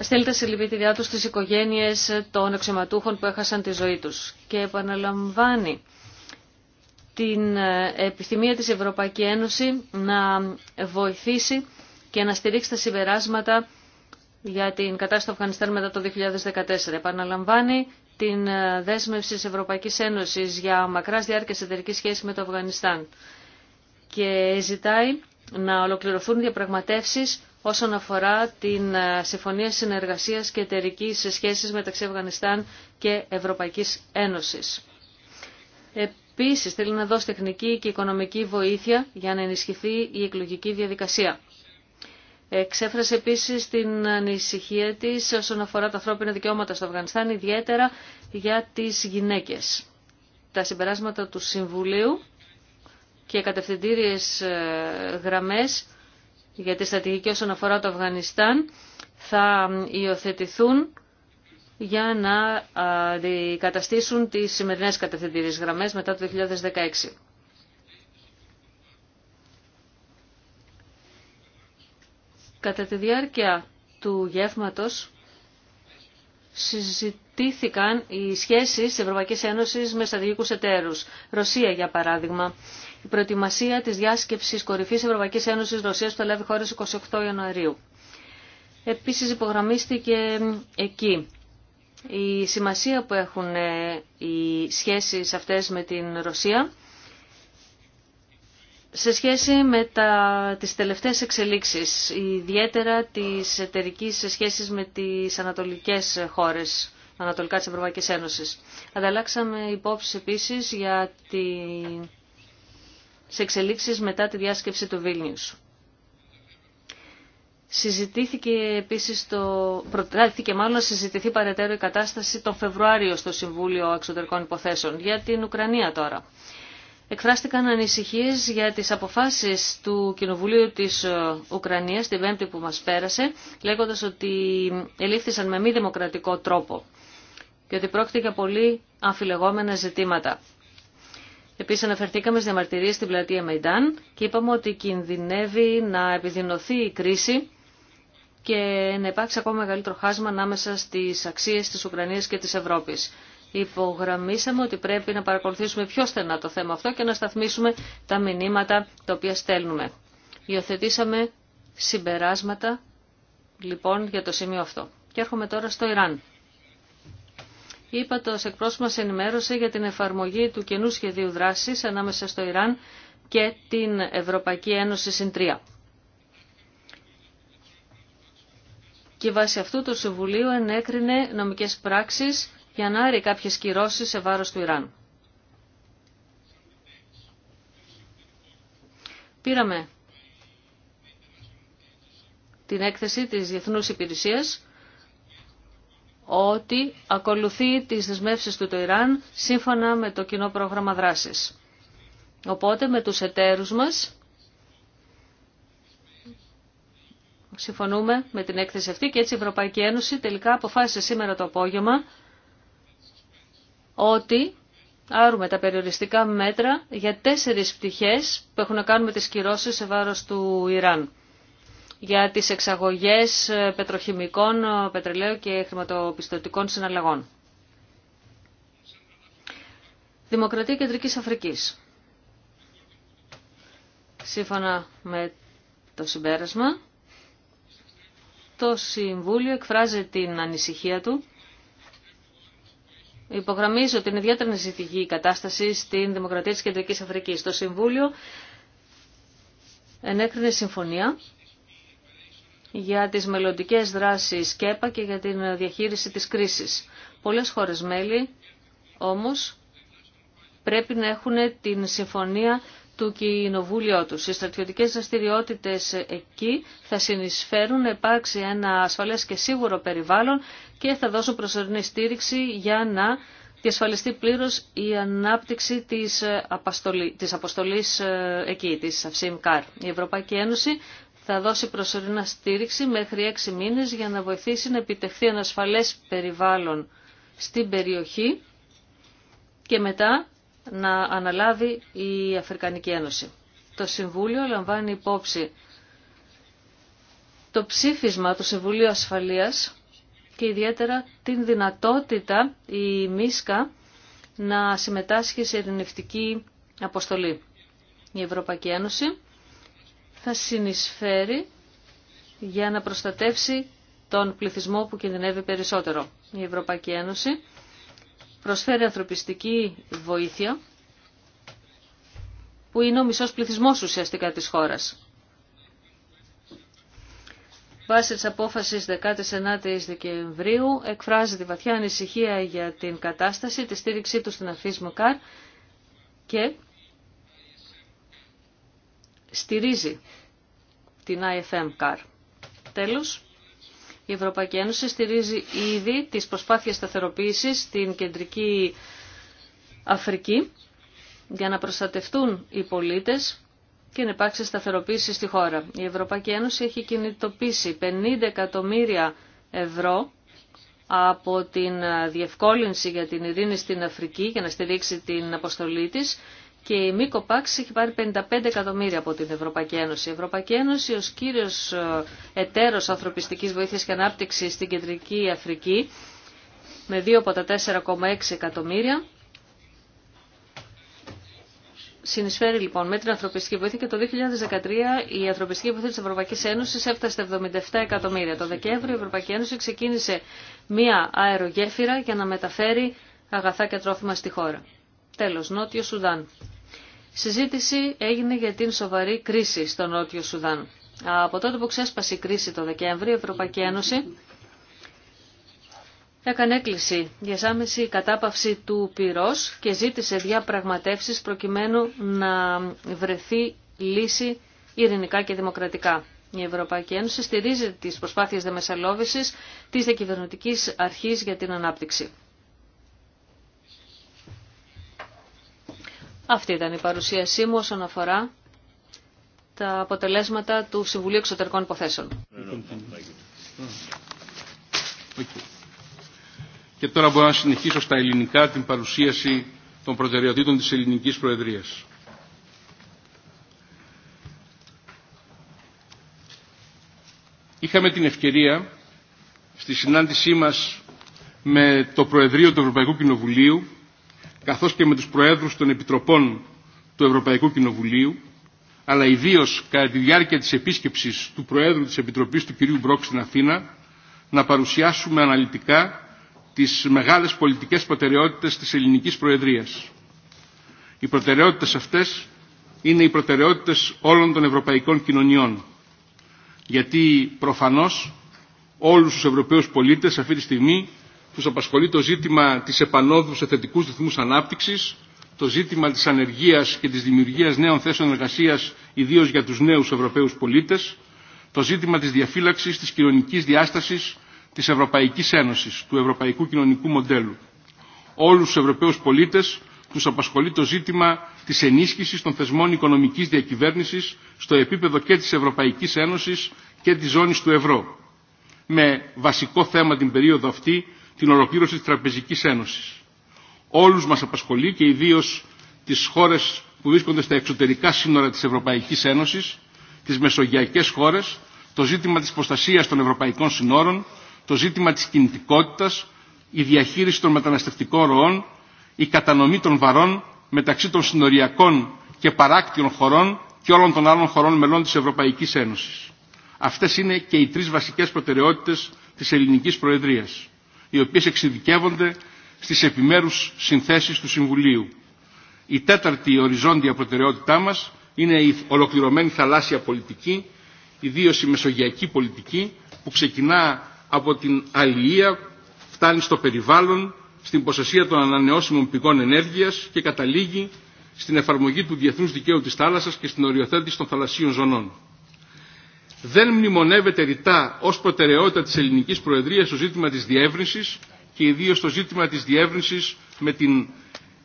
στέλνετε σε λυπητηριά τους τις οικογένειες των εξωματούχων που έχασαν τη ζωή τους και επαναλαμβάνει την ε, επιθυμία της Ευρωπαϊκή Ένωση να βοηθήσει και να στηρίξει τα συμπεράσματα για την κατάσταση του Αφγανιστάν μετά το 2014. Επαναλαμβάνει την ε, δέσμευση της Ευρωπαϊκής Ένωσης για μακράς διάρκειας εταιρική σχέση με το Αφγανιστάν και ζητάει να ολοκληρωθούν διαπραγματεύσεις όσον αφορά την ε, Συμφωνία Συνεργασίας και εταιρική Σχέσης μεταξύ Αφγανιστάν και Ευρωπαϊκής Ένωσης. Επίσης, θέλει να δώσει τεχνική και οικονομική βοήθεια για να ενισχυθεί η εκλογική διαδικασία. Εξέφρασε επίσης την ανησυχία της όσον αφορά τα ανθρώπινα δικαιώματα στο Αφγανιστάν, ιδιαίτερα για τις γυναίκες. Τα συμπεράσματα του Συμβουλίου και κατευθυντήριες ε, γραμμές για τη στρατηγική όσον αφορά το Αφγανιστάν θα υιοθετηθούν για να αντικαταστήσουν τις σημερινές κατευθυντήριες γραμμές μετά το 2016. Κατά τη διάρκεια του γεύματος συζητήθηκαν οι σχέσεις της Ευρωπαϊκής Ένωσης με στρατηγικούς εταίρους. Ρωσία, για παράδειγμα, η προετοιμασία της διάσκεψης κορυφής Ευρωπαϊκής Ένωσης Ρωσίας που θα λάβει χώρες 28 Ιανουαρίου. Επίσης υπογραμμίστηκε εκεί η σημασία που έχουν ε, οι σχέσεις αυτές με την Ρωσία σε σχέση με τα, τις τελευταίες εξελίξεις, ιδιαίτερα τις εταιρικέ σχέσεις με τις ανατολικές χώρες, ανατολικά της Ευρωπαϊκής Ένωσης. Ανταλλάξαμε υπόψη επίσης για την σε εξελίξεις μετά τη διάσκεψη του Βίλνιους. Συζητήθηκε επίσης το... Προτάθηκε μάλλον να συζητηθεί παρετέρω η κατάσταση τον Φεβρουάριο στο Συμβούλιο Εξωτερικών Υποθέσεων για την Ουκρανία τώρα. Εκφράστηκαν ανησυχίες για τις αποφάσεις του Κοινοβουλίου της ε, Ουκρανίας την Πέμπτη που μας πέρασε, λέγοντας ότι ελήφθησαν με μη δημοκρατικό τρόπο και ότι πρόκειται για πολύ αμφιλεγόμενα ζητήματα. Επίσης αναφερθήκαμε στις διαμαρτυρίες στην πλατεία Μαϊντάν και είπαμε ότι κινδυνεύει να επιδεινωθεί η κρίση και να υπάρξει ακόμα μεγαλύτερο χάσμα ανάμεσα στις αξίες της Ουκρανίας και της Ευρώπης. Υπογραμμίσαμε ότι πρέπει να παρακολουθήσουμε πιο στενά το θέμα αυτό και να σταθμίσουμε τα μηνύματα τα οποία στέλνουμε. Υιοθετήσαμε συμπεράσματα λοιπόν για το σημείο αυτό. Και έρχομαι τώρα στο Ιράν είπα το εκπρόσωπο ενημέρωσε για την εφαρμογή του καινού σχεδίου δράσης ανάμεσα στο Ιράν και την Ευρωπαϊκή Ένωση Συντρία. Και βάσει αυτού το Συμβουλίο ενέκρινε νομικές πράξεις για να άρει κάποιες κυρώσεις σε βάρος του Ιράν. Πήραμε την έκθεση της Διεθνούς Υπηρεσίας ότι ακολουθεί τις δεσμεύσεις του το Ιράν σύμφωνα με το κοινό πρόγραμμα δράσης. Οπότε με τους εταίρους μας συμφωνούμε με την έκθεση αυτή και έτσι η Ευρωπαϊκή Ένωση τελικά αποφάσισε σήμερα το απόγευμα ότι άρουμε τα περιοριστικά μέτρα για τέσσερις πτυχές που έχουν να κάνουν με τις κυρώσεις σε βάρος του Ιράν για τις εξαγωγές ε, πετροχημικών, ε, πετρελαίου και χρηματοπιστωτικών συναλλαγών. Δημοκρατία Κεντρικής Αφρικής. Σύμφωνα με το συμπέρασμα, το Συμβούλιο εκφράζει την ανησυχία του Υπογραμμίζω την ιδιαίτερη συζητηγή κατάσταση στην Δημοκρατία της Κεντρικής Αφρικής. Το Συμβούλιο ενέκρινε συμφωνία για τις μελλοντικέ δράσεις ΚΕΠΑ και για την διαχείριση της κρίσης. Πολλές χώρες μέλη όμως πρέπει να έχουν την συμφωνία του κοινοβούλιο τους. Οι στρατιωτικές δραστηριότητε εκεί θα συνεισφέρουν να υπάρξει ένα ασφαλές και σίγουρο περιβάλλον και θα δώσουν προσωρινή στήριξη για να διασφαλιστεί πλήρως η ανάπτυξη της, ε, αποστολή, της αποστολής ε, εκεί, της ΑΦΣΙΜΚΑΡ. Η Ευρωπαϊκή Ένωση θα δώσει προσωρινά στήριξη μέχρι έξι μήνες για να βοηθήσει να επιτευχθεί ένα ασφαλές περιβάλλον στην περιοχή και μετά να αναλάβει η Αφρικανική Ένωση. Το Συμβούλιο λαμβάνει υπόψη το ψήφισμα του Συμβουλίου Ασφαλείας και ιδιαίτερα την δυνατότητα η ΜΙΣΚΑ να συμμετάσχει σε ειρηνευτική αποστολή. Η Ευρωπαϊκή Ένωση θα συνεισφέρει για να προστατεύσει τον πληθυσμό που κινδυνεύει περισσότερο. Η Ευρωπαϊκή Ένωση προσφέρει ανθρωπιστική βοήθεια που είναι ο μισός πληθυσμός ουσιαστικά της χώρας. Βάσει της απόφασης 19ης Δεκεμβρίου εκφράζει τη βαθιά ανησυχία για την κατάσταση, τη στήριξή του στην αφής καρ και στηρίζει την IFM CAR. Τέλος, η Ευρωπαϊκή Ένωση στηρίζει ήδη τις προσπάθειες σταθεροποίησης στην κεντρική Αφρική για να προστατευτούν οι πολίτες και να υπάρξει σταθεροποίηση στη χώρα. Η Ευρωπαϊκή Ένωση έχει κινητοποιήσει 50 εκατομμύρια ευρώ από την διευκόλυνση για την ειρήνη στην Αφρική για να στηρίξει την αποστολή της και η Μίκο Πάξ έχει πάρει 55 εκατομμύρια από την Ευρωπαϊκή Ένωση. Η Ευρωπαϊκή Ένωση ως κύριος ε, εταίρος ανθρωπιστικής βοήθειας και ανάπτυξης στην Κεντρική Αφρική με 2 από τα 4,6 εκατομμύρια Συνεισφέρει λοιπόν με την ανθρωπιστική βοήθεια και το 2013 η ανθρωπιστική βοήθεια της Ευρωπαϊκής Ένωσης έφτασε στα 77 εκατομμύρια. Το Δεκέμβριο η Ευρωπαϊκή Ένωση ξεκίνησε μία αερογέφυρα για να μεταφέρει αγαθά και τρόφιμα στη χώρα. Τέλος, Νότιο Σουδάν. Συζήτηση έγινε για την σοβαρή κρίση στο Νότιο Σουδάν. Από τότε που ξέσπασε η κρίση το Δεκέμβριο, η Ευρωπαϊκή Ένωση έκανε έκκληση για σάμεση κατάπαυση του πυρός και ζήτησε διαπραγματεύσεις προκειμένου να βρεθεί λύση ειρηνικά και δημοκρατικά. Η Ευρωπαϊκή Ένωση στηρίζει τις προσπάθειες δεμεσαλόβησης της διακυβερνητικής αρχής για την ανάπτυξη. Αυτή ήταν η παρουσίασή μου όσον αφορά τα αποτελέσματα του Συμβουλίου Εξωτερικών Υποθέσεων. Και τώρα μπορώ να συνεχίσω στα ελληνικά την παρουσίαση των προτεραιοτήτων της ελληνικής προεδρίας. Είχαμε την ευκαιρία στη συνάντησή μας με το Προεδρείο του Ευρωπαϊκού Κοινοβουλίου καθώς και με τους Προέδρους των Επιτροπών του Ευρωπαϊκού Κοινοβουλίου, αλλά ιδίω κατά τη διάρκεια της επίσκεψης του Προέδρου της Επιτροπής του κ. Μπρόκ στην Αθήνα, να παρουσιάσουμε αναλυτικά τις μεγάλες πολιτικές προτεραιότητες της ελληνικής Προεδρίας. Οι προτεραιότητες αυτές είναι οι προτεραιότητες όλων των ευρωπαϊκών κοινωνιών. Γιατί προφανώς όλους τους Ευρωπαίους πολίτες αυτή τη στιγμή τους απασχολεί το ζήτημα της επανόδου σε θετικού ρυθμούς ανάπτυξης, το ζήτημα της ανεργίας και της δημιουργίας νέων θέσεων εργασίας, ιδίως για τους νέους Ευρωπαίους πολίτες, το ζήτημα της διαφύλαξης της κοινωνικής διάστασης της Ευρωπαϊκής Ένωσης, του Ευρωπαϊκού Κοινωνικού Μοντέλου. Όλους τους Ευρωπαίους πολίτες τους απασχολεί το ζήτημα της ενίσχυσης των θεσμών οικονομικής διακυβέρνησης στο επίπεδο και της Ευρωπαϊκής Ένωσης και της ζώνης του ευρώ. Με βασικό θέμα την περίοδο αυτή την ολοκλήρωση της Τραπεζικής Ένωσης. Όλους μας απασχολεί και ιδίως τις χώρες που βρίσκονται στα εξωτερικά σύνορα της Ευρωπαϊκής Ένωσης, τις μεσογειακές χώρες, το ζήτημα της προστασίας των ευρωπαϊκών συνόρων, το ζήτημα της κινητικότητας, η διαχείριση των μεταναστευτικών ροών, η κατανομή των βαρών μεταξύ των συνοριακών και παράκτιων χωρών και όλων των άλλων χωρών μελών της Ευρωπαϊκής Ένωσης. Αυτές είναι και οι τρεις βασικές προτεραιότητες της ελληνικής προεδρίας οι οποίες εξειδικεύονται στις επιμέρους συνθέσεις του Συμβουλίου. Η τέταρτη οριζόντια προτεραιότητά μας είναι η ολοκληρωμένη θαλάσσια πολιτική, ιδίω η μεσογειακή πολιτική που ξεκινά από την αλληλεία, φτάνει στο περιβάλλον, στην ποσοσία των ανανεώσιμων πηγών ενέργειας και καταλήγει στην εφαρμογή του διεθνούς δικαίου της θάλασσας και στην οριοθέτηση των θαλασσίων ζωνών δεν μνημονεύεται ρητά ως προτεραιότητα της ελληνικής προεδρίας το ζήτημα της διεύρυνσης και ιδίως το ζήτημα της διεύρυνσης με την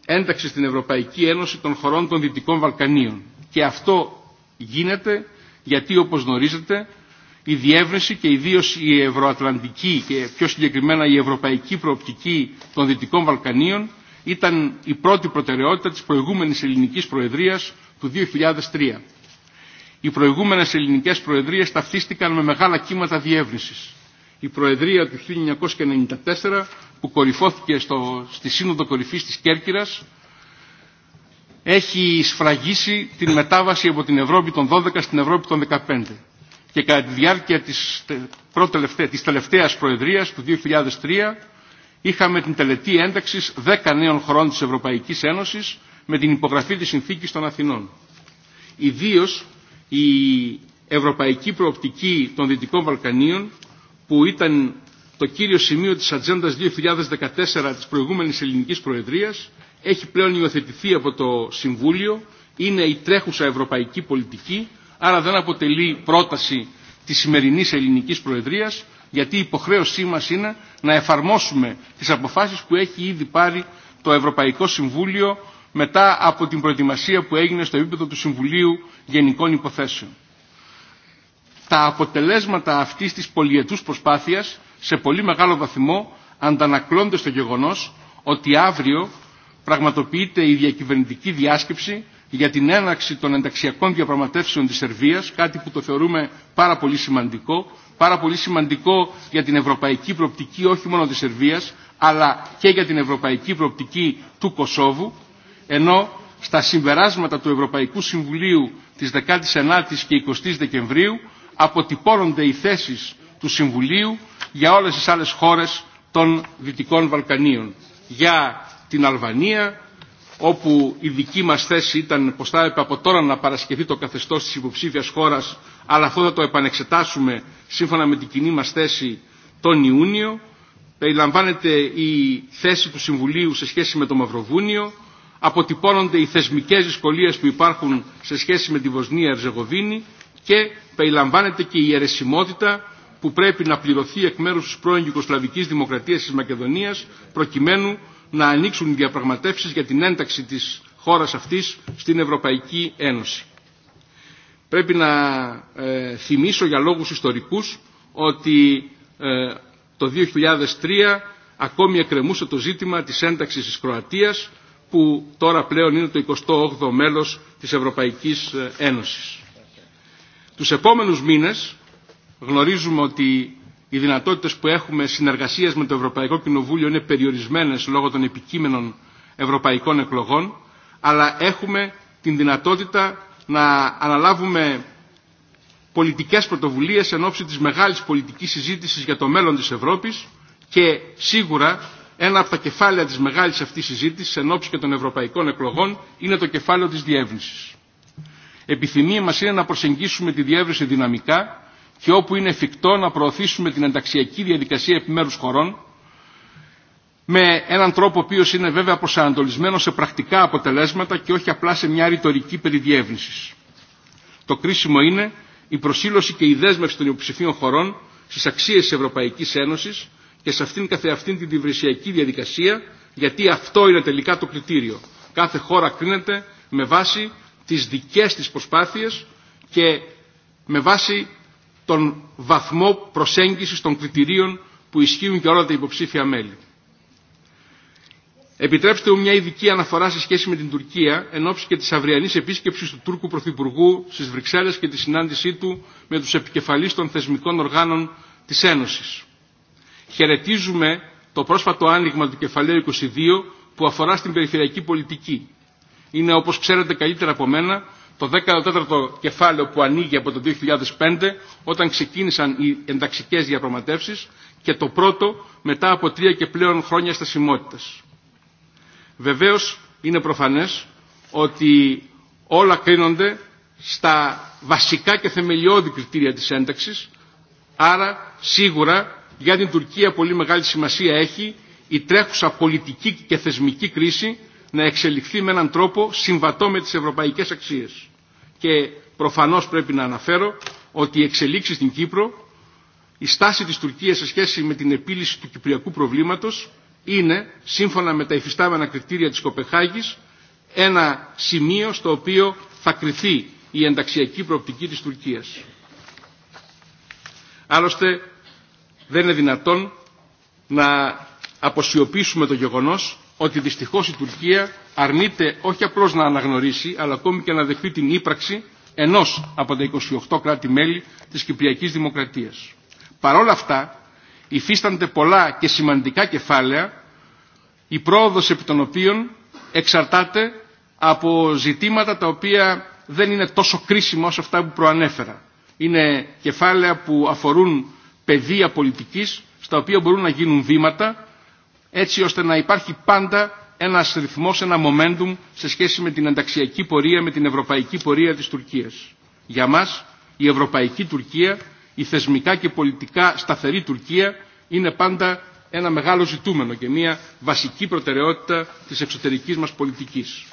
ένταξη στην Ευρωπαϊκή Ένωση των χωρών των Δυτικών Βαλκανίων. Και αυτό γίνεται γιατί όπως γνωρίζετε η διεύρυνση και ιδίως η ευρωατλαντική και πιο συγκεκριμένα η ευρωπαϊκή προοπτική των Δυτικών Βαλκανίων ήταν η πρώτη προτεραιότητα της προηγούμενης ελληνικής προεδρίας του 2003. Οι προηγούμενες ελληνικές προεδρίες ταυτίστηκαν με μεγάλα κύματα διεύρυνσης. Η Προεδρία του 1994 που κορυφώθηκε στο, στη Σύνοδο Κορυφής της Κέρκυρας έχει σφραγίσει την μετάβαση από την Ευρώπη των 12 στην Ευρώπη των 15. Και κατά τη διάρκεια της, της τελευταίας Προεδρίας του 2003 είχαμε την τελετή ένταξης 10 νέων χωρών της Ευρωπαϊκής Ένωσης με την υπογραφή της Συνθήκης των Αθηνών. Ιδίως η ευρωπαϊκή προοπτική των Δυτικών Βαλκανίων που ήταν το κύριο σημείο της Ατζέντα 2014 της προηγούμενης ελληνικής προεδρίας έχει πλέον υιοθετηθεί από το Συμβούλιο, είναι η τρέχουσα ευρωπαϊκή πολιτική, άρα δεν αποτελεί πρόταση της σημερινής ελληνικής προεδρίας, γιατί η υποχρέωσή μας είναι να εφαρμόσουμε τις αποφάσεις που έχει ήδη πάρει το Ευρωπαϊκό Συμβούλιο μετά από την προετοιμασία που έγινε στο επίπεδο του Συμβουλίου Γενικών Υποθέσεων. Τα αποτελέσματα αυτής της πολιετούς προσπάθειας σε πολύ μεγάλο βαθμό αντανακλώνται στο γεγονός ότι αύριο πραγματοποιείται η διακυβερνητική διάσκεψη για την έναρξη των ενταξιακών διαπραγματεύσεων της Σερβίας, κάτι που το θεωρούμε πάρα πολύ σημαντικό, πάρα πολύ σημαντικό για την ευρωπαϊκή προοπτική όχι μόνο της Σερβίας, αλλά και για την ευρωπαϊκή προοπτική του Κωσόβου ενώ στα συμπεράσματα του Ευρωπαϊκού Συμβουλίου της 19ης και 20ης Δεκεμβρίου αποτυπώνονται οι θέσεις του Συμβουλίου για όλες τις άλλες χώρες των Δυτικών Βαλκανίων. Για την Αλβανία, όπου η δική μας θέση ήταν πως θα έπρεπε από τώρα να παρασκευθεί το καθεστώς της υποψήφιας χώρας, αλλά αυτό θα το επανεξετάσουμε σύμφωνα με την κοινή μας θέση τον Ιούνιο. Περιλαμβάνεται η θέση του Συμβουλίου σε σχέση με το Μαυροβούνιο, αποτυπώνονται οι θεσμικές δυσκολίες που υπάρχουν σε σχέση με τη Βοσνία Ερζεγοβίνη και περιλαμβάνεται και η αιρεσιμότητα που πρέπει να πληρωθεί εκ μέρους της πρώην Ιουκοσλαβικής Δημοκρατίας της Μακεδονίας προκειμένου να ανοίξουν οι διαπραγματεύσεις για την ένταξη της χώρας αυτής στην Ευρωπαϊκή Ένωση. Πρέπει να ε, θυμίσω για λόγους ιστορικούς ότι ε, το 2003 ακόμη εκκρεμούσε το ζήτημα της ένταξης της Κροατίας που τώρα πλέον είναι το 28ο μέλος της Ευρωπαϊκής Ένωσης. Τους επόμενους μήνες γνωρίζουμε ότι οι δυνατότητες που έχουμε συνεργασίας με το Ευρωπαϊκό Κοινοβούλιο είναι περιορισμένες λόγω των επικείμενων ευρωπαϊκών εκλογών, αλλά έχουμε την δυνατότητα να αναλάβουμε πολιτικές πρωτοβουλίες εν ώψη της μεγάλης πολιτικής συζήτησης για το μέλλον της Ευρώπης και σίγουρα ένα από τα κεφάλαια της μεγάλης αυτής συζήτησης εν ώψη και των ευρωπαϊκών εκλογών είναι το κεφάλαιο της διεύρυνσης. Επιθυμία μας είναι να προσεγγίσουμε τη διεύρυνση δυναμικά και όπου είναι εφικτό να προωθήσουμε την ενταξιακή διαδικασία επιμέρους χωρών με έναν τρόπο ο οποίος είναι βέβαια προσανατολισμένο σε πρακτικά αποτελέσματα και όχι απλά σε μια ρητορική περιδιεύνησης. Το κρίσιμο είναι η προσήλωση και η δέσμευση των υποψηφίων χωρών στις αξίες της Ευρωπαϊκής Ένωσης και σε αυτήν καθεαυτήν την διβρυσιακή διαδικασία, γιατί αυτό είναι τελικά το κριτήριο. Κάθε χώρα κρίνεται με βάση τις δικές της προσπάθειες και με βάση τον βαθμό προσέγγισης των κριτηρίων που ισχύουν για όλα τα υποψήφια μέλη. Επιτρέψτε μου μια ειδική αναφορά σε σχέση με την Τουρκία εν και τη αυριανή επίσκεψη του Τούρκου Πρωθυπουργού στι Βρυξέλλες και τη συνάντησή του με του επικεφαλεί των θεσμικών οργάνων τη Ένωση. Χαιρετίζουμε το πρόσφατο άνοιγμα του κεφαλαίου 22 που αφορά στην περιφερειακή πολιτική. Είναι όπως ξέρετε καλύτερα από μένα το 14ο κεφάλαιο που ανοίγει από το 2005 όταν ξεκίνησαν οι ενταξικές διαπραγματεύσεις και το πρώτο μετά από τρία και πλέον χρόνια στασιμότητας. Βεβαίως είναι προφανές ότι όλα κρίνονται στα βασικά και θεμελιώδη κριτήρια της ένταξης άρα σίγουρα για την Τουρκία πολύ μεγάλη σημασία έχει η τρέχουσα πολιτική και θεσμική κρίση να εξελιχθεί με έναν τρόπο συμβατό με τις ευρωπαϊκές αξίες. Και προφανώς πρέπει να αναφέρω ότι η εξελίξεις στην Κύπρο, η στάση της Τουρκίας σε σχέση με την επίλυση του κυπριακού προβλήματος είναι, σύμφωνα με τα υφιστάμενα κριτήρια της Κοπεχάγης, ένα σημείο στο οποίο θα κριθεί η ενταξιακή προοπτική της Τουρκίας. Άλλωστε, δεν είναι δυνατόν να αποσιωπήσουμε το γεγονός ότι δυστυχώς η Τουρκία αρνείται όχι απλώς να αναγνωρίσει αλλά ακόμη και να δεχθεί την ύπραξη ενός από τα 28 κράτη-μέλη της Κυπριακής Δημοκρατίας. Παρ' όλα αυτά υφίστανται πολλά και σημαντικά κεφάλαια η πρόοδος επί των οποίων εξαρτάται από ζητήματα τα οποία δεν είναι τόσο κρίσιμα όσο αυτά που προανέφερα. Είναι κεφάλαια που αφορούν πεδία πολιτικής στα οποία μπορούν να γίνουν βήματα έτσι ώστε να υπάρχει πάντα ένας ρυθμός, ένα momentum σε σχέση με την ενταξιακή πορεία, με την ευρωπαϊκή πορεία της Τουρκίας. Για μας η ευρωπαϊκή Τουρκία, η θεσμικά και πολιτικά σταθερή Τουρκία είναι πάντα ένα μεγάλο ζητούμενο και μια βασική προτεραιότητα της εξωτερικής μας πολιτικής.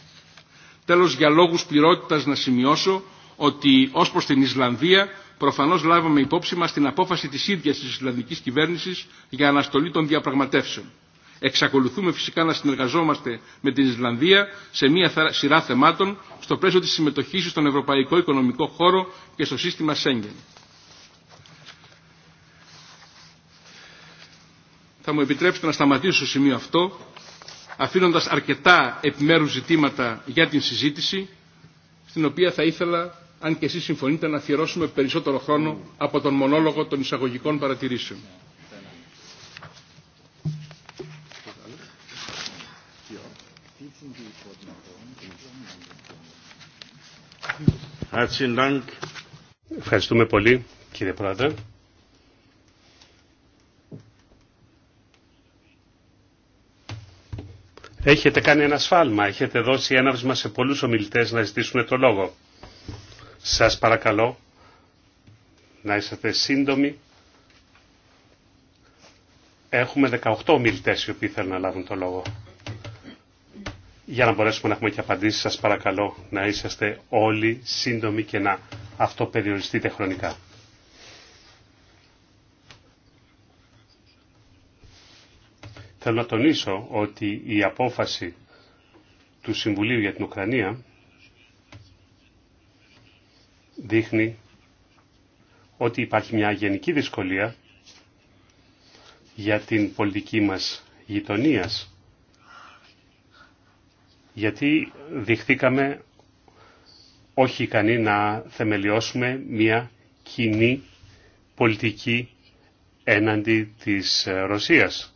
Τέλος, για λόγους πληρότητας να σημειώσω ότι ως προς την Ισλανδία προφανώ λάβαμε υπόψη μα την απόφαση τη ίδια τη Ισλανδική κυβέρνηση για αναστολή των διαπραγματεύσεων. Εξακολουθούμε φυσικά να συνεργαζόμαστε με την Ισλανδία σε μία σειρά θεμάτων στο πλαίσιο τη συμμετοχή στον Ευρωπαϊκό Οικονομικό Χώρο και στο σύστημα Σέγγεν. Θα μου επιτρέψετε να σταματήσω στο σημείο αυτό, αφήνοντας αρκετά επιμέρους ζητήματα για την συζήτηση, στην οποία θα ήθελα αν και εσείς συμφωνείτε να αφιερώσουμε περισσότερο χρόνο από τον μονόλογο των εισαγωγικών παρατηρήσεων. Ευχαριστούμε πολύ κύριε Πρόεδρε. Έχετε κάνει ένα σφάλμα, έχετε δώσει έναυσμα σε πολλούς ομιλητές να ζητήσουν το λόγο. Σας παρακαλώ να είσαστε σύντομοι. Έχουμε 18 μιλητές οι οποίοι θέλουν να λάβουν το λόγο. Για να μπορέσουμε να έχουμε και απαντήσεις, σας παρακαλώ να είσαστε όλοι σύντομοι και να αυτοπεριοριστείτε χρονικά. Θέλω να τονίσω ότι η απόφαση του Συμβουλίου για την Ουκρανία δείχνει ότι υπάρχει μια γενική δυσκολία για την πολιτική μας γειτονίας. Γιατί δειχθήκαμε όχι ικανοί να θεμελιώσουμε μια κοινή πολιτική έναντι της ε, Ρωσίας.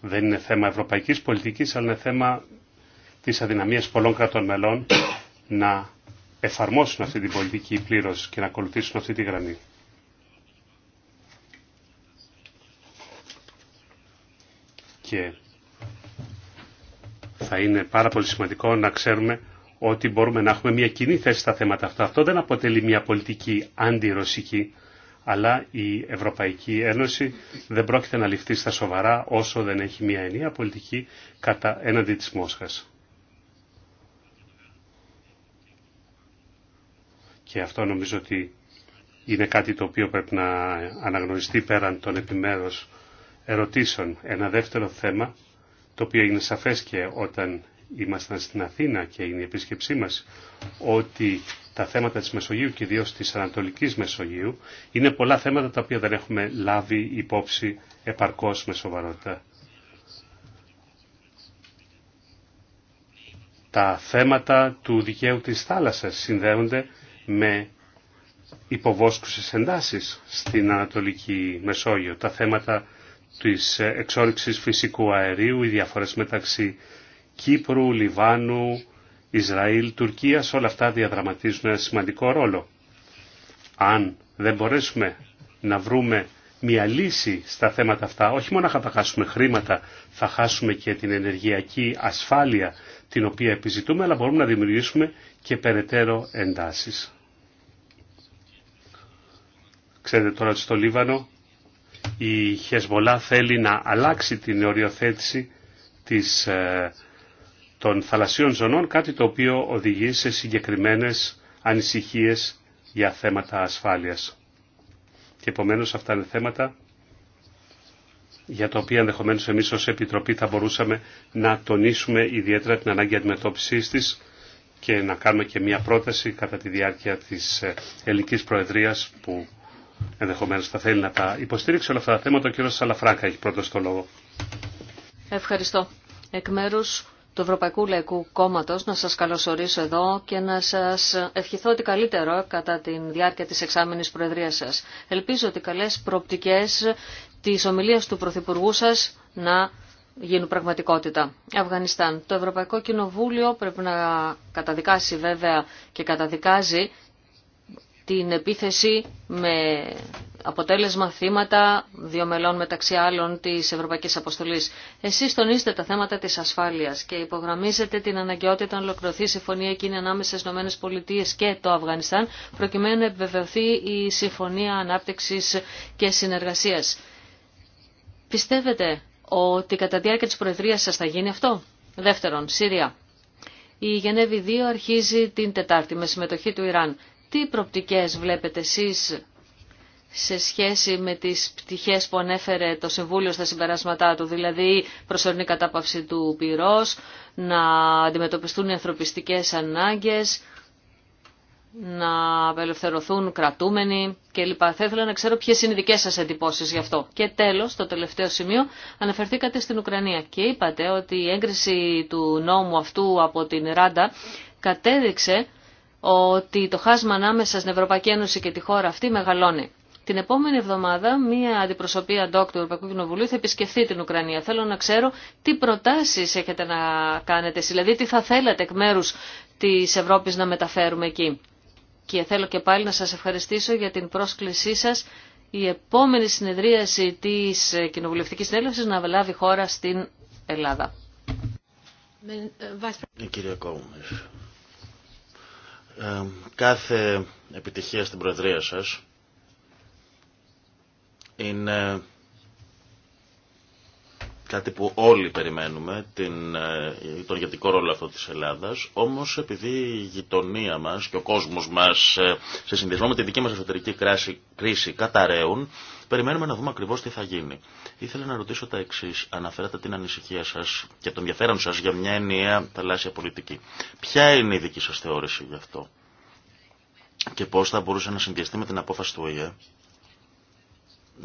Δεν είναι θέμα ευρωπαϊκής πολιτικής, αλλά είναι θέμα της αδυναμίας πολλών κρατών μελών να εφαρμόσουν αυτή την πολιτική πλήρως και να ακολουθήσουν αυτή τη γραμμή. Και θα είναι πάρα πολύ σημαντικό να ξέρουμε ότι μπορούμε να έχουμε μια κοινή θέση στα θέματα αυτά. Αυτό δεν αποτελεί μια πολιτική αντιρωσική, αλλά η Ευρωπαϊκή Ένωση δεν πρόκειται να ληφθεί στα σοβαρά όσο δεν έχει μια ενιαία πολιτική κατά έναντι της Μόσχας. Και αυτό νομίζω ότι είναι κάτι το οποίο πρέπει να αναγνωριστεί πέραν των επιμέρους ερωτήσεων. Ένα δεύτερο θέμα, το οποίο είναι σαφές και όταν ήμασταν στην Αθήνα και είναι η επίσκεψή μας, ότι τα θέματα της Μεσογείου και ιδίω της Ανατολικής Μεσογείου είναι πολλά θέματα τα οποία δεν έχουμε λάβει υπόψη επαρκώς με σοβαρότητα. Τα θέματα του δικαίου της θάλασσας συνδέονται με υποβόσκουσες εντάσεις στην Ανατολική Μεσόγειο. Τα θέματα της εξόρυξης φυσικού αερίου, οι διαφορές μεταξύ Κύπρου, Λιβάνου, Ισραήλ, Τουρκίας, όλα αυτά διαδραματίζουν ένα σημαντικό ρόλο. Αν δεν μπορέσουμε να βρούμε μια λύση στα θέματα αυτά, όχι μόνο θα χάσουμε χρήματα, θα χάσουμε και την ενεργειακή ασφάλεια την οποία επιζητούμε, αλλά μπορούμε να δημιουργήσουμε και περαιτέρω εντάσεις. Ξέρετε τώρα ότι στο Λίβανο η Χεσμολά θέλει να αλλάξει την οριοθέτηση της, ε, των θαλασσίων ζωνών, κάτι το οποίο οδηγεί σε συγκεκριμένες ανησυχίες για θέματα ασφάλειας. Και επομένως αυτά είναι θέματα για τα οποία ενδεχομένω εμείς ως Επιτροπή θα μπορούσαμε να τονίσουμε ιδιαίτερα την ανάγκη αντιμετώπισης της και να κάνουμε και μια πρόταση κατά τη διάρκεια της ε, ελληνικής προεδρίας που ενδεχομένως θα θέλει να τα υποστήριξει όλα αυτά τα θέματα. Ο κ. Σαλαφράκα έχει πρώτος το λόγο. Ευχαριστώ. Εκ μέρους του Ευρωπαϊκού Λαϊκού Κόμματος να σας καλωσορίσω εδώ και να σας ευχηθώ ότι καλύτερο κατά τη διάρκεια της εξάμενης προεδρίας σας. Ελπίζω ότι καλές προοπτικές της ομιλίας του Πρωθυπουργού σας να γίνουν πραγματικότητα. Αφγανιστάν. Το Ευρωπαϊκό Κοινοβούλιο πρέπει να καταδικάσει βέβαια και καταδικάζει την επίθεση με αποτέλεσμα θύματα δύο μελών μεταξύ άλλων της Ευρωπαϊκής Αποστολής. Εσείς τονίζετε τα θέματα της ασφάλειας και υπογραμμίζετε την αναγκαιότητα να ολοκληρωθεί η συμφωνία εκείνη ανάμεσα στις ΗΠΑ και το Αφγανιστάν προκειμένου να επιβεβαιωθεί η Συμφωνία Ανάπτυξης και Συνεργασίας. Πιστεύετε ότι κατά διάρκεια της Προεδρίας σας θα γίνει αυτό. Δεύτερον, Σύρια. Η Γενέβη 2 αρχίζει την Τετάρτη με συμμετοχή του Ιράν. Τι προπτικές βλέπετε εσείς σε σχέση με τις πτυχές που ανέφερε το Συμβούλιο στα συμπεράσματά του, δηλαδή προσωρινή κατάπαυση του πυρός, να αντιμετωπιστούν οι ανθρωπιστικές ανάγκες, να απελευθερωθούν κρατούμενοι κλπ. Θα ήθελα να ξέρω ποιες είναι οι δικές σας εντυπώσεις γι' αυτό. Και τέλος, το τελευταίο σημείο, αναφερθήκατε στην Ουκρανία και είπατε ότι η έγκριση του νόμου αυτού από την Ράντα κατέδειξε ότι το χάσμα ανάμεσα στην Ευρωπαϊκή Ένωση και τη χώρα αυτή μεγαλώνει. Την επόμενη εβδομάδα μία αντιπροσωπεία ντόκ του Ευρωπαϊκού Κοινοβουλίου θα επισκεφθεί την Ουκρανία. Θέλω να ξέρω τι προτάσεις έχετε να κάνετε, δηλαδή τι θα θέλατε εκ μέρους της Ευρώπης να μεταφέρουμε εκεί. Και θέλω και πάλι να σας ευχαριστήσω για την πρόσκλησή σας η επόμενη συνεδρίαση της Κοινοβουλευτικής Συνέλευσης να λάβει χώρα στην Ελλάδα. Ε, ε, κάθε επιτυχία στην Προεδρία σας. Είναι κάτι που όλοι περιμένουμε, την, ε, τον ηγετικό ρόλο αυτό της Ελλάδας, όμως επειδή η γειτονία μας και ο κόσμος μας ε, σε συνδυασμό με τη δική μας εσωτερική κράση, κρίση καταραίουν, περιμένουμε να δούμε ακριβώς τι θα γίνει. Ήθελα να ρωτήσω τα εξή. Αναφέρατε την ανησυχία σας και τον ενδιαφέρον σας για μια ενιαία θαλάσσια πολιτική. Ποια είναι η δική σας θεώρηση γι' αυτό και πώς θα μπορούσε να συνδυαστεί με την απόφαση του ΟΗΕ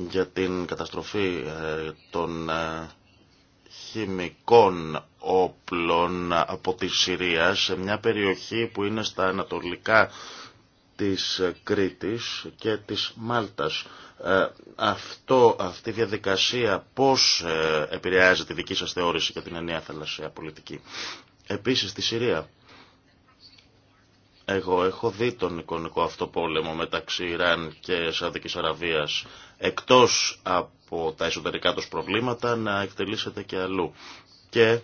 για την καταστροφή ε, των χημικών όπλων από τη Συρία σε μια περιοχή που είναι στα ανατολικά της Κρήτης και της Μάλτας. Ε, αυτό, αυτή η διαδικασία πώς ε, επηρεάζει τη δική σας θεώρηση για την ενιαία θαλασσία πολιτική. Επίσης στη Συρία. Εγώ έχω δει τον εικονικό αυτό πόλεμο μεταξύ Ιράν και Σαδικής Αραβίας εκτός από από τα εσωτερικά τους προβλήματα να εκτελήσετε και αλλού. Και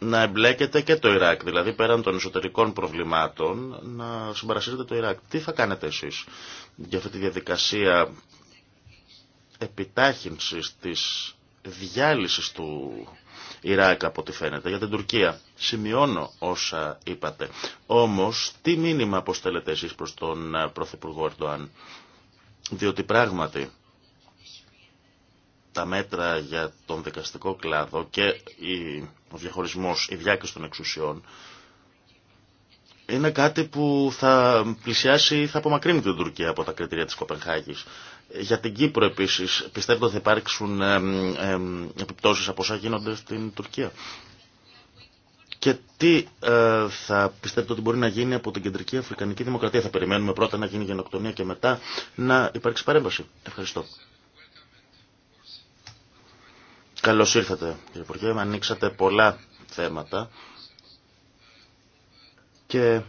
να εμπλέκετε και το Ιράκ, δηλαδή πέραν των εσωτερικών προβλημάτων, να συμπαρασύρετε το Ιράκ. Τι θα κάνετε εσείς για αυτή τη διαδικασία επιτάχυνσης της διάλυσης του Ιράκ από ό,τι φαίνεται, για την Τουρκία. Σημειώνω όσα είπατε. Όμως, τι μήνυμα αποστελέτε εσείς προς τον Πρωθυπουργό Ερντοάν, διότι πράγματι τα μέτρα για τον δικαστικό κλάδο και ο διαχωρισμός, η διάκριση των εξουσιών είναι κάτι που θα πλησιάσει ή θα απομακρύνει την Τουρκία από τα κριτήρια της Κοπενχάγης. Για την Κύπρο επίσης πιστεύετε ότι θα υπάρξουν επιπτώσεις από όσα γίνονται στην Τουρκία. Και τι ε, θα πιστεύετε ότι μπορεί να γίνει από την Κεντρική Αφρικανική Δημοκρατία. Θα περιμένουμε πρώτα να γίνει γενοκτονία και μετά να υπάρξει παρέμβαση. Ευχαριστώ. Καλώς ήρθατε κύριε Υπουργέ, ανοίξατε πολλά θέματα και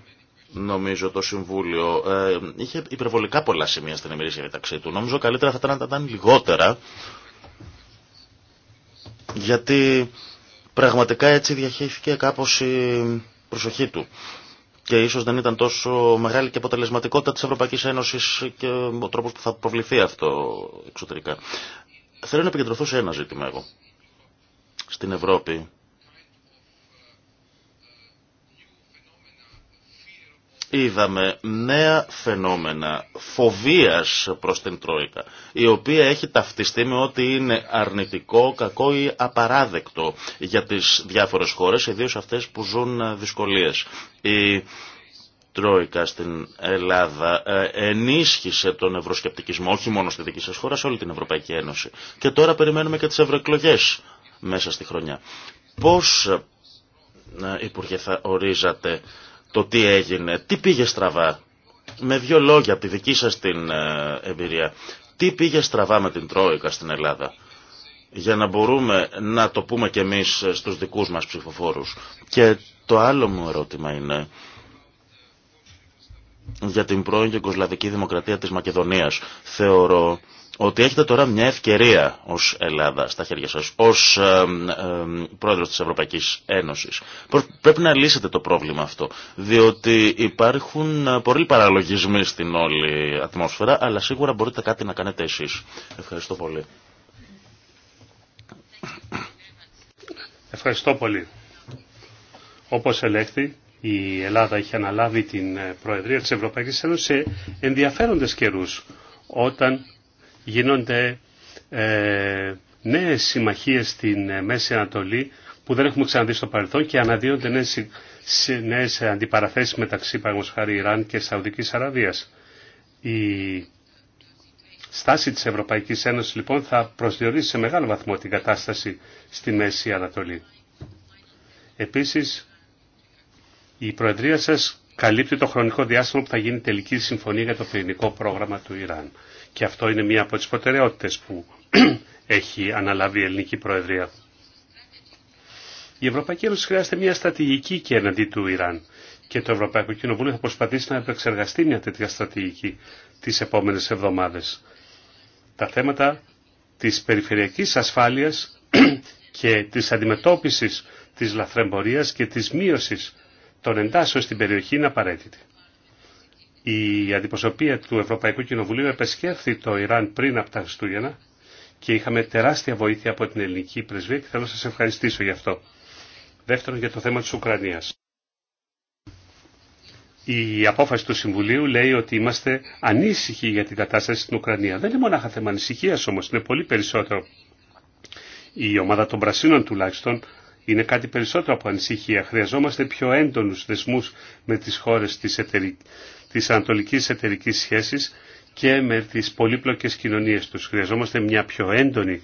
νομίζω το Συμβούλιο ε, είχε υπερβολικά πολλά σημεία στην ημερήσια μεταξύ του. Νομίζω καλύτερα θα ήταν να τα ήταν λιγότερα γιατί πραγματικά έτσι διαχειρίστηκε κάπως η προσοχή του και ίσως δεν ήταν τόσο μεγάλη και αποτελεσματικότητα της Ευρωπαϊκής Ένωσης και ο τρόπος που θα προβληθεί αυτό εξωτερικά. Θέλω να επικεντρωθώ σε ένα ζήτημα εγώ στην Ευρώπη είδαμε νέα φαινόμενα φοβίας προς την Τρόικα, η οποία έχει ταυτιστεί με ότι είναι αρνητικό, κακό ή απαράδεκτο για τις διάφορες χώρες, ιδίως αυτές που ζουν δυσκολίες. Η Τρόικα στην Ελλάδα ε, ενίσχυσε τον ευρωσκεπτικισμό, όχι μόνο στη δική σας χώρα, σε όλη την Ευρωπαϊκή Ένωση. Και τώρα περιμένουμε και τις ευρωεκλογές, μέσα στη χρονιά. Πώς, ε, Υπουργέ, θα ορίζατε το τι έγινε, τι πήγε στραβά, με δύο λόγια από τη δική σας την ε, εμπειρία, τι πήγε στραβά με την Τρόικα στην Ελλάδα για να μπορούμε να το πούμε κι εμείς ε, στους δικούς μας ψηφοφόρους. Και το άλλο μου ερώτημα είναι για την πρώην Γεγκοσλαβική Δημοκρατία της Μακεδονίας. Θεωρώ ότι έχετε τώρα μια ευκαιρία ως Ελλάδα στα χέρια σας, ως ε, ε πρόεδρος της Ευρωπαϊκής Ένωσης. Πρέπει να λύσετε το πρόβλημα αυτό, διότι υπάρχουν ε, πολλοί παραλογισμοί στην όλη ατμόσφαιρα, αλλά σίγουρα μπορείτε κάτι να κάνετε εσείς. Ευχαριστώ πολύ. Ευχαριστώ πολύ. Όπως ελέγχθη, η Ελλάδα είχε αναλάβει την ε, Προεδρία της Ευρωπαϊκής Ένωσης σε ενδιαφέροντες καιρούς, όταν γίνονται ε, νέες συμμαχίες στην ε, Μέση Ανατολή που δεν έχουμε ξαναδεί στο παρελθόν και αναδύονται νέες, νέες αντιπαραθέσεις μεταξύ χάρη Ιράν και Σαουδικής Αραβίας. Η στάση της Ευρωπαϊκής Ένωσης λοιπόν θα προσδιορίσει σε μεγάλο βαθμό την κατάσταση στη Μέση Ανατολή. Επίσης, η Προεδρία σας καλύπτει το χρονικό διάστημα που θα γίνει τελική συμφωνία για το πυρηνικό πρόγραμμα του Ιράν. Και αυτό είναι μία από τις προτεραιότητες που [clears throat] έχει αναλάβει η Ελληνική Προεδρία. Η Ευρωπαϊκή Ένωση χρειάζεται μια στρατηγική και εναντί του Ιράν. Και το Ευρωπαϊκό Κοινοβούλιο θα προσπαθήσει να επεξεργαστεί μια τέτοια στρατηγική τις επόμενες εβδομάδες. Τα θέματα της περιφερειακής ασφάλειας [clears throat] και της αντιμετώπισης της λαθρεμπορίας και της μείωσης των εντάσεων στην περιοχή είναι απαραίτητη η αντιπροσωπεία του Ευρωπαϊκού Κοινοβουλίου επεσκέφθη το Ιράν πριν από τα Χριστούγεννα και είχαμε τεράστια βοήθεια από την ελληνική πρεσβεία και θέλω να σας ευχαριστήσω γι' αυτό. Δεύτερον για το θέμα της Ουκρανίας. Η απόφαση του Συμβουλίου λέει ότι είμαστε ανήσυχοι για την κατάσταση στην Ουκρανία. Δεν είναι μονάχα θέμα ανησυχία όμω, είναι πολύ περισσότερο. Η ομάδα των Πρασίνων τουλάχιστον είναι κάτι περισσότερο από ανησυχία. Χρειαζόμαστε πιο έντονου δεσμού με τι χώρε τη εταιρική της ανατολικής εταιρικής σχέσης και με τις πολύπλοκες κοινωνίες τους. Χρειαζόμαστε μια πιο έντονη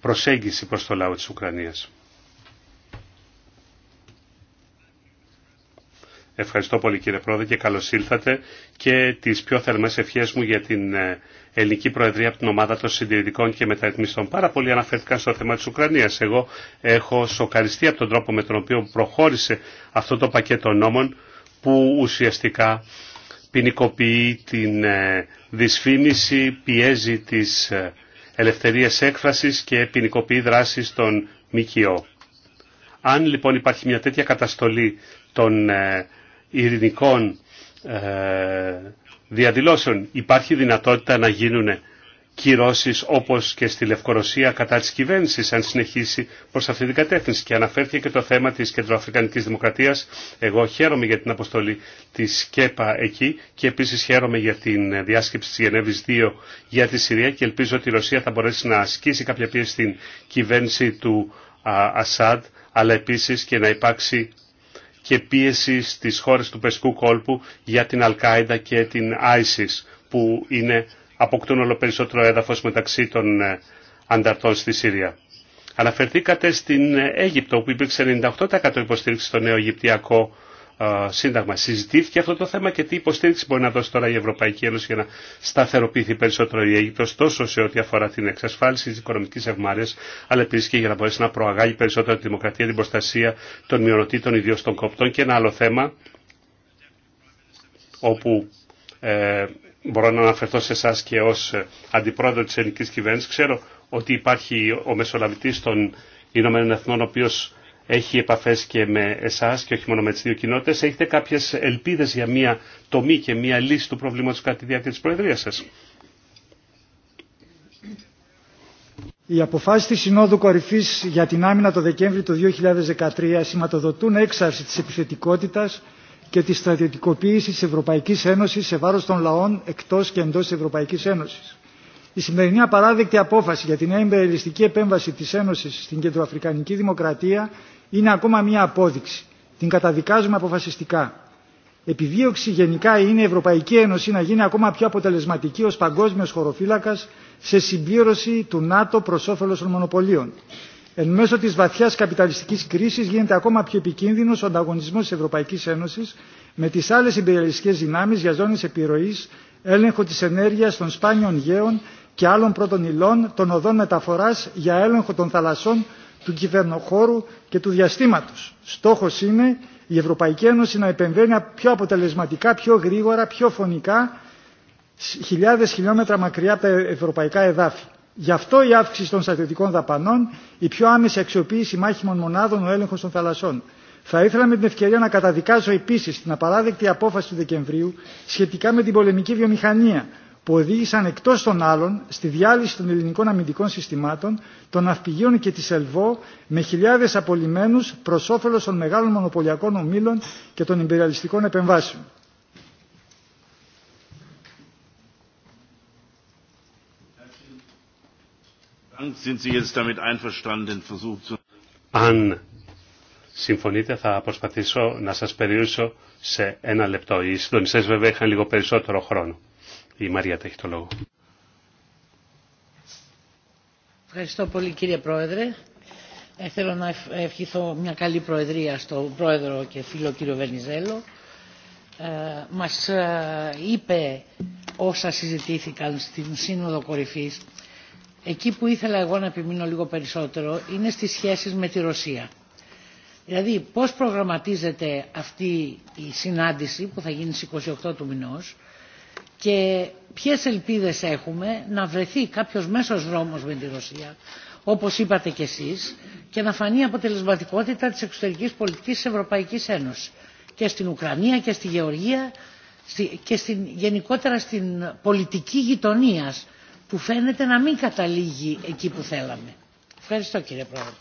προσέγγιση προς το λαό της Ουκρανίας. Ευχαριστώ πολύ κύριε Πρόεδρε και καλώς ήλθατε και τις πιο θερμές ευχές μου για την ε, ελληνική προεδρία από την ομάδα των συντηρητικών και μεταρρυθμιστών. Πάρα πολύ αναφέρθηκαν στο θέμα της Ουκρανίας. Εγώ έχω σοκαριστεί από τον τρόπο με τον οποίο προχώρησε αυτό το πακέτο νόμων που ουσιαστικά ποινικοποιεί την ε, δυσφήμιση, πιέζει τις ε, ελευθερίες έκφρασης και ποινικοποιεί δράσεις των ΜΚΟ. Αν λοιπόν υπάρχει μια τέτοια καταστολή των ε, ειρηνικών διαδηλώσεων, υπάρχει δυνατότητα να γίνουν κυρώσεις όπως και στη Λευκορωσία κατά της κυβέρνησης αν συνεχίσει προς αυτή την κατεύθυνση. Και αναφέρθηκε και το θέμα της Κεντροαφρικανικής Δημοκρατίας. Εγώ χαίρομαι για την αποστολή της ΚΕΠΑ εκεί και επίσης χαίρομαι για την διάσκεψη της Γενέβης 2 για τη Συρία και ελπίζω ότι η Ρωσία θα μπορέσει να ασκήσει κάποια πίεση στην κυβέρνηση του Ασάντ αλλά επίσης και να υπάρξει και πίεση στις χώρες του πεσκού κόλπου για την Αλκάιντα και την ISIS που είναι αποκτούν όλο περισσότερο έδαφος μεταξύ των ε, ανταρτών στη Συρία. Αναφερθήκατε στην ε, Αίγυπτο που υπήρξε 98% υποστήριξη στο νέο Αιγυπτιακό ε, Σύνταγμα. Συζητήθηκε αυτό το θέμα και τι υποστήριξη μπορεί να δώσει τώρα η Ευρωπαϊκή Ένωση για να σταθεροποιηθεί περισσότερο η Αίγυπτο τόσο σε ό,τι αφορά την εξασφάλιση τη οικονομική ευμάρεια αλλά επίση και για να μπορέσει να προαγάγει περισσότερο τη δημοκρατία, την προστασία των μειονοτήτων, ιδίω των κοπτών. Και ένα άλλο θέμα όπου μπορώ να αναφερθώ σε εσά και ως ε, αντιπρόεδρο τη ελληνική κυβέρνηση. Ξέρω ότι υπάρχει ο μεσολαβητής των Ηνωμένων Εθνών, ο οποίος έχει επαφές και με εσά και όχι μόνο με τις δύο κοινότητες. Έχετε κάποιες ελπίδες για μια τομή και μια λύση του προβλήματος κατά τη διάρκεια της Προεδρίας σας. Οι αποφάσει τη Συνόδου Κορυφή για την άμυνα το Δεκέμβρη του 2013 σηματοδοτούν έξαρση τη επιθετικότητα και τη στρατιωτικοποίηση της Ευρωπαϊκής Ένωσης σε βάρος των λαών εκτός και εντός της Ευρωπαϊκής Ένωσης. Η σημερινή απαράδεκτη απόφαση για την νέα εμπεριαλιστική επέμβαση της Ένωσης στην κεντροαφρικανική δημοκρατία είναι ακόμα μία απόδειξη. Την καταδικάζουμε αποφασιστικά. Επιδίωξη γενικά είναι η Ευρωπαϊκή Ένωση να γίνει ακόμα πιο αποτελεσματική ως παγκόσμιος χωροφύλακας σε συμπλήρωση του ΝΑΤΟ προς όφελος των μονοπωλίων. Εν μέσω τη βαθιά καπιταλιστική κρίση γίνεται ακόμα πιο επικίνδυνο ο ανταγωνισμό τη Ευρωπαϊκή Ένωση με τι άλλε υπεριαλιστικέ δυνάμει για ζώνε επιρροή, έλεγχο τη ενέργεια των σπάνιων γέων και άλλων πρώτων υλών, των οδών μεταφορά για έλεγχο των θαλασσών, του κυβερνοχώρου και του διαστήματο. Στόχο είναι η Ευρωπαϊκή Ένωση να επεμβαίνει πιο αποτελεσματικά, πιο γρήγορα, πιο φωνικά, χιλιάδε χιλιόμετρα μακριά από τα ευρωπαϊκά εδάφη. Γι' αυτό η αύξηση των στρατιωτικών δαπανών, η πιο άμεση αξιοποίηση μάχημων μονάδων, ο έλεγχο των θαλασσών. Θα ήθελα με την ευκαιρία να καταδικάσω επίση την απαράδεκτη απόφαση του Δεκεμβρίου σχετικά με την πολεμική βιομηχανία, που οδήγησαν εκτό των άλλων στη διάλυση των ελληνικών αμυντικών συστημάτων, των ναυπηγείων και τη ΕΛΒΟ, με χιλιάδε απολυμμένου προ όφελο των μεγάλων μονοπωλιακών ομήλων και των υπεριαλιστικών επεμβάσεων. Αν συμφωνείτε θα προσπαθήσω να σας περιορίσω σε ένα λεπτό. Οι συντονιστές βέβαια είχαν λίγο περισσότερο χρόνο. Η Μαρία έχει το λόγο. Ευχαριστώ πολύ κύριε Πρόεδρε. Ε, θέλω να ευχηθώ μια καλή προεδρία στον Πρόεδρο και φίλο κύριο Βενιζέλο. Ε, μας ε, είπε όσα συζητήθηκαν στην Σύνοδο Κορυφής εκεί που ήθελα εγώ να επιμείνω λίγο περισσότερο είναι στις σχέσεις με τη Ρωσία. Δηλαδή πώς προγραμματίζεται αυτή η συνάντηση που θα γίνει στις 28 του μηνός και ποιες ελπίδες έχουμε να βρεθεί κάποιος μέσος δρόμος με τη Ρωσία όπως είπατε και εσείς και να φανεί αποτελεσματικότητα της εξωτερικής πολιτικής της Ευρωπαϊκής Ένωσης και στην Ουκρανία και στη Γεωργία και γενικότερα στην πολιτική γειτονίας που φαίνεται να μην καταλήγει εκεί που θέλαμε. Ευχαριστώ κύριε Πρόεδρε.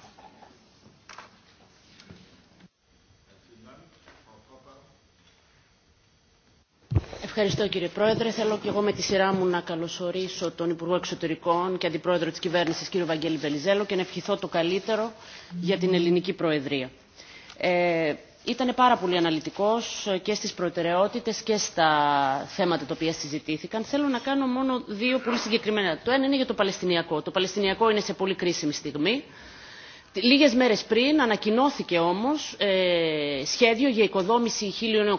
Ευχαριστώ κύριε Πρόεδρε. Θέλω και εγώ με τη σειρά μου να καλωσορίσω τον Υπουργό Εξωτερικών και Αντιπρόεδρο της Κυβέρνησης κύριο Βαγγέλη Βελιζέλο και να ευχηθώ το καλύτερο για την ελληνική Προεδρία. Ε, ήταν πάρα πολύ αναλυτικός ε, και στις προτεραιότητες και στα θέματα τα οποία συζητήθηκαν. Θέλω να κάνω μόνο δύο πολύ συγκεκριμένα. Το ένα είναι για το Παλαιστινιακό. Το Παλαιστινιακό είναι σε πολύ κρίσιμη στιγμή. Λίγες μέρες πριν ανακοινώθηκε όμως ε, σχέδιο για οικοδόμηση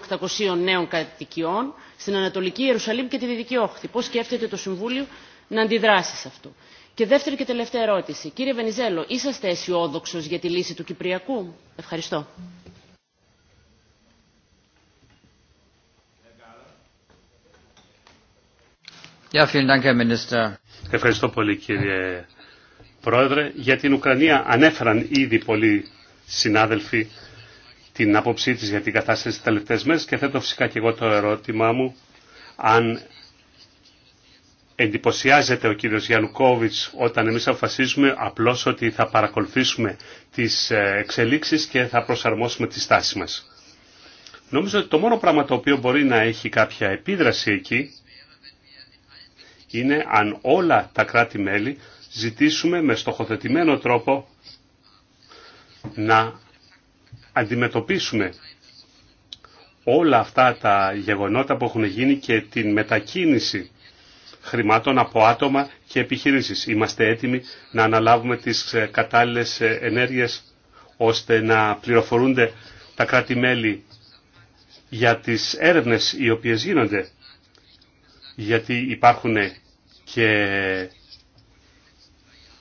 1.800 νέων κατοικιών στην Ανατολική Ιερουσαλήμ και τη Δυτική Όχθη. Πώς σκέφτεται το Συμβούλιο να αντιδράσει σε αυτό. Και δεύτερη και τελευταία ερώτηση. Κύριε Βενιζέλο, είσαστε αισιόδοξο για τη λύση του Κυπριακού. Ευχαριστώ. Ευχαριστώ πολύ κύριε Πρόεδρε. Για την Ουκρανία ανέφεραν ήδη πολλοί συνάδελφοι την άποψή της για την κατάσταση τις τελευταίες μέρες και θέτω φυσικά και εγώ το ερώτημά μου αν εντυπωσιάζεται ο κύριος Γιαννουκόβιτς όταν εμείς αποφασίζουμε απλώς ότι θα παρακολουθήσουμε τις ε, εξελίξεις και θα προσαρμόσουμε τις στάσεις μας. Νομίζω ότι το μόνο πράγμα το οποίο μπορεί να έχει κάποια επίδραση εκεί είναι αν όλα τα κράτη-μέλη ζητήσουμε με στοχοθετημένο τρόπο να αντιμετωπίσουμε όλα αυτά τα γεγονότα που έχουν γίνει και την μετακίνηση χρημάτων από άτομα και επιχειρήσεις. Είμαστε έτοιμοι να αναλάβουμε τις ε, κατάλληλες ε, ενέργειες ώστε να πληροφορούνται τα κράτη-μέλη για τις έρευνες οι οποίες γίνονται γιατί υπάρχουν και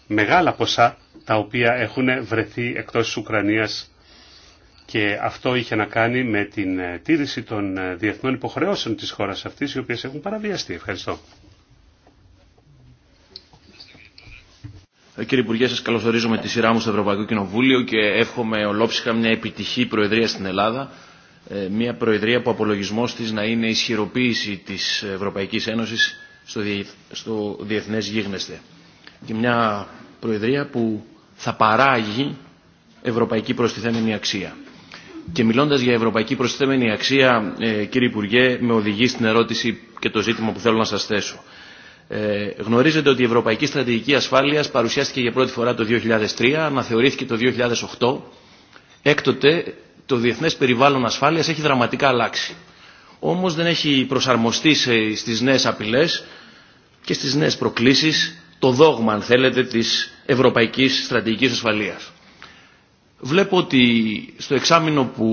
μεγάλα ποσά τα οποία έχουν βρεθεί εκτός της Ουκρανίας και αυτό είχε να κάνει με την ε, τήρηση των ε, διεθνών υποχρεώσεων της χώρας αυτής, οι οποίες έχουν παραβιαστεί. Ευχαριστώ. Ε, κύριε Υπουργέ, σα καλωσορίζω με τη σειρά μου στο Ευρωπαϊκό Κοινοβούλιο και εύχομαι ολόψυχα μια επιτυχή προεδρία στην Ελλάδα. Ε, μια Προεδρία που απολογισμό τη να είναι ισχυροποίηση τη Ευρωπαϊκή Ένωση στο Διεθνέ γίγνεσθε. Και μια Προεδρία που θα παράγει ευρωπαϊκή προστιθέμενη αξία. Και μιλώντα για ευρωπαϊκή προστιθέμενη αξία, ε, κύριε Υπουργέ, με οδηγεί στην ερώτηση και το ζήτημα που θέλω να σα θέσω. Ε, γνωρίζετε ότι η Ευρωπαϊκή Στρατηγική Ασφάλειας παρουσιάστηκε για πρώτη φορά το 2003, αναθεωρήθηκε το 2008. Έκτοτε το διεθνές περιβάλλον ασφάλειας έχει δραματικά αλλάξει. Όμως δεν έχει προσαρμοστεί στις νέες απειλές και στις νέες προκλήσεις το δόγμα, αν θέλετε, της ευρωπαϊκής στρατηγικής ασφαλείας. Βλέπω ότι στο εξάμεινο που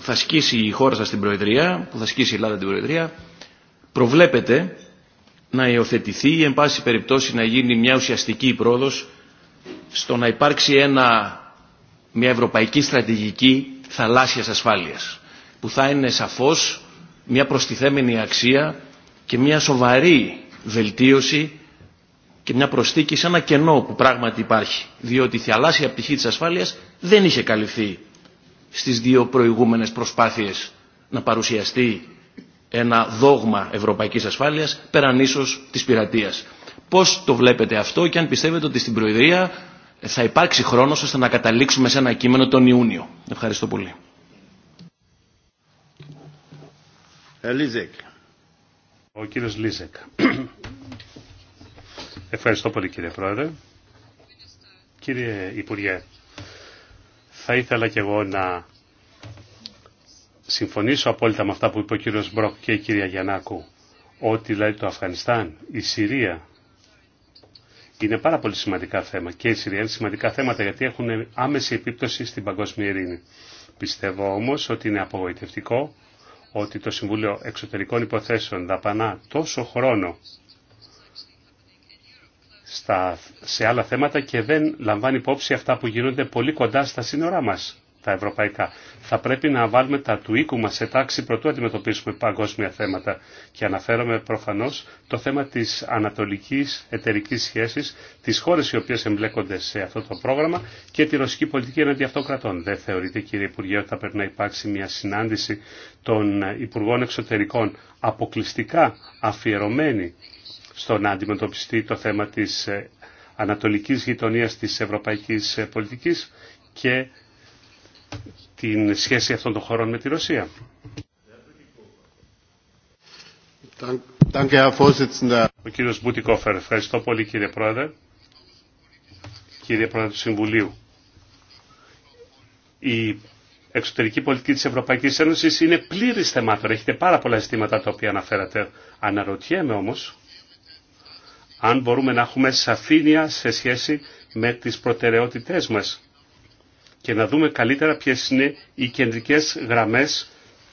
θα σκίσει η χώρα σας την Προεδρία, που θα σκίσει η Ελλάδα την Προεδρία, προβλέπεται να υιοθετηθεί ή εν πάση περιπτώσει να γίνει μια ουσιαστική πρόοδος στο να υπάρξει ένα, μια ευρωπαϊκή στρατηγική θαλάσσιας ασφάλειας που θα είναι σαφώς μια προστιθέμενη αξία και μια σοβαρή βελτίωση και μια προστίκη σε ένα κενό που πράγματι υπάρχει. Διότι η θαλάσσια πτυχή της ασφάλειας δεν είχε καλυφθεί στις δύο προηγούμενες προσπάθειες να παρουσιαστεί ένα δόγμα ευρωπαϊκής ασφάλειας πέραν ίσως της πειρατείας. Πώς το βλέπετε αυτό και αν πιστεύετε ότι στην Προεδρία θα υπάρξει χρόνος ώστε να καταλήξουμε σε ένα κείμενο τον Ιούνιο. Ευχαριστώ πολύ. Ε, ο κύριος Λίζεκ. [clears throat] Ευχαριστώ πολύ κύριε Πρόεδρε. Κύριε Υπουργέ, θα ήθελα κι εγώ να συμφωνήσω απόλυτα με αυτά που είπε ο κύριος Μπροκ και η κυρία Γιαννάκου, ότι δηλαδή το Αφγανιστάν, η Συρία είναι πάρα πολύ σημαντικά θέματα και οι Συριανοί σημαντικά θέματα γιατί έχουν άμεση επίπτωση στην παγκόσμια ειρήνη. Πιστεύω όμως ότι είναι απογοητευτικό ότι το Συμβούλιο Εξωτερικών Υποθέσεων δαπανά τόσο χρόνο στα, σε άλλα θέματα και δεν λαμβάνει υπόψη αυτά που γίνονται πολύ κοντά στα σύνορά μας τα ευρωπαϊκά. Θα πρέπει να βάλουμε τα του οίκου μας σε τάξη προτού αντιμετωπίσουμε παγκόσμια θέματα. Και αναφέρομαι προφανώς το θέμα της ανατολικής εταιρική σχέσης, τις χώρες οι οποίες εμπλέκονται σε αυτό το πρόγραμμα και τη ρωσική πολιτική εναντί κρατών. Δεν θεωρείτε κύριε Υπουργέ ότι θα πρέπει να υπάρξει μια συνάντηση των Υπουργών Εξωτερικών αποκλειστικά αφιερωμένη στο να αντιμετωπιστεί το θέμα της ε, ανατολικής γειτονία τη Ευρωπαϊκή ε, Πολιτική και την σχέση αυτών των χωρών με τη Ρωσία. Ο κύριος Μπουτικόφερ, ευχαριστώ πολύ κύριε Πρόεδρε, κύριε Πρόεδρε του Συμβουλίου. Η εξωτερική πολιτική της Ευρωπαϊκής Ένωσης είναι πλήρης θεμάτων. Έχετε πάρα πολλά ζητήματα τα οποία αναφέρατε. Αναρωτιέμαι όμως αν μπορούμε να έχουμε σαφήνεια σε σχέση με τις προτεραιότητές μας και να δούμε καλύτερα ποιες είναι οι κεντρικές γραμμές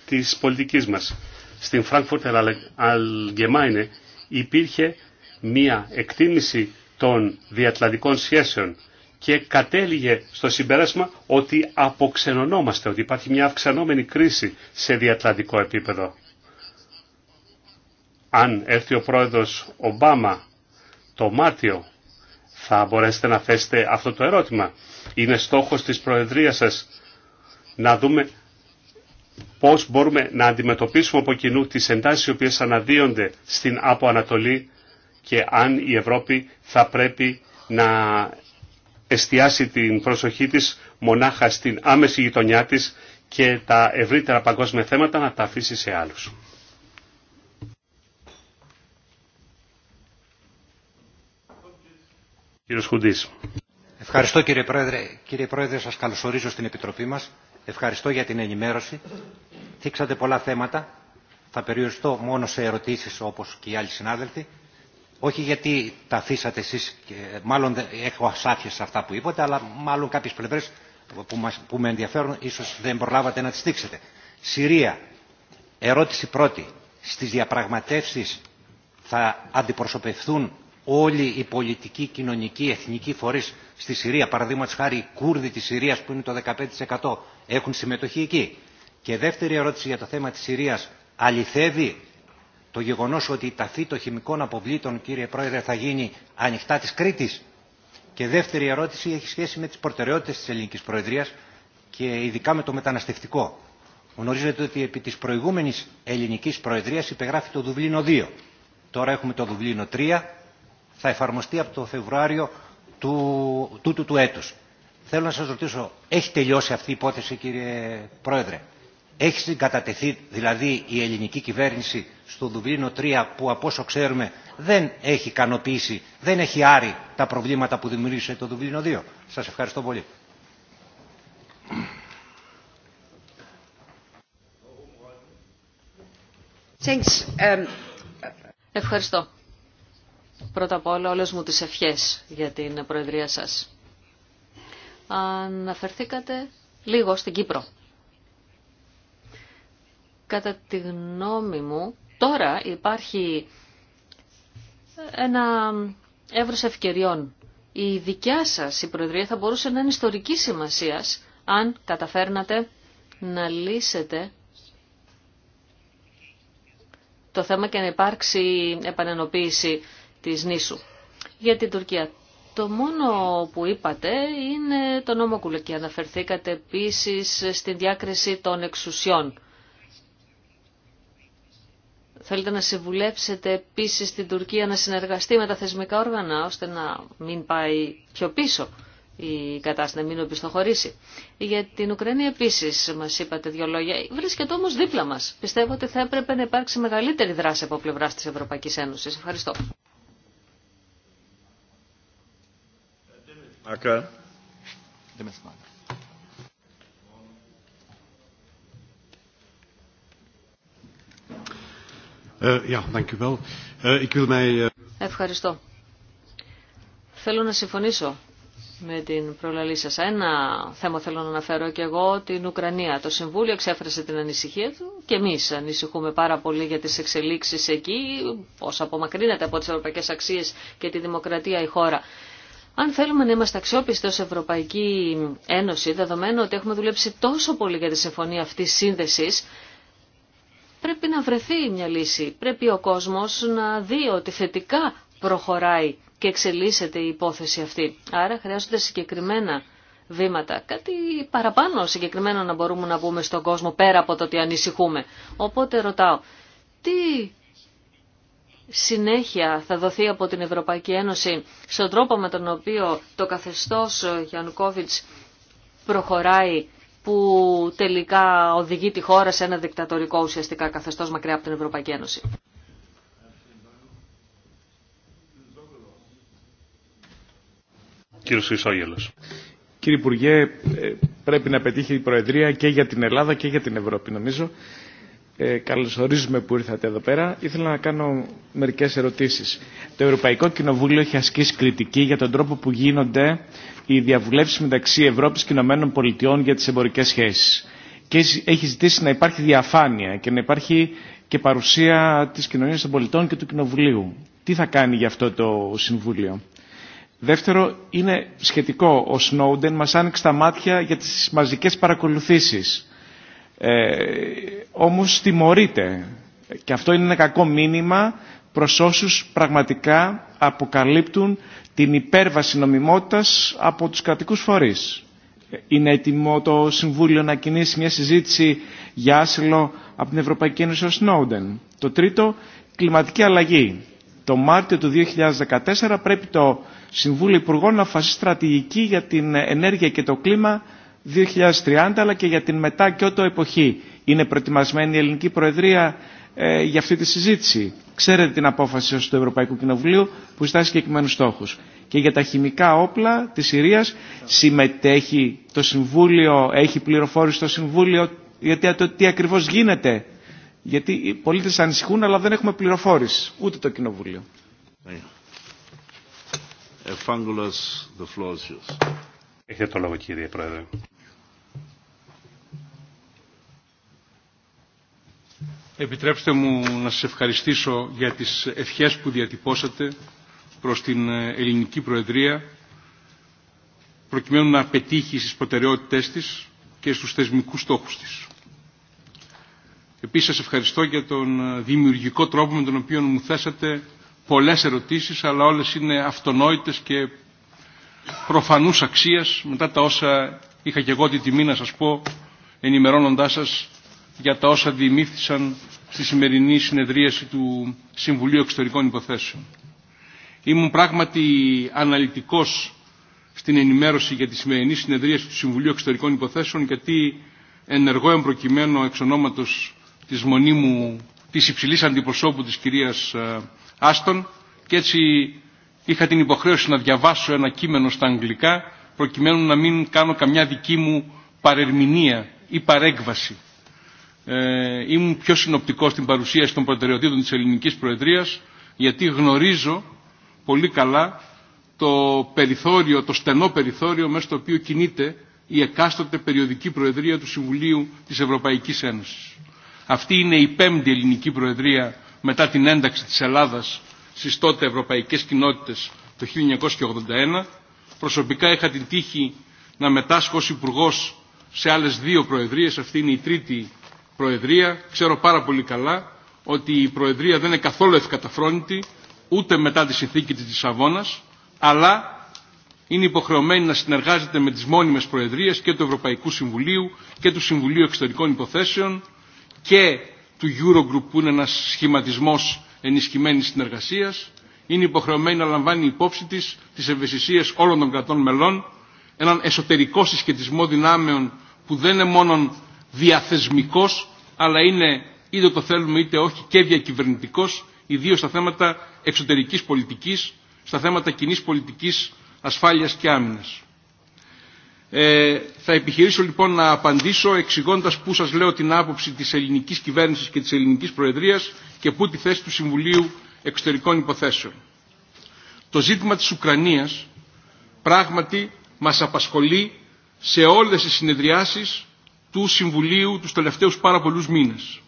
της πολιτικής μας. Στην Frankfurter Allgemeine υπήρχε μία εκτίμηση των διατλαντικών σχέσεων και κατέληγε στο συμπέρασμα ότι αποξενωνόμαστε, ότι υπάρχει μια αυξανόμενη κρίση σε διατλαντικό επίπεδο. Αν έρθει ο πρόεδρος Ομπάμα το Μάρτιο, θα μπορέσετε να θέσετε αυτό το ερώτημα. Είναι στόχος της Προεδρίας σας να δούμε πώς μπορούμε να αντιμετωπίσουμε από κοινού τις εντάσεις οι οποίες αναδύονται στην από Ανατολή και αν η Ευρώπη θα πρέπει να εστιάσει την προσοχή της μονάχα στην άμεση γειτονιά της και τα ευρύτερα παγκόσμια θέματα να τα αφήσει σε άλλους. Ευχαριστώ κύριε Πρόεδρε. Κύριε Πρόεδρε, σας καλωσορίζω στην Επιτροπή μας. Ευχαριστώ για την ενημέρωση. Θίξατε πολλά θέματα. Θα περιοριστώ μόνο σε ερωτήσεις όπως και οι άλλοι συνάδελφοι. Όχι γιατί τα αφήσατε εσείς, μάλλον έχω ασάφειες σε αυτά που είπατε, αλλά μάλλον κάποιες πλευρές που, που με ενδιαφέρουν ίσως δεν προλάβατε να τις δείξετε. Συρία, ερώτηση πρώτη. Στις διαπραγματεύσεις θα αντιπροσωπευθούν όλοι οι πολιτικοί, κοινωνικοί, εθνικοί φορείς στη Συρία. Παραδείγματο χάρη οι Κούρδοι τη Συρία που είναι το 15% έχουν συμμετοχή εκεί. Και δεύτερη ερώτηση για το θέμα τη Συρία. Αληθεύει το γεγονό ότι η ταφή των χημικών αποβλήτων, κύριε Πρόεδρε, θα γίνει ανοιχτά τη Κρήτη. Και δεύτερη ερώτηση έχει σχέση με τι προτεραιότητε τη Ελληνική Προεδρία και ειδικά με το μεταναστευτικό. Γνωρίζετε ότι επί τη προηγούμενη ελληνική προεδρίας υπεγράφει το Δουβλίνο 2. Τώρα έχουμε το Δουβλίνο 3. Θα εφαρμοστεί από το Φεβρουάριο του, του του έτους. Θέλω να σας ρωτήσω, έχει τελειώσει αυτή η υπόθεση κύριε Πρόεδρε. Έχει συγκατατεθεί δηλαδή η ελληνική κυβέρνηση στο Δουβλίνο 3 που από όσο ξέρουμε δεν έχει ικανοποιήσει, δεν έχει άρει τα προβλήματα που δημιούργησε το Δουβλίνο 2. Σας ευχαριστώ πολύ. Um, ευχαριστώ πρώτα απ' όλα όλες μου τις ευχές για την Προεδρία σας. Αναφερθήκατε λίγο στην Κύπρο. Κατά τη γνώμη μου, τώρα υπάρχει ένα έβρος ευκαιριών. Η δικιά σας η Προεδρία θα μπορούσε να είναι ιστορική σημασίας αν καταφέρνατε να λύσετε το θέμα και να υπάρξει επανενοποίηση της νήσου. Για την Τουρκία. Το μόνο που είπατε είναι το νόμο Κουλεκή. Αναφερθήκατε επίσης στην διάκριση των εξουσιών. Θέλετε να συμβουλέψετε επίσης την Τουρκία να συνεργαστεί με τα θεσμικά όργανα ώστε να μην πάει πιο πίσω η κατάσταση, να μην οπισθοχωρήσει. Για την Ουκρανία επίσης μας είπατε δύο λόγια. Βρίσκεται όμως δίπλα μας. Πιστεύω ότι θα έπρεπε να υπάρξει μεγαλύτερη δράση από πλευράς της Ευρωπαϊκής Ένωσης. Ευχαριστώ. Ευχαριστώ. Θέλω να συμφωνήσω με την προλαλή σας. Ένα θέμα θέλω να αναφέρω και εγώ, την Ουκρανία. Το Συμβούλιο εξέφρασε την ανησυχία του και εμείς ανησυχούμε πάρα πολύ για τις εξελίξεις εκεί, πως απομακρύνεται από τις ευρωπαϊκές αξίες και τη δημοκρατία η χώρα. Αν θέλουμε να είμαστε αξιόπιστοι Ευρωπαϊκή Ένωση, δεδομένου ότι έχουμε δουλέψει τόσο πολύ για τη συμφωνία αυτή σύνδεσης, πρέπει να βρεθεί μια λύση. Πρέπει ο κόσμος να δει ότι θετικά προχωράει και εξελίσσεται η υπόθεση αυτή. Άρα χρειάζονται συγκεκριμένα βήματα. Κάτι παραπάνω συγκεκριμένο να μπορούμε να πούμε στον κόσμο πέρα από το ότι ανησυχούμε. Οπότε ρωτάω, τι συνέχεια θα δοθεί από την Ευρωπαϊκή Ένωση στον τρόπο με τον οποίο το καθεστώς ε, Γιαννουκόβιτς προχωράει που τελικά οδηγεί τη χώρα σε ένα δικτατορικό ουσιαστικά καθεστώς μακριά από την Ευρωπαϊκή Ένωση. Κύριε Υπουργέ, ε, πρέπει να πετύχει η Προεδρία και για την Ελλάδα και για την Ευρώπη. Νομίζω ε, καλωσορίζουμε που ήρθατε εδώ πέρα. Ήθελα να κάνω μερικές ερωτήσεις. Το Ευρωπαϊκό Κοινοβούλιο έχει ασκήσει κριτική για τον τρόπο που γίνονται οι διαβουλεύσεις μεταξύ Ευρώπης και Ηνωμένων Πολιτειών για τις εμπορικές σχέσεις. Και έχει ζητήσει να υπάρχει διαφάνεια και να υπάρχει και παρουσία της κοινωνίας των πολιτών και του Κοινοβουλίου. Τι θα κάνει γι' αυτό το Συμβούλιο. Δεύτερο, είναι σχετικό. Ο Σνόουντεν μας άνοιξε τα μάτια για τις μαζικές παρακολουθήσεις ε, όμως τιμωρείται. Και αυτό είναι ένα κακό μήνυμα προς όσους πραγματικά αποκαλύπτουν την υπέρβαση νομιμότητας από τους κρατικούς φορείς. Είναι έτοιμο το Συμβούλιο να κινήσει μια συζήτηση για άσυλο από την Ευρωπαϊκή Ένωση ως Νόντεν. Το τρίτο, κλιματική αλλαγή. Το Μάρτιο του 2014 πρέπει το Συμβούλιο Υπουργών να αποφασίσει στρατηγική για την ενέργεια και το κλίμα 2030 αλλά και για την μετά Κιώτο εποχή. Είναι προετοιμασμένη η ελληνική προεδρία ε, για αυτή τη συζήτηση. Ξέρετε την απόφαση του Ευρωπαϊκού Κοινοβουλίου που ζητά συγκεκριμένου στόχου. Και για τα χημικά όπλα τη Συρία συμμετέχει το Συμβούλιο, έχει πληροφόρηση το Συμβούλιο γιατί το τι ακριβώς γίνεται. Γιατί οι πολίτε ανησυχούν αλλά δεν έχουμε πληροφόρηση, ούτε το Κοινοβούλιο. The Έχετε το λόγο κύριε Πρόεδρε. Επιτρέψτε μου να σας ευχαριστήσω για τις ευχές που διατυπώσατε προς την ελληνική Προεδρία προκειμένου να πετύχει στις προτεραιότητές της και στους θεσμικούς στόχους της. Επίσης σας ευχαριστώ για τον δημιουργικό τρόπο με τον οποίο μου θέσατε πολλές ερωτήσεις αλλά όλες είναι αυτονόητες και προφανούς αξίας μετά τα όσα είχα και εγώ τη τιμή να σας πω ενημερώνοντάς σας για τα όσα διημήθησαν στη σημερινή συνεδρίαση του Συμβουλίου Εξωτερικών Υποθέσεων. Ήμουν πράγματι αναλυτικός στην ενημέρωση για τη σημερινή συνεδρίαση του Συμβουλίου Εξωτερικών Υποθέσεων γιατί ενεργό εμπροκειμένο εξ ονόματος της μονίμου της υψηλής αντιπροσώπου της κυρίας ε, Άστον και έτσι είχα την υποχρέωση να διαβάσω ένα κείμενο στα αγγλικά προκειμένου να μην κάνω καμιά δική μου παρερμηνία ή παρέκβαση. Ε, ήμουν πιο συνοπτικός στην παρουσίαση των προτεραιοτήτων της ελληνικής προεδρίας γιατί γνωρίζω πολύ καλά το περιθώριο, το στενό περιθώριο μέσα στο οποίο κινείται η εκάστοτε περιοδική προεδρία του Συμβουλίου της Ευρωπαϊκής Ένωσης. Αυτή είναι η πέμπτη ελληνική προεδρία μετά την ένταξη της Ελλάδας στις τότε ευρωπαϊκές κοινότητες το 1981. Προσωπικά είχα την τύχη να μετάσχω ως υπουργό σε άλλες δύο προεδρίες, αυτή είναι η τρίτη προεδρία. Ξέρω πάρα πολύ καλά ότι η προεδρία δεν είναι καθόλου ευκαταφρόνητη, ούτε μετά τη συνθήκη της Λισαβόνας, αλλά είναι υποχρεωμένη να συνεργάζεται με τις μόνιμες προεδρίες και του Ευρωπαϊκού Συμβουλίου και του Συμβουλίου Εξωτερικών Υποθέσεων και του Eurogroup που είναι ένας σχηματισμός ενισχυμένης συνεργασίας, είναι υποχρεωμένη να λαμβάνει υπόψη της τις ευαισθησίε όλων των κρατών μελών, έναν εσωτερικό συσχετισμό δυνάμεων που δεν είναι μόνο διαθεσμικός, αλλά είναι είτε το θέλουμε είτε όχι και διακυβερνητικό, ιδίω στα θέματα εξωτερικής πολιτικής, στα θέματα κοινή πολιτική ασφάλεια και άμυνας. Ε, θα επιχειρήσω λοιπόν να απαντήσω εξηγώντα πού σας λέω την άποψη της ελληνικής κυβέρνησης και της ελληνικής προεδρίας και πού τη θέση του Συμβουλίου Εξωτερικών Υποθέσεων. Το ζήτημα της Ουκρανίας πράγματι μας απασχολεί σε όλες τις συνεδριάσεις του Συμβουλίου τους τελευταίους πάρα πολλούς μήνες.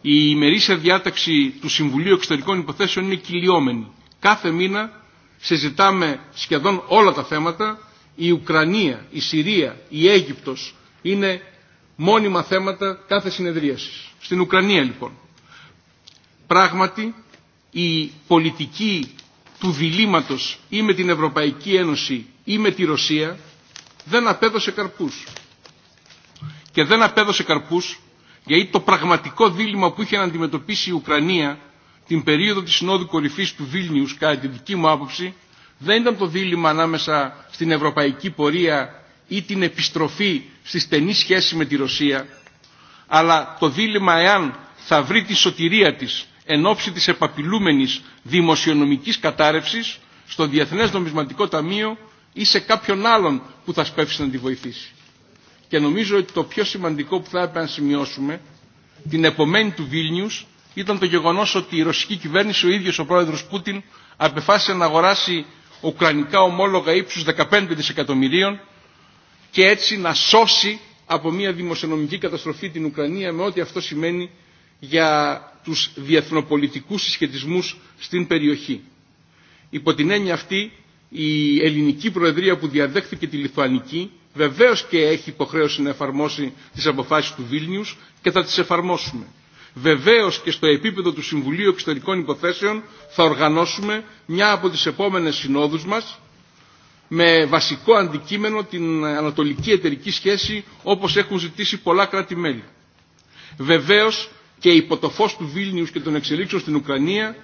Η ημερήσια διάταξη του Συμβουλίου Εξωτερικών Υποθέσεων είναι κυλιόμενη. Κάθε μήνα συζητάμε σχεδόν όλα τα θέματα η Ουκρανία, η Συρία, η Αίγυπτος είναι μόνιμα θέματα κάθε συνεδρίασης. Στην Ουκρανία λοιπόν. Πράγματι η πολιτική του διλήμματος ή με την Ευρωπαϊκή Ένωση ή με τη Ρωσία δεν απέδωσε καρπούς. Και δεν απέδωσε καρπούς γιατί το πραγματικό δίλημα που είχε να αντιμετωπίσει η Ουκρανία την περίοδο της Συνόδου Κορυφής του Βίλνιους κατά τη δική μου άποψη δεν ήταν το δίλημα ανάμεσα στην ευρωπαϊκή πορεία ή την επιστροφή στη στενή σχέση με τη Ρωσία, αλλά το δίλημα εάν θα βρει τη σωτηρία της εν ώψη της επαπειλούμενης δημοσιονομικής κατάρρευσης στο Διεθνές Νομισματικό Ταμείο ή σε κάποιον άλλον που θα σπεύσει να τη βοηθήσει. Και νομίζω ότι το πιο σημαντικό που θα έπρεπε να σημειώσουμε την επομένη του Βίλνιους ήταν το γεγονός ότι η ρωσική κυβέρνηση, ο ίδιος ο πρόεδρος Πούτιν, απεφάσισε να αγοράσει ουκρανικά ομόλογα ύψους 15 δισεκατομμυρίων και έτσι να σώσει από μια δημοσιονομική καταστροφή την Ουκρανία με ό,τι αυτό σημαίνει για τους διεθνοπολιτικούς συσχετισμούς στην περιοχή. Υπό την έννοια αυτή η ελληνική προεδρία που διαδέχθηκε τη Λιθουανική βεβαίως και έχει υποχρέωση να εφαρμόσει τις αποφάσεις του Βίλνιους και θα τις εφαρμόσουμε. Βεβαίως και στο επίπεδο του Συμβουλίου Εξωτερικών Υποθέσεων θα οργανώσουμε μια από τις επόμενες συνόδους μας με βασικό αντικείμενο την ανατολική εταιρική σχέση όπως έχουν ζητήσει πολλά κράτη-μέλη. Βεβαίως και υπό το φως του Βίλνιους και των εξελίξεων στην Ουκρανία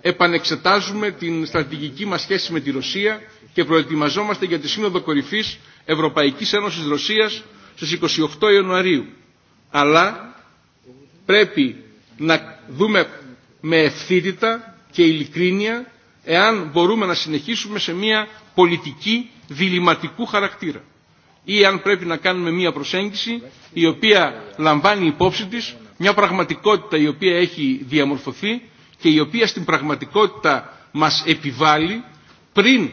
επανεξετάζουμε την στρατηγική μας σχέση με τη Ρωσία και προετοιμαζόμαστε για τη Σύνοδο Κορυφής Ευρωπαϊκής Ένωσης Ρωσίας στις 28 Ιανουαρίου. Αλλά πρέπει να δούμε με ευθύτητα και ειλικρίνεια εάν μπορούμε να συνεχίσουμε σε μια πολιτική διληματικού χαρακτήρα ή αν πρέπει να κάνουμε μια προσέγγιση η οποία λαμβάνει υπόψη της μια πραγματικότητα η οποία έχει διαμορφωθεί και η οποία στην πραγματικότητα μας επιβάλλει πριν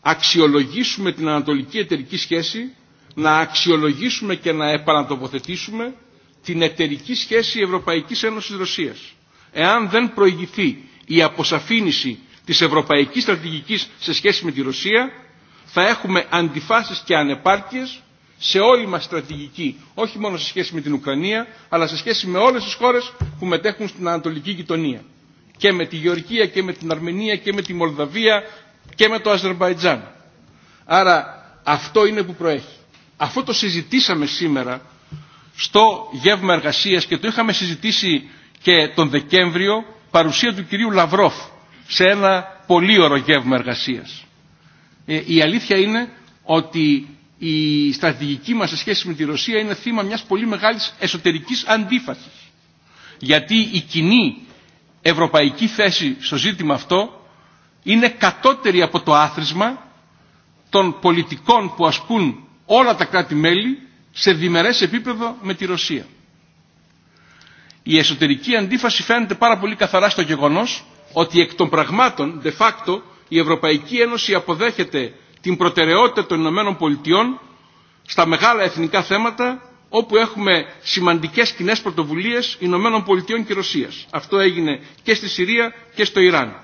αξιολογήσουμε την ανατολική εταιρική σχέση να αξιολογήσουμε και να επανατοποθετήσουμε την εταιρική σχέση Ευρωπαϊκής Ένωσης Ρωσίας. Εάν δεν προηγηθεί η αποσαφήνιση της ευρωπαϊκής στρατηγικής σε σχέση με τη Ρωσία, θα έχουμε αντιφάσεις και ανεπάρκειες σε όλη μας στρατηγική, όχι μόνο σε σχέση με την Ουκρανία, αλλά σε σχέση με όλες τις χώρες που μετέχουν στην Ανατολική γειτονία. Και με τη Γεωργία και με την Αρμενία και με τη Μολδαβία και με το Αζερβαϊτζάν. Άρα αυτό είναι που προέχει. Αυτό το συζητήσαμε σήμερα στο γεύμα εργασία και το είχαμε συζητήσει και τον Δεκέμβριο παρουσία του κυρίου Λαυρόφ σε ένα πολύ ωραίο γεύμα εργασία. Ε, η αλήθεια είναι ότι η στρατηγική μας σε σχέση με τη Ρωσία είναι θύμα μιας πολύ μεγάλης εσωτερικής αντίφασης. Γιατί η κοινή ευρωπαϊκή θέση στο ζήτημα αυτό είναι κατώτερη από το άθροισμα των πολιτικών που ασκούν όλα τα κράτη-μέλη σε διμερές επίπεδο με τη Ρωσία. Η εσωτερική αντίφαση φαίνεται πάρα πολύ καθαρά στο γεγονός ότι εκ των πραγμάτων, de facto, η Ευρωπαϊκή Ένωση αποδέχεται την προτεραιότητα των Ηνωμένων Πολιτειών στα μεγάλα εθνικά θέματα όπου έχουμε σημαντικές κοινέ πρωτοβουλίες Ηνωμένων Πολιτειών και Ρωσίας. Αυτό έγινε και στη Συρία και στο Ιράν.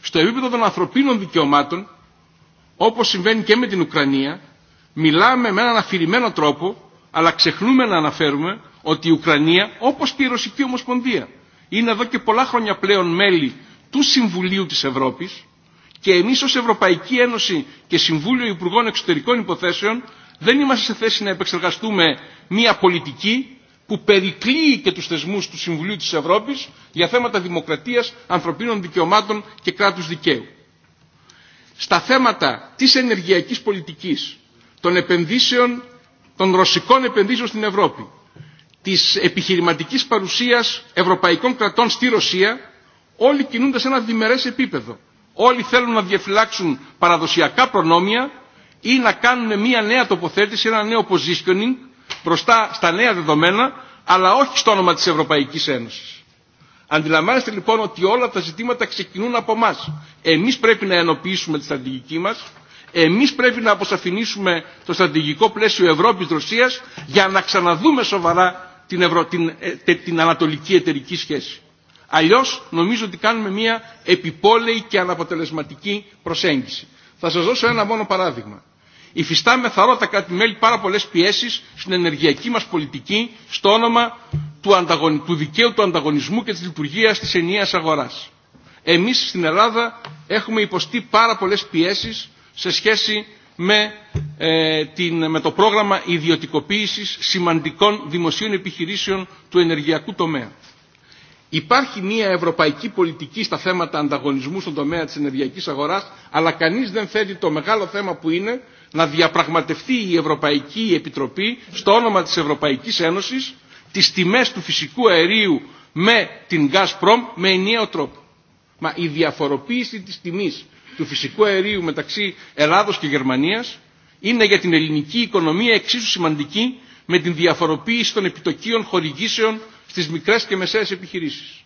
Στο επίπεδο των ανθρωπίνων δικαιωμάτων, όπως συμβαίνει και με την Ουκρανία, Μιλάμε με έναν αφηρημένο τρόπο, αλλά ξεχνούμε να αναφέρουμε ότι η Ουκρανία, όπως και η Ρωσική Ομοσπονδία, είναι εδώ και πολλά χρόνια πλέον μέλη του Συμβουλίου της Ευρώπης και εμείς ως Ευρωπαϊκή Ένωση και Συμβούλιο Υπουργών Εξωτερικών Υποθέσεων δεν είμαστε σε θέση να επεξεργαστούμε μια πολιτική που περικλείει και τους θεσμούς του Συμβουλίου της Ευρώπης για θέματα δημοκρατίας, ανθρωπίνων δικαιωμάτων και κράτους δικαίου. Στα θέματα της ενεργειακής πολιτικής των επενδύσεων, των ρωσικών επενδύσεων στην Ευρώπη, της επιχειρηματικής παρουσίας ευρωπαϊκών κρατών στη Ρωσία, όλοι κινούνται σε ένα διμερές επίπεδο. Όλοι θέλουν να διαφυλάξουν παραδοσιακά προνόμια ή να κάνουν μια νέα τοποθέτηση, ένα νέο positioning μπροστά στα νέα δεδομένα, αλλά όχι στο όνομα της Ευρωπαϊκής Ένωσης. Αντιλαμβάνεστε λοιπόν ότι όλα τα ζητήματα ξεκινούν από εμά. Εμείς πρέπει να ενοποιήσουμε τη στρατηγική μας εμείς πρέπει να αποσαφηνίσουμε το στρατηγικό πλαίσιο Ευρώπης-Ρωσίας για να ξαναδούμε σοβαρά την, Ευρω... την... Ε, την ανατολική εταιρική σχέση. Αλλιώς νομίζω ότι κάνουμε μια επιπόλαιη και αναποτελεσματική προσέγγιση. Θα σας δώσω ένα μόνο παράδειγμα. Υφιστάμε τα κάτι μέλη πάρα πολλές πιέσεις στην ενεργειακή μας πολιτική στο όνομα του, δικαίου του ανταγωνισμού και της λειτουργίας της ενιαίας αγοράς. Εμείς στην Ελλάδα έχουμε υποστεί πάρα πολλέ πιέσεις σε σχέση με, ε, την, το πρόγραμμα ιδιωτικοποίησης σημαντικών δημοσίων επιχειρήσεων του ενεργειακού τομέα. Υπάρχει μια ευρωπαϊκή πολιτική στα θέματα ανταγωνισμού στον τομέα της ενεργειακής αγοράς, αλλά κανείς δεν θέτει το μεγάλο θέμα που είναι να διαπραγματευτεί η Ευρωπαϊκή Επιτροπή στο όνομα της Ευρωπαϊκής Ένωσης τις τιμές του φυσικού αερίου με την Gazprom με ενιαίο τρόπο. Μα η διαφοροποίηση τη τιμή του φυσικού αερίου μεταξύ Ελλάδος και Γερμανίας είναι για την ελληνική οικονομία εξίσου σημαντική με την διαφοροποίηση των επιτοκίων χορηγήσεων στις μικρές και μεσαίες επιχειρήσεις.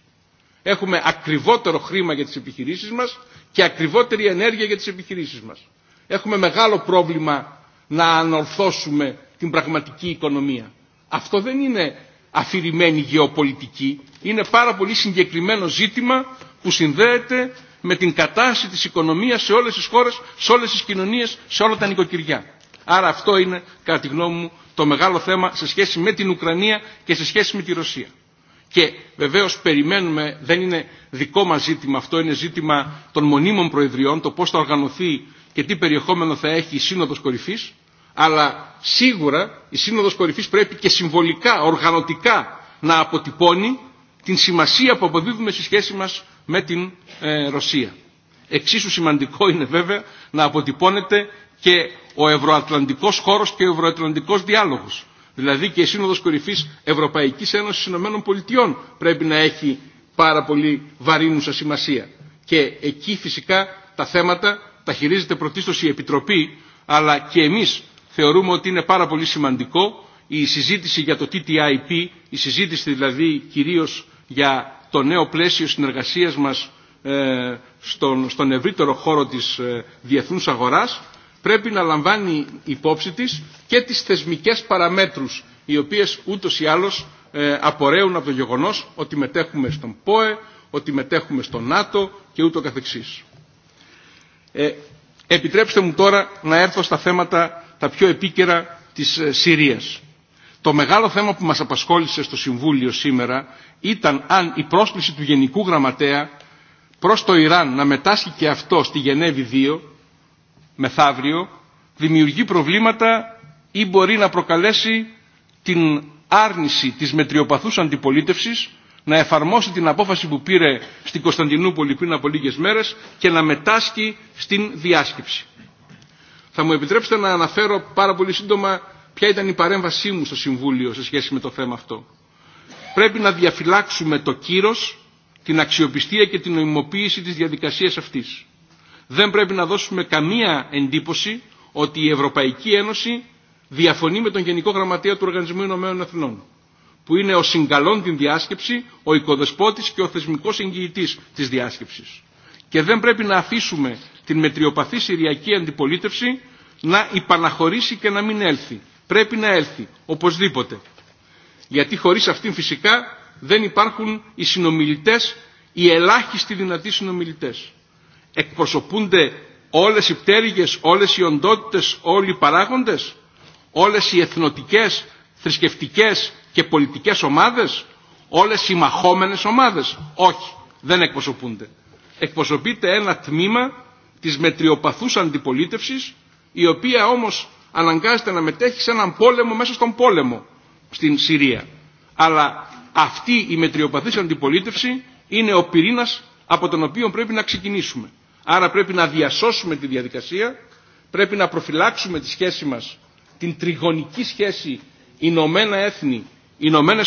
Έχουμε ακριβότερο χρήμα για τις επιχειρήσεις μας και ακριβότερη ενέργεια για τις επιχειρήσεις μας. Έχουμε μεγάλο πρόβλημα να ανορθώσουμε την πραγματική οικονομία. Αυτό δεν είναι αφηρημένη γεωπολιτική. Είναι πάρα πολύ συγκεκριμένο ζήτημα που συνδέεται με την κατάσταση της οικονομίας σε όλες τις χώρες, σε όλες τις κοινωνίες, σε όλα τα νοικοκυριά. Άρα αυτό είναι, κατά τη γνώμη μου, το μεγάλο θέμα σε σχέση με την Ουκρανία και σε σχέση με τη Ρωσία. Και βεβαίως περιμένουμε, δεν είναι δικό μας ζήτημα αυτό, είναι ζήτημα των μονίμων προεδριών, το πώς θα οργανωθεί και τι περιεχόμενο θα έχει η Σύνοδος Κορυφής, Αλλά σίγουρα η Σύνοδος Κορυφής πρέπει και συμβολικά, οργανωτικά να αποτυπώνει την σημασία που αποδίδουμε στη σχέση μα με την ε, Ρωσία. Εξίσου σημαντικό είναι βέβαια να αποτυπώνεται και ο ευρωατλαντικός χώρος και ο ευρωατλαντικός διάλογος. Δηλαδή και η Σύνοδος Κορυφής Ευρωπαϊκής Ένωσης Ηνωμένων Πολιτειών πρέπει να έχει πάρα πολύ βαρύνουσα σημασία. Και εκεί φυσικά τα θέματα τα χειρίζεται πρωτίστως η Επιτροπή, αλλά και εμείς θεωρούμε ότι είναι πάρα πολύ σημαντικό η συζήτηση για το TTIP, η συζήτηση δηλαδή κυρίως για το νέο πλαίσιο συνεργασίας μας ε, στον, στον ευρύτερο χώρο της ε, διεθνούς αγοράς πρέπει να λαμβάνει υπόψη της και τις θεσμικές παραμέτρους οι οποίες ούτως ή άλλως ε, απορρέουν από το γεγονός ότι μετέχουμε στον ΠΟΕ, ότι μετέχουμε στον ΝΑΤΟ και ούτω καθεξής. επιτρέψτε μου τώρα να έρθω στα θέματα τα πιο επίκαιρα της Συρίας. Το μεγάλο θέμα που μας απασχόλησε στο Συμβούλιο σήμερα ήταν αν η πρόσκληση του Γενικού Γραμματέα προς το Ιράν να μετάσχει και αυτό στη Γενέβη 2 μεθαύριο δημιουργεί προβλήματα ή μπορεί να προκαλέσει την άρνηση της μετριοπαθούς αντιπολίτευσης να εφαρμόσει την απόφαση που πήρε στην Κωνσταντινούπολη πριν από λίγες μέρες και να μετάσχει στην διάσκεψη. Θα μου επιτρέψετε να αναφέρω πάρα πολύ σύντομα ποια ήταν η παρέμβασή μου στο Συμβούλιο σε σχέση με το θέμα αυτό. Πρέπει να διαφυλάξουμε το κύρος, την αξιοπιστία και την νομιμοποίηση της διαδικασίας αυτής. Δεν πρέπει να δώσουμε καμία εντύπωση ότι η Ευρωπαϊκή Ένωση διαφωνεί με τον Γενικό Γραμματέα του Οργανισμού Ηνωμένων Εθνών, που είναι ο συγκαλών την διάσκεψη, ο οικοδεσπότης και ο θεσμικός εγγυητής της διάσκεψης. Και δεν πρέπει να αφήσουμε την μετριοπαθή Συριακή Αντιπολίτευση να υπαναχωρήσει και να μην έλθει πρέπει να έλθει, οπωσδήποτε. Γιατί χωρίς αυτήν φυσικά δεν υπάρχουν οι συνομιλητές, οι ελάχιστοι δυνατοί συνομιλητές. Εκπροσωπούνται όλες οι πτέρυγες, όλες οι οντότητες, όλοι οι παράγοντες, όλες οι εθνοτικές, θρησκευτικές και πολιτικές ομάδες, όλες οι μαχόμενες ομάδες. Όχι, δεν εκπροσωπούνται. Εκπροσωπείται ένα τμήμα της μετριοπαθούς αντιπολίτευσης, η οποία όμως αναγκάζεται να μετέχει σε έναν πόλεμο μέσα στον πόλεμο στην Συρία. Αλλά αυτή η μετριοπαθή αντιπολίτευση είναι ο πυρήνας από τον οποίο πρέπει να ξεκινήσουμε. Άρα πρέπει να διασώσουμε τη διαδικασία, πρέπει να προφυλάξουμε τη σχέση μας, την τριγωνική σχέση Ηνωμένα Έθνη, Ηνωμένε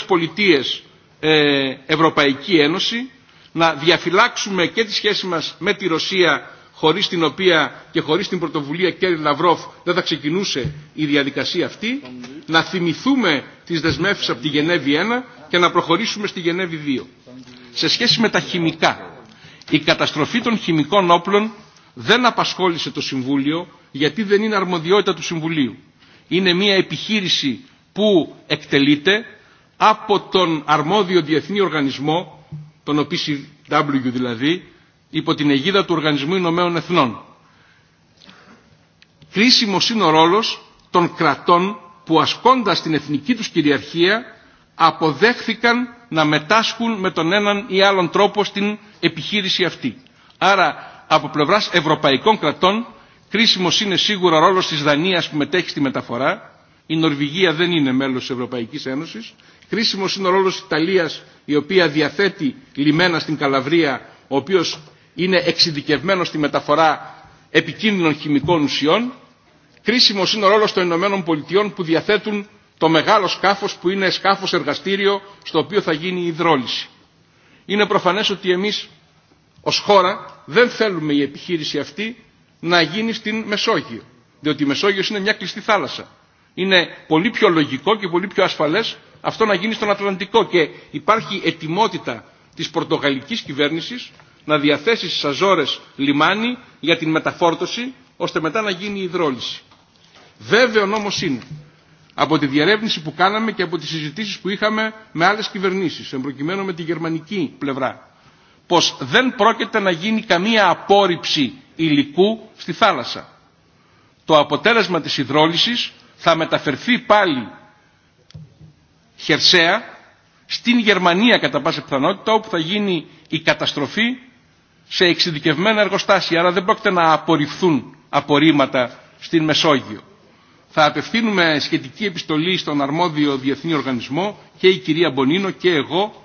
ε, Ευρωπαϊκή Ένωση, να διαφυλάξουμε και τη σχέση μας με τη Ρωσία χωρίς την οποία και χωρίς την πρωτοβουλία Κέρι Λαυρόφ δεν θα ξεκινούσε η διαδικασία αυτή, να θυμηθούμε τις δεσμεύσει από τη Γενέβη 1 και να προχωρήσουμε στη Γενέβη 2. Σε σχέση με τα χημικά, η καταστροφή των χημικών όπλων δεν απασχόλησε το Συμβούλιο γιατί δεν είναι αρμοδιότητα του Συμβουλίου. Είναι μια επιχείρηση που εκτελείται από τον αρμόδιο διεθνή οργανισμό, τον OPCW δηλαδή, υπό την αιγίδα του Οργανισμού Ηνωμένων Εθνών. Κρίσιμος είναι ο ρόλος των κρατών που ασκώντας την εθνική τους κυριαρχία αποδέχθηκαν να μετάσχουν με τον έναν ή άλλον τρόπο στην επιχείρηση αυτή. Άρα από πλευράς ευρωπαϊκών κρατών κρίσιμος είναι σίγουρα ο ρόλος της Δανίας που μετέχει στη μεταφορά. Η Νορβηγία δεν είναι μέλος της Ευρωπαϊκής Ένωσης. Κρίσιμος είναι ο ρόλος της Ιταλίας η οποία διαθέτει λιμένα στην Καλαβρία ο οποίος είναι εξειδικευμένο στη μεταφορά επικίνδυνων χημικών ουσιών. Κρίσιμο είναι ο ρόλος των Ηνωμένων Πολιτειών που διαθέτουν το μεγάλο σκάφος που είναι σκάφος εργαστήριο στο οποίο θα γίνει η υδρόληση. Είναι προφανές ότι εμείς ως χώρα δεν θέλουμε η επιχείρηση αυτή να γίνει στην Μεσόγειο. Διότι η Μεσόγειος είναι μια κλειστή θάλασσα. Είναι πολύ πιο λογικό και πολύ πιο ασφαλές αυτό να γίνει στον Ατλαντικό και υπάρχει ετοιμότητα της πορτογαλικής κυβέρνησης να διαθέσει στι Αζόρες λιμάνι για την μεταφόρτωση, ώστε μετά να γίνει η υδρόληση. Βέβαιο όμω είναι, από τη διερεύνηση που κάναμε και από τις συζητήσεις που είχαμε με άλλες κυβερνήσεις, εμπροκειμένου με τη γερμανική πλευρά, πως δεν πρόκειται να γίνει καμία απόρριψη υλικού στη θάλασσα. Το αποτέλεσμα τη υδρόληση θα μεταφερθεί πάλι χερσαία στην Γερμανία κατά πάσα πιθανότητα όπου θα γίνει η καταστροφή σε εξειδικευμένα εργοστάσια, άρα δεν πρόκειται να απορριφθούν απορρίμματα στην Μεσόγειο. Θα απευθύνουμε σχετική επιστολή στον αρμόδιο διεθνή οργανισμό και η κυρία Μπονίνο και εγώ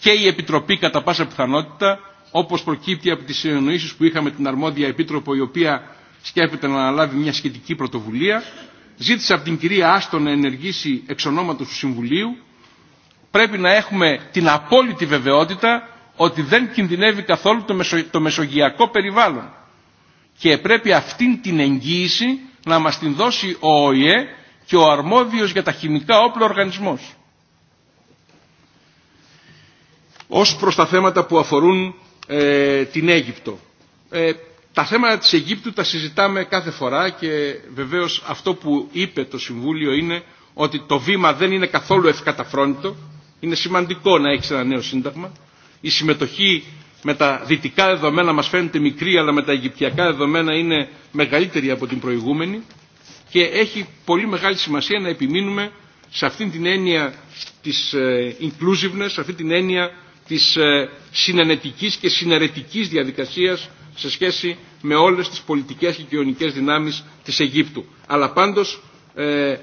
και η Επιτροπή κατά πάσα πιθανότητα όπως προκύπτει από τις συνεννοήσεις που είχαμε την αρμόδια Επίτροπο η οποία σκέφτεται να αναλάβει μια σχετική πρωτοβουλία ζήτησε από την κυρία Άστον να ενεργήσει εξ ονόματος του Συμβουλίου πρέπει να έχουμε την απόλυτη βεβαιότητα ότι δεν κινδυνεύει καθόλου το, μεσογειακό περιβάλλον. Και πρέπει αυτήν την εγγύηση να μας την δώσει ο ΟΗΕ και ο αρμόδιος για τα χημικά όπλα οργανισμός. Ως προς τα θέματα που αφορούν ε, την Αίγυπτο. Ε, τα θέματα της Αιγύπτου τα συζητάμε κάθε φορά και βεβαίως αυτό που είπε το Συμβούλιο είναι ότι το βήμα δεν είναι καθόλου ευκαταφρόνητο. Είναι σημαντικό να έχει ένα νέο σύνταγμα η συμμετοχή με τα δυτικά δεδομένα μας φαίνεται μικρή αλλά με τα αιγυπτιακά δεδομένα είναι μεγαλύτερη από την προηγούμενη και έχει πολύ μεγάλη σημασία να επιμείνουμε σε αυτήν την έννοια της ε, inclusiveness, σε αυτή την έννοια της ε, συνενετικής και συνερετικής διαδικασίας σε σχέση με όλες τις πολιτικές και κοινωνικές δυνάμεις της Αιγύπτου. Αλλά πάντως ε,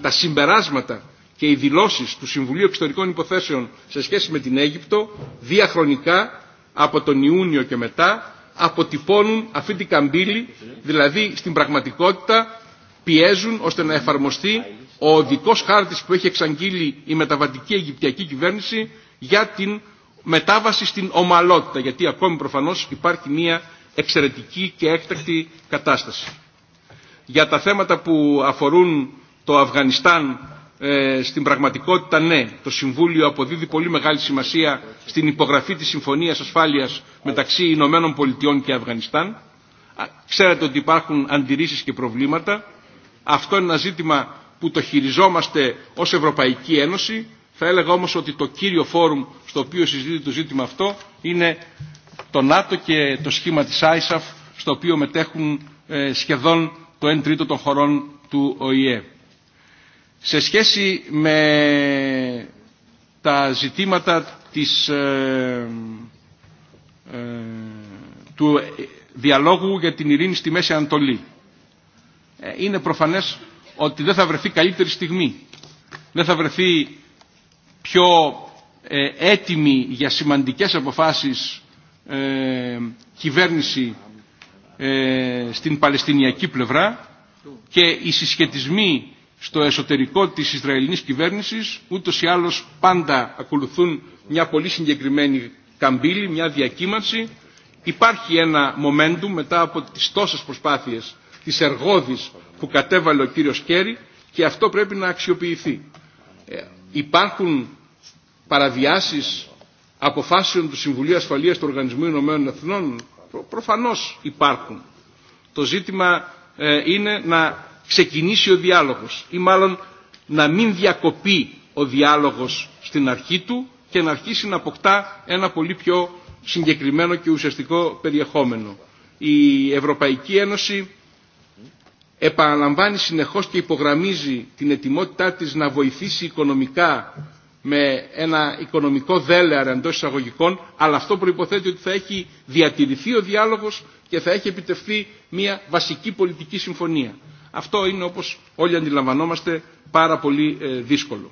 τα συμπεράσματα και οι δηλώσεις του Συμβουλίου Εξωτερικών Υποθέσεων σε σχέση με την Αίγυπτο διαχρονικά από τον Ιούνιο και μετά αποτυπώνουν αυτή την καμπύλη, δηλαδή στην πραγματικότητα πιέζουν ώστε να εφαρμοστεί ο οδικός χάρτης που έχει εξαγγείλει η μεταβατική Αιγυπτιακή κυβέρνηση για την μετάβαση στην ομαλότητα, γιατί ακόμη προφανώς υπάρχει μια εξαιρετική και έκτακτη κατάσταση. Για τα θέματα που αφορούν το Αφγανιστάν ε, στην πραγματικότητα ναι, το Συμβούλιο αποδίδει πολύ μεγάλη σημασία στην υπογραφή της Συμφωνίας Ασφάλειας μεταξύ Ηνωμένων Πολιτειών και Αφγανιστάν. Ξέρετε ότι υπάρχουν αντιρρήσεις και προβλήματα. Αυτό είναι ένα ζήτημα που το χειριζόμαστε ως Ευρωπαϊκή Ένωση. Θα έλεγα όμως ότι το κύριο φόρουμ στο οποίο συζητείται το ζήτημα αυτό είναι το ΝΑΤΟ και το σχήμα της ISAF στο οποίο μετέχουν ε, σχεδόν το 1 τρίτο των χωρών του ΟΗΕ. Σε σχέση με τα ζητήματα της, ε, ε, του διαλόγου για την ειρήνη στη Μέση Ανατολή. Ε, είναι προφανές ότι δεν θα βρεθεί καλύτερη στιγμή. Δεν θα βρεθεί πιο έτοιμη για σημαντικές αποφάσεις κυβέρνηση στην Παλαιστινιακή πλευρά και οι συσχετισμοί στο εσωτερικό της Ισραηλινής κυβέρνησης ούτως ή άλλως πάντα ακολουθούν μια πολύ συγκεκριμένη καμπύλη, μια διακύμανση. Υπάρχει ένα momentum μετά από τις τόσες προσπάθειες της εργόδης που κατέβαλε ο κύριος Κέρι και αυτό πρέπει να αξιοποιηθεί. Ε, υπάρχουν παραβιάσεις αποφάσεων του Συμβουλίου Ασφαλείας του Οργανισμού Ηνωμένων Εθνών. Προφανώς υπάρχουν. Το ζήτημα ε, είναι να ξεκινήσει ο διάλογος ή μάλλον να μην διακοπεί ο διάλογος στην αρχή του και να αρχίσει να αποκτά ένα πολύ πιο συγκεκριμένο και ουσιαστικό περιεχόμενο. Η Ευρωπαϊκή Ένωση επαναλαμβάνει συνεχώς και υπογραμμίζει την ετοιμότητά της να βοηθήσει οικονομικά με ένα οικονομικό δέλεαρ εντό εισαγωγικών, αλλά αυτό προϋποθέτει ότι θα έχει διατηρηθεί ο διάλογος και θα έχει επιτευχθεί μια βασική πολιτική συμφωνία. Αυτό είναι όπως όλοι αντιλαμβανόμαστε πάρα πολύ ε, δύσκολο.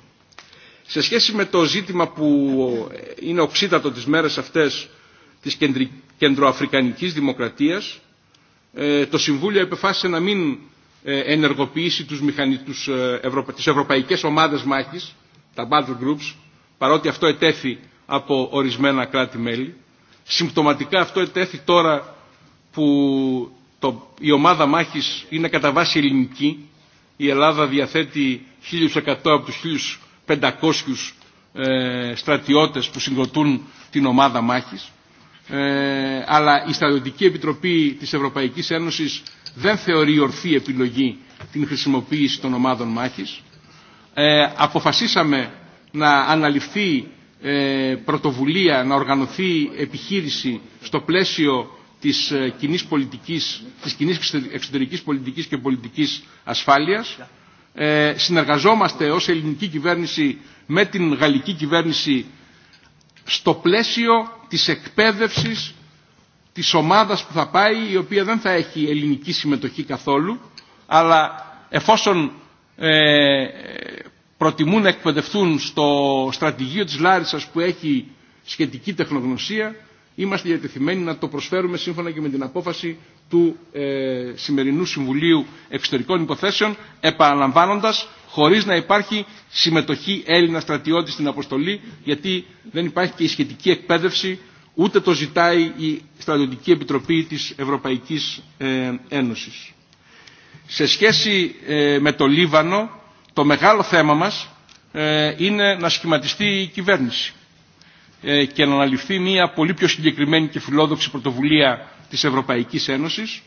Σε σχέση με το ζήτημα που ε, είναι οξύτατο τις μέρες αυτές της κεντροαφρικανικής δημοκρατίας, ε, το Συμβούλιο επεφάσισε να μην ενεργοποιήσει τους μηχανι... τους... τις ευρωπαϊκές ομάδες μάχης, τα battle groups, παρότι αυτό ετέθη από ορισμένα κράτη-μέλη. Συμπτωματικά αυτό ετέθη τώρα που το, η ομάδα μάχης είναι κατά βάση ελληνική. Η Ελλάδα διαθέτει 1.100 από τους 1.500 ε, στρατιώτες που συγκροτούν την ομάδα μάχης. Ε, αλλά η Στρατιωτική Επιτροπή της Ευρωπαϊκής Ένωσης δεν θεωρεί ορθή επιλογή την χρησιμοποίηση των ομάδων μάχης. Ε, αποφασίσαμε να αναλυφθεί ε, πρωτοβουλία να οργανωθεί επιχείρηση στο πλαίσιο της ε, κοινής, πολιτικής, της κοινής εξωτερικής πολιτικής και πολιτικής ασφάλειας. Ε, συνεργαζόμαστε ως ελληνική κυβέρνηση με την γαλλική κυβέρνηση στο πλαίσιο της εκπαίδευσης της ομάδας που θα πάει, η οποία δεν θα έχει ελληνική συμμετοχή καθόλου, αλλά εφόσον ε, προτιμούν να εκπαιδευτούν στο στρατηγείο της Λάρισας που έχει σχετική τεχνογνωσία, είμαστε διατεθειμένοι να το προσφέρουμε σύμφωνα και με την απόφαση του ε, σημερινού Συμβουλίου Εξωτερικών Υποθέσεων, επαναλαμβάνοντας χωρίς να υπάρχει συμμετοχή Έλληνα στρατιώτη στην αποστολή, γιατί δεν υπάρχει και η σχετική εκπαίδευση, ούτε το ζητάει η Στρατιωτική Επιτροπή της Ευρωπαϊκής ε, Ένωσης. Σε σχέση ε, με το Λίβανο, το μεγάλο θέμα μας ε, είναι να σχηματιστεί η κυβέρνηση. Ε, και να αναλυφθεί μια πολύ πιο συγκεκριμένη και φιλόδοξη πρωτοβουλία της Ευρωπαϊκής Ένωσης.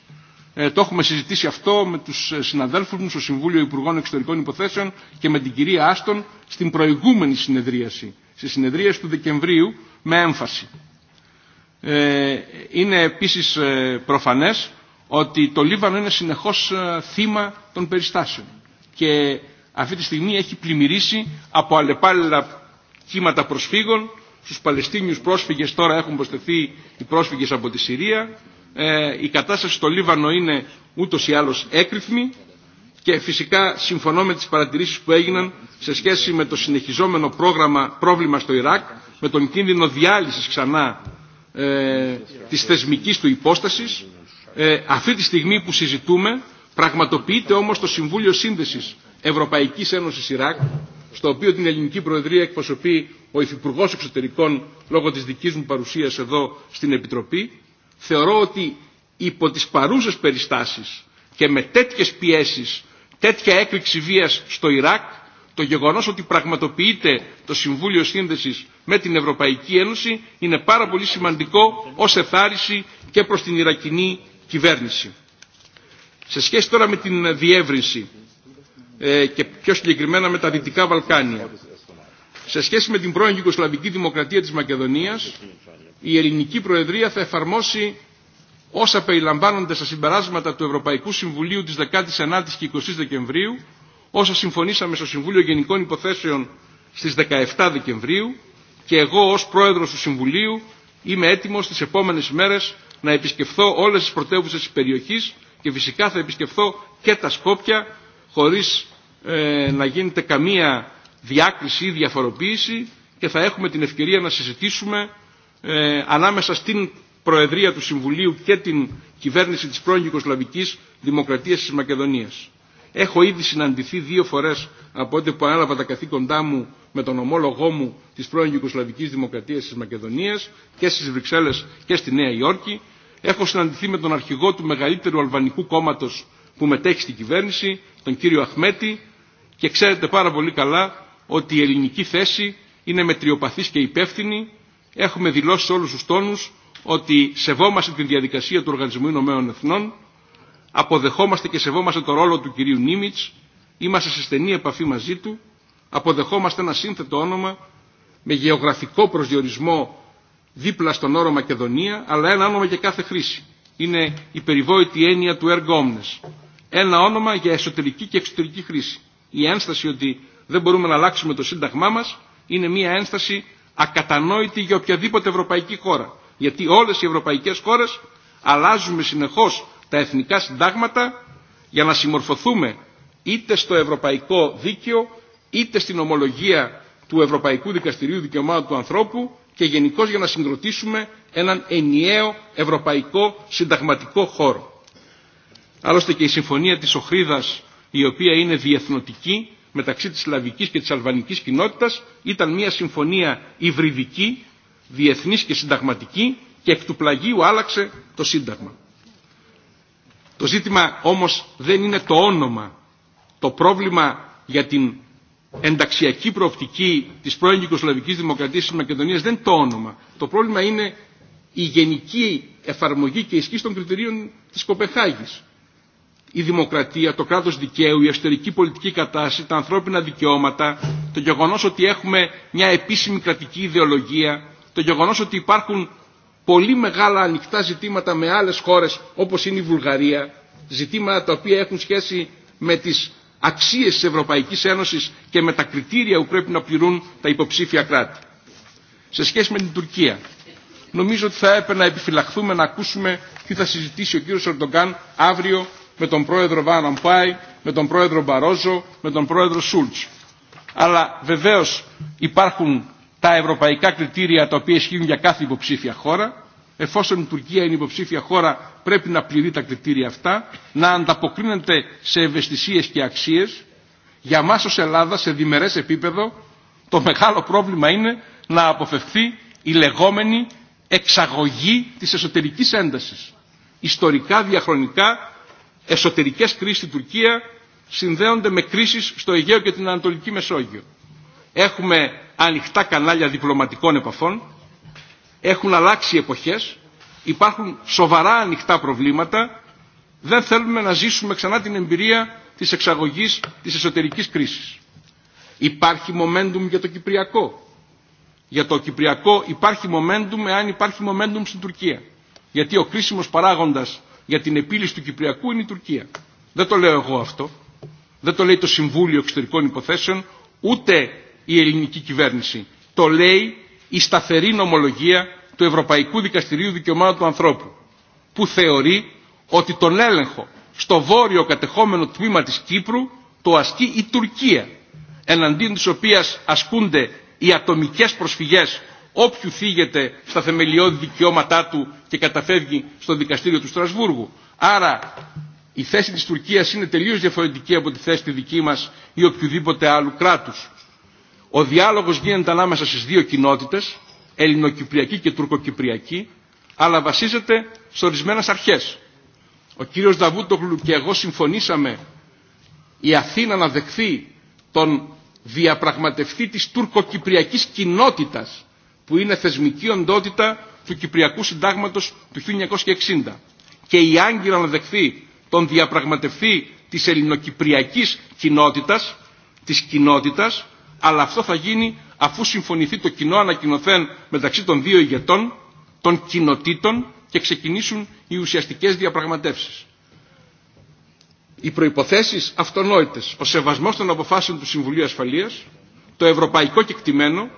Ε, το έχουμε συζητήσει αυτό με τους ε, συναδέλφους μου στο Συμβούλιο Υπουργών Εξωτερικών Υποθέσεων και με την κυρία Άστον στην προηγούμενη συνεδρίαση, στη συνεδρίαση του Δεκεμβρίου με έμφαση. Είναι επίσης προφανές ότι το Λίβανο είναι συνεχώς θύμα των περιστάσεων και αυτή τη στιγμή έχει πλημμυρίσει από αλλεπάλληλα κύματα προσφύγων στους Παλαιστίνιους πρόσφυγες τώρα έχουν προσθεθεί οι πρόσφυγες από τη Συρία. Ε, η κατάσταση στο Λίβανο είναι ούτως ή άλλως έκρηθμη και φυσικά συμφωνώ με τις παρατηρήσεις που έγιναν σε σχέση με το συνεχιζόμενο πρόγραμμα, πρόβλημα στο Ιράκ, με τον κίνδυνο διάλυσης ξανά ε, της θεσμικής του υπόστασης. Ε, αυτή τη στιγμή που συζητούμε πραγματοποιείται όμως το Συμβούλιο Σύνδεσης Ευρωπαϊκής Ένωσης Ιράκ στο οποίο την ελληνική προεδρία εκπροσωπεί ο Υφυπουργό Εξωτερικών λόγω της δικής μου παρουσίας εδώ στην Επιτροπή, θεωρώ ότι υπό τις παρούσες περιστάσεις και με τέτοιες πιέσεις, τέτοια έκρηξη βίας στο Ιράκ, το γεγονός ότι πραγματοποιείται το Συμβούλιο Σύνδεσης με την Ευρωπαϊκή Ένωση είναι πάρα πολύ σημαντικό ως εθάριση και προς την Ιρακινή κυβέρνηση. Σε σχέση τώρα με την διεύρυνση, ε, και πιο συγκεκριμένα με τα Δυτικά Βαλκάνια. Σε σχέση με την πρώην Γιουγκοσλαβική Δημοκρατία της Μακεδονίας, η ελληνική Προεδρία θα εφαρμόσει όσα περιλαμβάνονται στα συμπεράσματα του Ευρωπαϊκού Συμβουλίου της 19ης και 20ης Δεκεμβρίου, όσα συμφωνήσαμε στο Συμβούλιο Γενικών Υποθέσεων στις 17 Δεκεμβρίου και εγώ ως Πρόεδρος του Συμβουλίου είμαι έτοιμος τις επόμενες μέρες να επισκεφθώ όλες τις πρωτεύουσες της περιοχής και φυσικά θα επισκεφθώ και τα Σκόπια χωρίς ε, να γίνεται καμία διάκριση ή διαφοροποίηση και θα έχουμε την ευκαιρία να συζητήσουμε ε, ανάμεσα στην Προεδρία του Συμβουλίου και την κυβέρνηση της πρώην Ιουκοσλαβικής Δημοκρατίας της Μακεδονίας. Έχω ήδη συναντηθεί δύο φορές από ό,τι που ανάλαβα τα καθήκοντά μου με τον ομόλογό μου της πρώην Ιουκοσλαβικής Δημοκρατίας της Μακεδονίας και στις Βρυξέλλες και στη Νέα Υόρκη. Έχω συναντηθεί με τον αρχηγό του μεγαλύτερου αλβανικού κόμματος που μετέχει στην κυβέρνηση, τον κύριο Αχμέτη, και ξέρετε πάρα πολύ καλά ότι η ελληνική θέση είναι μετριοπαθής και υπεύθυνη. Έχουμε δηλώσει σε όλους τους τόνους ότι σεβόμαστε την διαδικασία του Οργανισμού Ηνωμένων Εθνών, αποδεχόμαστε και σεβόμαστε το ρόλο του κυρίου Νίμιτς, είμαστε σε στενή επαφή μαζί του, αποδεχόμαστε ένα σύνθετο όνομα με γεωγραφικό προσδιορισμό δίπλα στον όρο Μακεδονία, αλλά ένα όνομα για κάθε χρήση. Είναι η περιβόητη έννοια του έργο Ένα όνομα για εσωτερική και εξωτερική χρήση η ένσταση ότι δεν μπορούμε να αλλάξουμε το σύνταγμά μας είναι μια ένσταση ακατανόητη για οποιαδήποτε ευρωπαϊκή χώρα. Γιατί όλες οι ευρωπαϊκές χώρες αλλάζουμε συνεχώς τα εθνικά συντάγματα για να συμμορφωθούμε είτε στο ευρωπαϊκό δίκαιο είτε στην ομολογία του Ευρωπαϊκού Δικαστηρίου Δικαιωμάτων του Ανθρώπου και γενικώ για να συγκροτήσουμε έναν ενιαίο ευρωπαϊκό συνταγματικό χώρο. Άλλωστε και η συμφωνία της Οχρίδας η οποία είναι διεθνωτική μεταξύ της σλαβικής και της αλβανικής κοινότητας ήταν μια συμφωνία υβριδική, διεθνής και συνταγματική και εκ του πλαγίου άλλαξε το Σύνταγμα. Το ζήτημα όμως δεν είναι το όνομα. Το πρόβλημα για την ενταξιακή προοπτική της πρώην Ιουγκοσλαβικής Δημοκρατίας της Μακεδονίας δεν είναι το όνομα. Το πρόβλημα είναι η γενική εφαρμογή και ισχύ των κριτηρίων της Κοπεχάγης η δημοκρατία, το κράτος δικαίου, η εσωτερική πολιτική κατάσταση, τα ανθρώπινα δικαιώματα, το γεγονός ότι έχουμε μια επίσημη κρατική ιδεολογία, το γεγονός ότι υπάρχουν πολύ μεγάλα ανοιχτά ζητήματα με άλλες χώρες όπως είναι η Βουλγαρία, ζητήματα τα οποία έχουν σχέση με τις αξίες της Ευρωπαϊκής Ένωσης και με τα κριτήρια που πρέπει να πληρούν τα υποψήφια κράτη. Σε σχέση με την Τουρκία, νομίζω ότι θα έπρεπε να επιφυλαχθούμε να ακούσουμε τι θα συζητήσει ο κύριος Ερντογκάν αύριο με τον πρόεδρο Βαν Ρομπάι, με τον πρόεδρο Μπαρόζο, με τον πρόεδρο Σούλτ. Αλλά βεβαίω υπάρχουν τα ευρωπαϊκά κριτήρια τα οποία ισχύουν για κάθε υποψήφια χώρα. Εφόσον η Τουρκία είναι υποψήφια χώρα, πρέπει να πληρεί τα κριτήρια αυτά, να ανταποκρίνεται σε ευαισθησίε και αξίε. Για εμά ω Ελλάδα, σε διμερές επίπεδο, το μεγάλο πρόβλημα είναι να αποφευθεί η λεγόμενη εξαγωγή της εσωτερικής έντασης. Ιστορικά, διαχρονικά, εσωτερικές κρίσεις στην Τουρκία συνδέονται με κρίσεις στο Αιγαίο και την Ανατολική Μεσόγειο. Έχουμε ανοιχτά κανάλια διπλωματικών επαφών, έχουν αλλάξει εποχές, υπάρχουν σοβαρά ανοιχτά προβλήματα, δεν θέλουμε να ζήσουμε ξανά την εμπειρία της εξαγωγής της εσωτερικής κρίσης. Υπάρχει momentum για το Κυπριακό. Για το Κυπριακό υπάρχει momentum εάν υπάρχει momentum στην Τουρκία. Γιατί ο κρίσιμος παράγοντας για την επίλυση του Κυπριακού είναι η Τουρκία. Δεν το λέω εγώ αυτό. Δεν το λέει το Συμβούλιο Εξωτερικών Υποθέσεων, ούτε η ελληνική κυβέρνηση. Το λέει η σταθερή νομολογία του Ευρωπαϊκού Δικαστηρίου Δικαιωμάτων του Ανθρώπου, που θεωρεί ότι τον έλεγχο στο βόρειο κατεχόμενο τμήμα της Κύπρου το ασκεί η Τουρκία, εναντίον της οποίας ασκούνται οι ατομικές προσφυγές όποιου θίγεται στα θεμελιώδη δικαιώματά του και καταφεύγει στο δικαστήριο του Στρασβούργου. Άρα η θέση της Τουρκίας είναι τελείως διαφορετική από τη θέση τη δική μας ή οποιοδήποτε άλλου κράτους. Ο διάλογος γίνεται ανάμεσα στις δύο κοινότητες, ελληνοκυπριακή και τουρκοκυπριακή, αλλά βασίζεται σε ορισμένε αρχές. Ο κύριος Δαβούτογλου και εγώ συμφωνήσαμε η Αθήνα να δεχθεί τον διαπραγματευτή της τουρκοκυπριακής κοινότητας που είναι θεσμική οντότητα του Κυπριακού Συντάγματος του 1960 και η άγκυρα να δεχθεί τον διαπραγματευτή της ελληνοκυπριακής κοινότητας, της κοινότητας, αλλά αυτό θα γίνει αφού συμφωνηθεί το κοινό ανακοινωθέν μεταξύ των δύο ηγετών, των κοινοτήτων και ξεκινήσουν οι ουσιαστικές διαπραγματεύσεις. Οι προϋποθέσεις αυτονόητες, ο σεβασμός των αποφάσεων του Συμβουλίου Ασφαλείας, το ευρωπαϊκό κεκτημένο,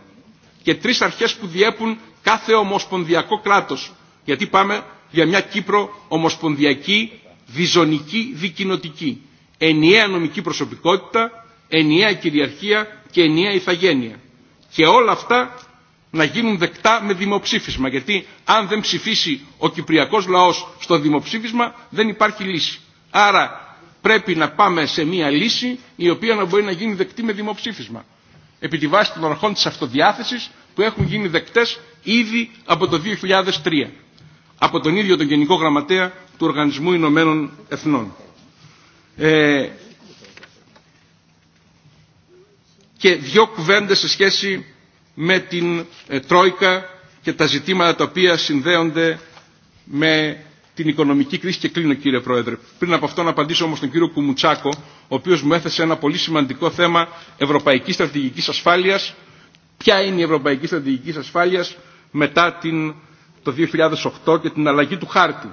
και τρεις αρχές που διέπουν κάθε ομοσπονδιακό κράτος. Γιατί πάμε για μια Κύπρο ομοσπονδιακή, διζωνική, δικοινοτική. Ενιαία νομική προσωπικότητα, ενιαία κυριαρχία και ενιαία ηθαγένεια. Και όλα αυτά να γίνουν δεκτά με δημοψήφισμα. Γιατί αν δεν ψηφίσει ο κυπριακός λαός στο δημοψήφισμα δεν υπάρχει λύση. Άρα πρέπει να πάμε σε μια λύση η οποία να μπορεί να γίνει δεκτή με δημοψήφισμα επί τη βάση των αρχών της αυτοδιάθεσης που έχουν γίνει δεκτές ήδη από το 2003 από τον ίδιο τον Γενικό Γραμματέα του Οργανισμού Ηνωμένων Εθνών. Ε, και δύο κουβέντες σε σχέση με την ε, Τρόικα και τα ζητήματα τα οποία συνδέονται με την οικονομική κρίση και κλείνω κύριε Πρόεδρε. Πριν από αυτό να απαντήσω όμως τον κύριο Κουμουτσάκο ο οποίο μου έθεσε ένα πολύ σημαντικό θέμα ευρωπαϊκής Στρατηγική ασφάλειας. Ποια είναι η ευρωπαϊκή στρατηγική ασφάλειας μετά την, το 2008 και την αλλαγή του χάρτη.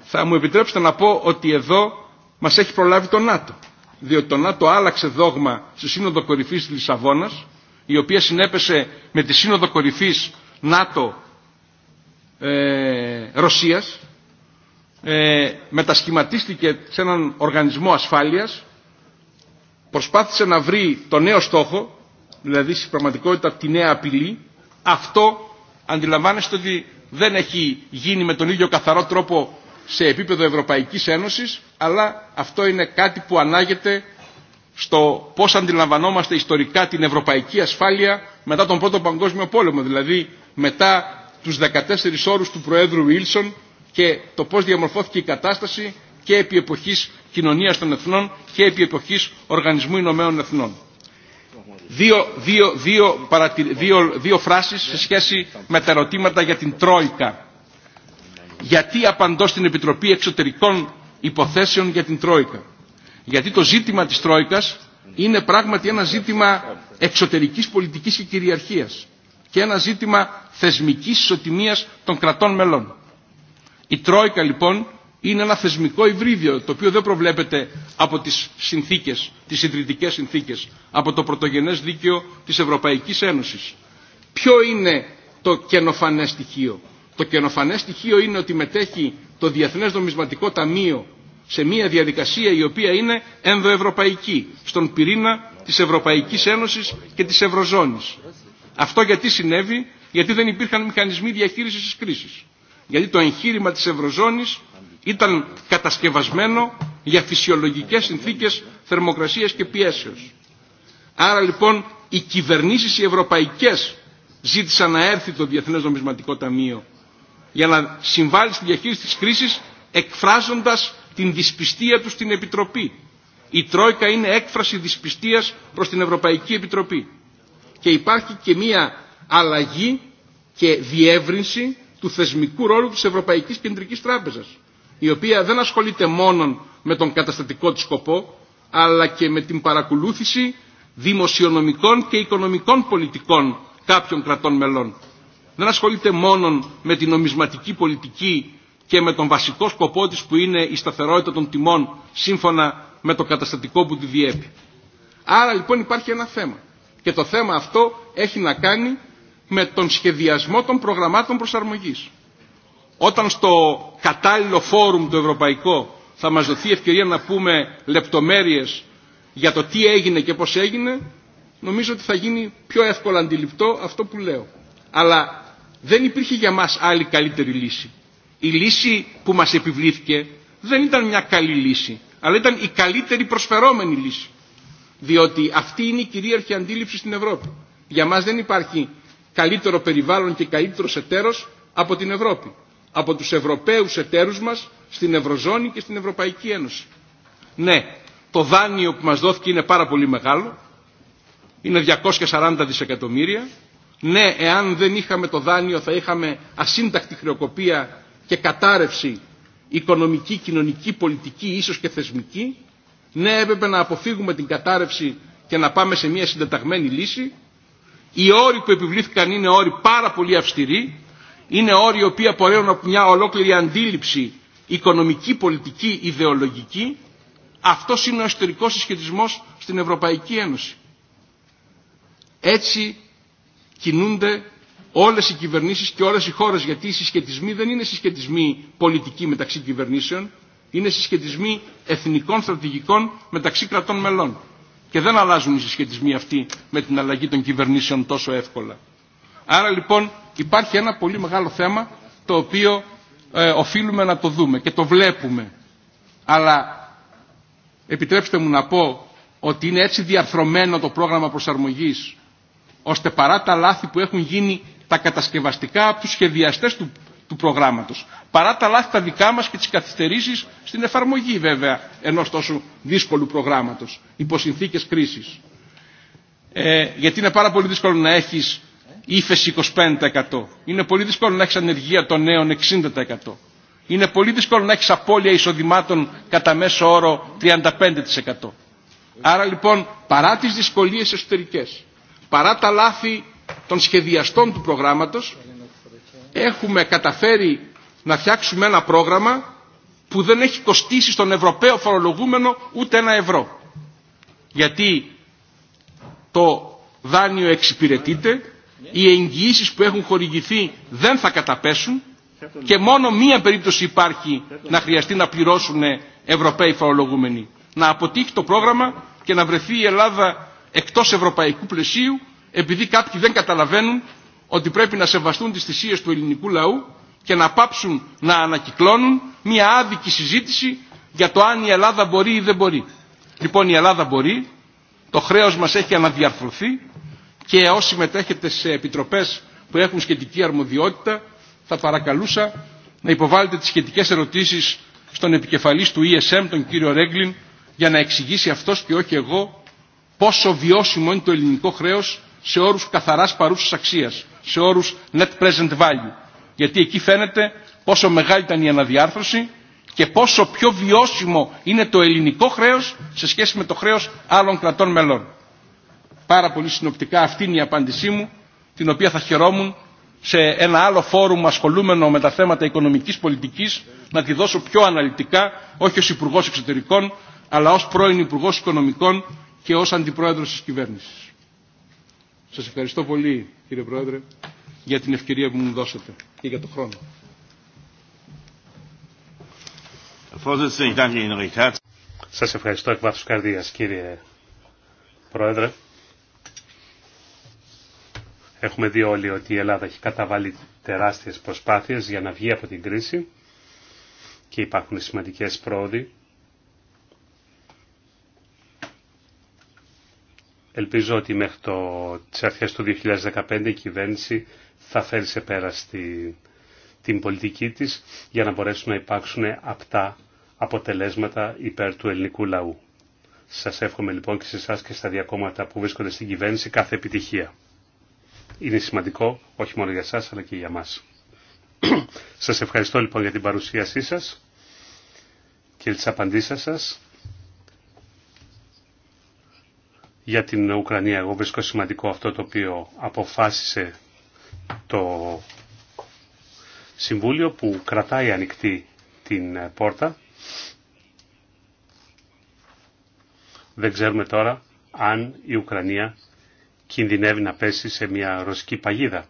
Θα μου επιτρέψετε να πω ότι εδώ μας έχει προλάβει το ΝΑΤΟ. Διότι το ΝΑΤΟ άλλαξε δόγμα στη Σύνοδο Κορυφής τη Λισαβόνας, η οποία συνέπεσε με τη Σύνοδο Κορυφής ΝΑΤΟ ε, Ρωσίας, ε, μετασχηματίστηκε σε έναν οργανισμό ασφάλειας, προσπάθησε να βρει το νέο στόχο, δηλαδή στην πραγματικότητα τη νέα απειλή, αυτό αντιλαμβάνεστε ότι δεν έχει γίνει με τον ίδιο καθαρό τρόπο σε επίπεδο Ευρωπαϊκής Ένωσης, αλλά αυτό είναι κάτι που ανάγεται στο πώς αντιλαμβανόμαστε ιστορικά την ευρωπαϊκή ασφάλεια μετά τον Πρώτο Παγκόσμιο Πόλεμο, δηλαδή μετά τους 14 όρους του Προέδρου Wilson και το πώς διαμορφώθηκε η κατάσταση και επί εποχής κοινωνίας των εθνών και επί εποχής Οργανισμού Ηνωμένων Εθνών. Δύο, δύο, δύο, δύο φράσεις σε σχέση με τα ερωτήματα για την Τρόικα. Γιατί απαντώ στην Επιτροπή Εξωτερικών Υποθέσεων για την Τρόικα. Γιατί το ζήτημα της Τρόικας είναι πράγματι ένα ζήτημα εξωτερικής πολιτικής και κυριαρχίας και ένα ζήτημα θεσμικής ισοτιμίας των κρατών μελών. Η Τρόικα λοιπόν είναι ένα θεσμικό υβρίδιο το οποίο δεν προβλέπεται από τις συνθήκες, τις ιδρυτικές συνθήκες, από το πρωτογενές δίκαιο της Ευρωπαϊκής Ένωσης. Ποιο είναι το κενοφανές στοιχείο. Το κενοφανές στοιχείο είναι ότι μετέχει το Διεθνές Νομισματικό Ταμείο σε μια διαδικασία η οποία είναι ενδοευρωπαϊκή, στον πυρήνα της Ευρωπαϊκής Ένωσης και της Ευρωζώνης. Αυτό γιατί συνέβη, γιατί δεν υπήρχαν μηχανισμοί διαχείρισης της κρίσης γιατί το εγχείρημα της Ευρωζώνης ήταν κατασκευασμένο για φυσιολογικές συνθήκες θερμοκρασίας και πιέσεως. Άρα λοιπόν οι κυβερνήσεις οι ευρωπαϊκές ζήτησαν να έρθει το Διεθνές Νομισματικό Ταμείο για να συμβάλλει στη διαχείριση της κρίσης εκφράζοντας την δυσπιστία του στην Επιτροπή. Η Τρόικα είναι έκφραση δυσπιστίας προς την Ευρωπαϊκή Επιτροπή. Και υπάρχει και μία αλλαγή και διεύρυνση του θεσμικού ρόλου της Ευρωπαϊκής Κεντρικής Τράπεζας, η οποία δεν ασχολείται μόνο με τον καταστατικό της σκοπό, αλλά και με την παρακολούθηση δημοσιονομικών και οικονομικών πολιτικών κάποιων κρατών μελών. Δεν ασχολείται μόνο με την νομισματική πολιτική και με τον βασικό σκοπό της που είναι η σταθερότητα των τιμών σύμφωνα με το καταστατικό που τη διέπει. Άρα λοιπόν υπάρχει ένα θέμα. Και το θέμα αυτό έχει να κάνει με τον σχεδιασμό των προγραμμάτων προσαρμογής. Όταν στο κατάλληλο φόρουμ το ευρωπαϊκό θα μας δοθεί ευκαιρία να πούμε λεπτομέρειες για το τι έγινε και πώς έγινε, νομίζω ότι θα γίνει πιο εύκολα αντιληπτό αυτό που λέω. Αλλά δεν υπήρχε για μας άλλη καλύτερη λύση. Η λύση που μας επιβλήθηκε δεν ήταν μια καλή λύση, αλλά ήταν η καλύτερη προσφερόμενη λύση. Διότι αυτή είναι η κυρίαρχη αντίληψη στην Ευρώπη. Για μας δεν υπάρχει καλύτερο περιβάλλον και καλύτερο εταίρο από την Ευρώπη, από τους Ευρωπαίους εταίρους μας στην Ευρωζώνη και στην Ευρωπαϊκή Ένωση. Ναι, το δάνειο που μας δόθηκε είναι πάρα πολύ μεγάλο, είναι 240 δισεκατομμύρια. Ναι, εάν δεν είχαμε το δάνειο θα είχαμε ασύντακτη χρεοκοπία και κατάρρευση οικονομική, κοινωνική, πολιτική, ίσως και θεσμική. Ναι, έπρεπε να αποφύγουμε την κατάρρευση και να πάμε σε μια συντεταγμένη λύση. Οι όροι που επιβλήθηκαν είναι όροι πάρα πολύ αυστηροί, είναι όροι οι οποίοι απορρέουν από μια ολόκληρη αντίληψη οικονομική, πολιτική, ιδεολογική. αυτό είναι ο εσωτερικό συσχετισμό στην Ευρωπαϊκή Ένωση. Έτσι κινούνται όλε οι κυβερνήσει και όλε οι χώρε, γιατί οι συσχετισμοί δεν είναι συσχετισμοί πολιτικοί μεταξύ κυβερνήσεων, είναι συσχετισμοί εθνικών στρατηγικών μεταξύ κρατών μελών και δεν αλλάζουν οι συσχετισμοί αυτοί με την αλλαγή των κυβερνήσεων τόσο εύκολα. Άρα λοιπόν υπάρχει ένα πολύ μεγάλο θέμα το οποίο ε, οφείλουμε να το δούμε και το βλέπουμε. Αλλά επιτρέψτε μου να πω ότι είναι έτσι διαρθρωμένο το πρόγραμμα προσαρμογής ώστε παρά τα λάθη που έχουν γίνει τα κατασκευαστικά από τους σχεδιαστές του του προγράμματος. Παρά τα λάθη τα δικά μας και τις καθυστερήσεις στην εφαρμογή βέβαια ενός τόσο δύσκολου προγράμματος, υπό κρίσης. Ε, γιατί είναι πάρα πολύ δύσκολο να έχεις ύφεση 25%. Είναι πολύ δύσκολο να έχεις ανεργία των νέων 60%. Είναι πολύ δύσκολο να έχεις απώλεια εισοδημάτων κατά μέσο όρο 35%. Άρα λοιπόν παρά τις δυσκολίες εσωτερικές, παρά τα λάθη των σχεδιαστών του προγράμματος, έχουμε καταφέρει να φτιάξουμε ένα πρόγραμμα που δεν έχει κοστίσει στον Ευρωπαίο φορολογούμενο ούτε ένα ευρώ. Γιατί το δάνειο εξυπηρετείται, οι εγγυήσει που έχουν χορηγηθεί δεν θα καταπέσουν και μόνο μία περίπτωση υπάρχει να χρειαστεί να πληρώσουν Ευρωπαίοι φορολογούμενοι. Να αποτύχει το πρόγραμμα και να βρεθεί η Ελλάδα εκτός ευρωπαϊκού πλαισίου επειδή κάποιοι δεν καταλαβαίνουν ότι πρέπει να σεβαστούν τις θυσίες του ελληνικού λαού και να πάψουν να ανακυκλώνουν μια άδικη συζήτηση για το αν η Ελλάδα μπορεί ή δεν μπορεί. Λοιπόν η Ελλάδα μπορεί, το χρέος μας έχει αναδιαρθρωθεί και όσοι μετέχετε σε επιτροπές που έχουν σχετική αρμοδιότητα θα παρακαλούσα να υποβάλλετε τις σχετικές ερωτήσεις στον επικεφαλής του ESM, τον κύριο Ρέγκλιν, για να εξηγήσει αυτός και όχι εγώ πόσο βιώσιμο είναι το ελληνικό χρέος σε όρους καθαράς παρούσας αξίας σε όρους net present value. Γιατί εκεί φαίνεται πόσο μεγάλη ήταν η αναδιάρθρωση και πόσο πιο βιώσιμο είναι το ελληνικό χρέος σε σχέση με το χρέος άλλων κρατών μελών. Πάρα πολύ συνοπτικά αυτή είναι η απάντησή μου, την οποία θα χαιρόμουν σε ένα άλλο φόρουμ ασχολούμενο με τα θέματα οικονομικής πολιτικής να τη δώσω πιο αναλυτικά, όχι ως Υπουργός Εξωτερικών, αλλά ως πρώην Υπουργός Οικονομικών και ως Αντιπρόεδρος της Κυβέρνησης. Σας ευχαριστώ πολύ κύριε Πρόεδρε για την ευκαιρία που μου δώσατε και για τον χρόνο. Σας ευχαριστώ εκ βάθους καρδίας κύριε Πρόεδρε. Έχουμε δει όλοι ότι η Ελλάδα έχει καταβάλει τεράστιες προσπάθειες για να βγει από την κρίση και υπάρχουν σημαντικές πρόοδοι Ελπίζω ότι μέχρι το, τις αρχές του 2015 η κυβέρνηση θα φέρει σε πέρα στη, την πολιτική της για να μπορέσουν να υπάρξουν απτά αποτελέσματα υπέρ του ελληνικού λαού. Σας εύχομαι λοιπόν και σε εσά και στα διακόμματα που βρίσκονται στην κυβέρνηση κάθε επιτυχία. Είναι σημαντικό όχι μόνο για εσάς αλλά και για μας. σας ευχαριστώ λοιπόν για την παρουσίασή σας και τις απαντήσεις σας. για την Ουκρανία. Εγώ βρίσκω σημαντικό αυτό το οποίο αποφάσισε το Συμβούλιο που κρατάει ανοιχτή την πόρτα. Δεν ξέρουμε τώρα αν η Ουκρανία κινδυνεύει να πέσει σε μια ρωσική παγίδα.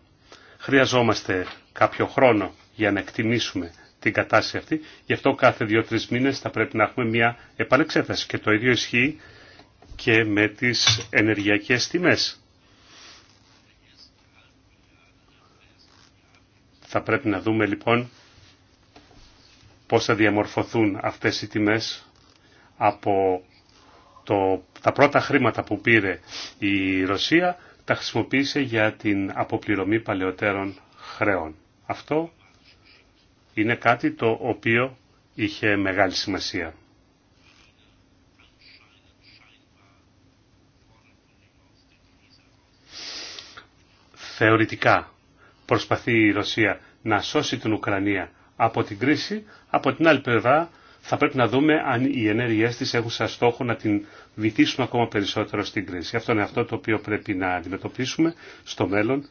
Χρειαζόμαστε κάποιο χρόνο για να εκτιμήσουμε την κατάσταση αυτή. Γι' αυτό κάθε δύο-τρεις μήνες θα πρέπει να έχουμε μια επανεξέταση. Και το ίδιο ισχύει και με τις ενεργειακές τιμές. Θα πρέπει να δούμε λοιπόν πώς θα διαμορφωθούν αυτές οι τιμές από το, τα πρώτα χρήματα που πήρε η Ρωσία τα χρησιμοποίησε για την αποπληρωμή παλαιότερων χρέων. Αυτό είναι κάτι το οποίο είχε μεγάλη σημασία. θεωρητικά προσπαθεί η Ρωσία να σώσει την Ουκρανία από την κρίση, από την άλλη πλευρά θα πρέπει να δούμε αν οι ενέργειές της έχουν σαν στόχο να την βυθίσουν ακόμα περισσότερο στην κρίση. Αυτό είναι αυτό το οποίο πρέπει να αντιμετωπίσουμε στο μέλλον.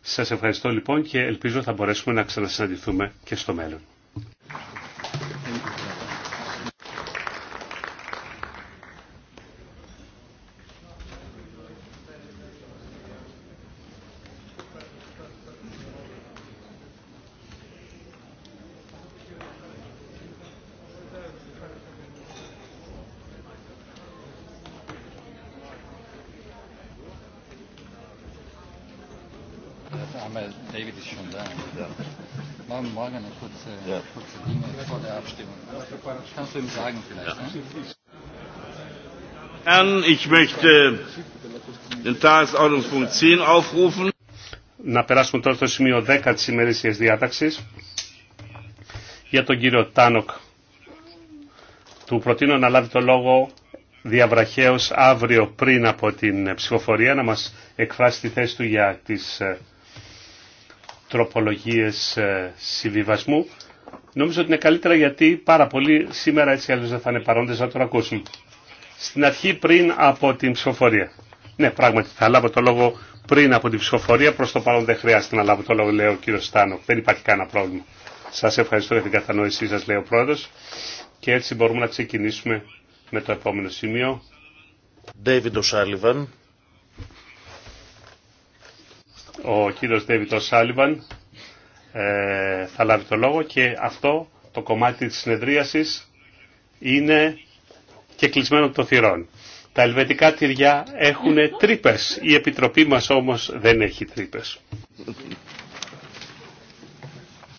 Σας ευχαριστώ λοιπόν και ελπίζω θα μπορέσουμε να ξανασυναντηθούμε και στο μέλλον. Frage, eine kurze, ja. kurze Dinge vor der Abstimmung. Das Kannst du ihm sagen vielleicht? Ja. Ne? Herren, Ich möchte den Tagesordnungspunkt 10 aufrufen. Να περάσουμε τώρα στο σημείο 10 της ημερήσιας διάταξης για τον κύριο Τάνοκ. Του προτείνω να λάβει το λόγο διαβραχαίως αύριο πριν από την ψηφοφορία να μας εκφράσει τη θέση του για τις ε, τροπολογίες ε, συμβιβασμού. Νομίζω ότι είναι καλύτερα γιατί πάρα πολλοί σήμερα έτσι άλλως δεν θα είναι παρόντες να τον ακούσουν. Στην αρχή πριν από την ψηφοφορία. Ναι, πράγματι θα λάβω το λόγο πριν από την ψηφοφορία. Προς το παρόν δεν χρειάζεται να λάβω το λόγο, λέει ο κύριος Στάνο. Δεν υπάρχει κανένα πρόβλημα. Σας ευχαριστώ για την κατανόησή σας, λέει ο πρόεδρος. Και έτσι μπορούμε να ξεκινήσουμε με το επόμενο σημείο. David O'Sullivan ο κύριος Ντέβιτο Σάλιβαν ε, θα λάβει το λόγο και αυτό το κομμάτι της συνεδρίασης είναι και κλεισμένο το θυρών. Τα ελβετικά τυριά έχουν τρύπες. Η Επιτροπή μας όμως δεν έχει τρύπες.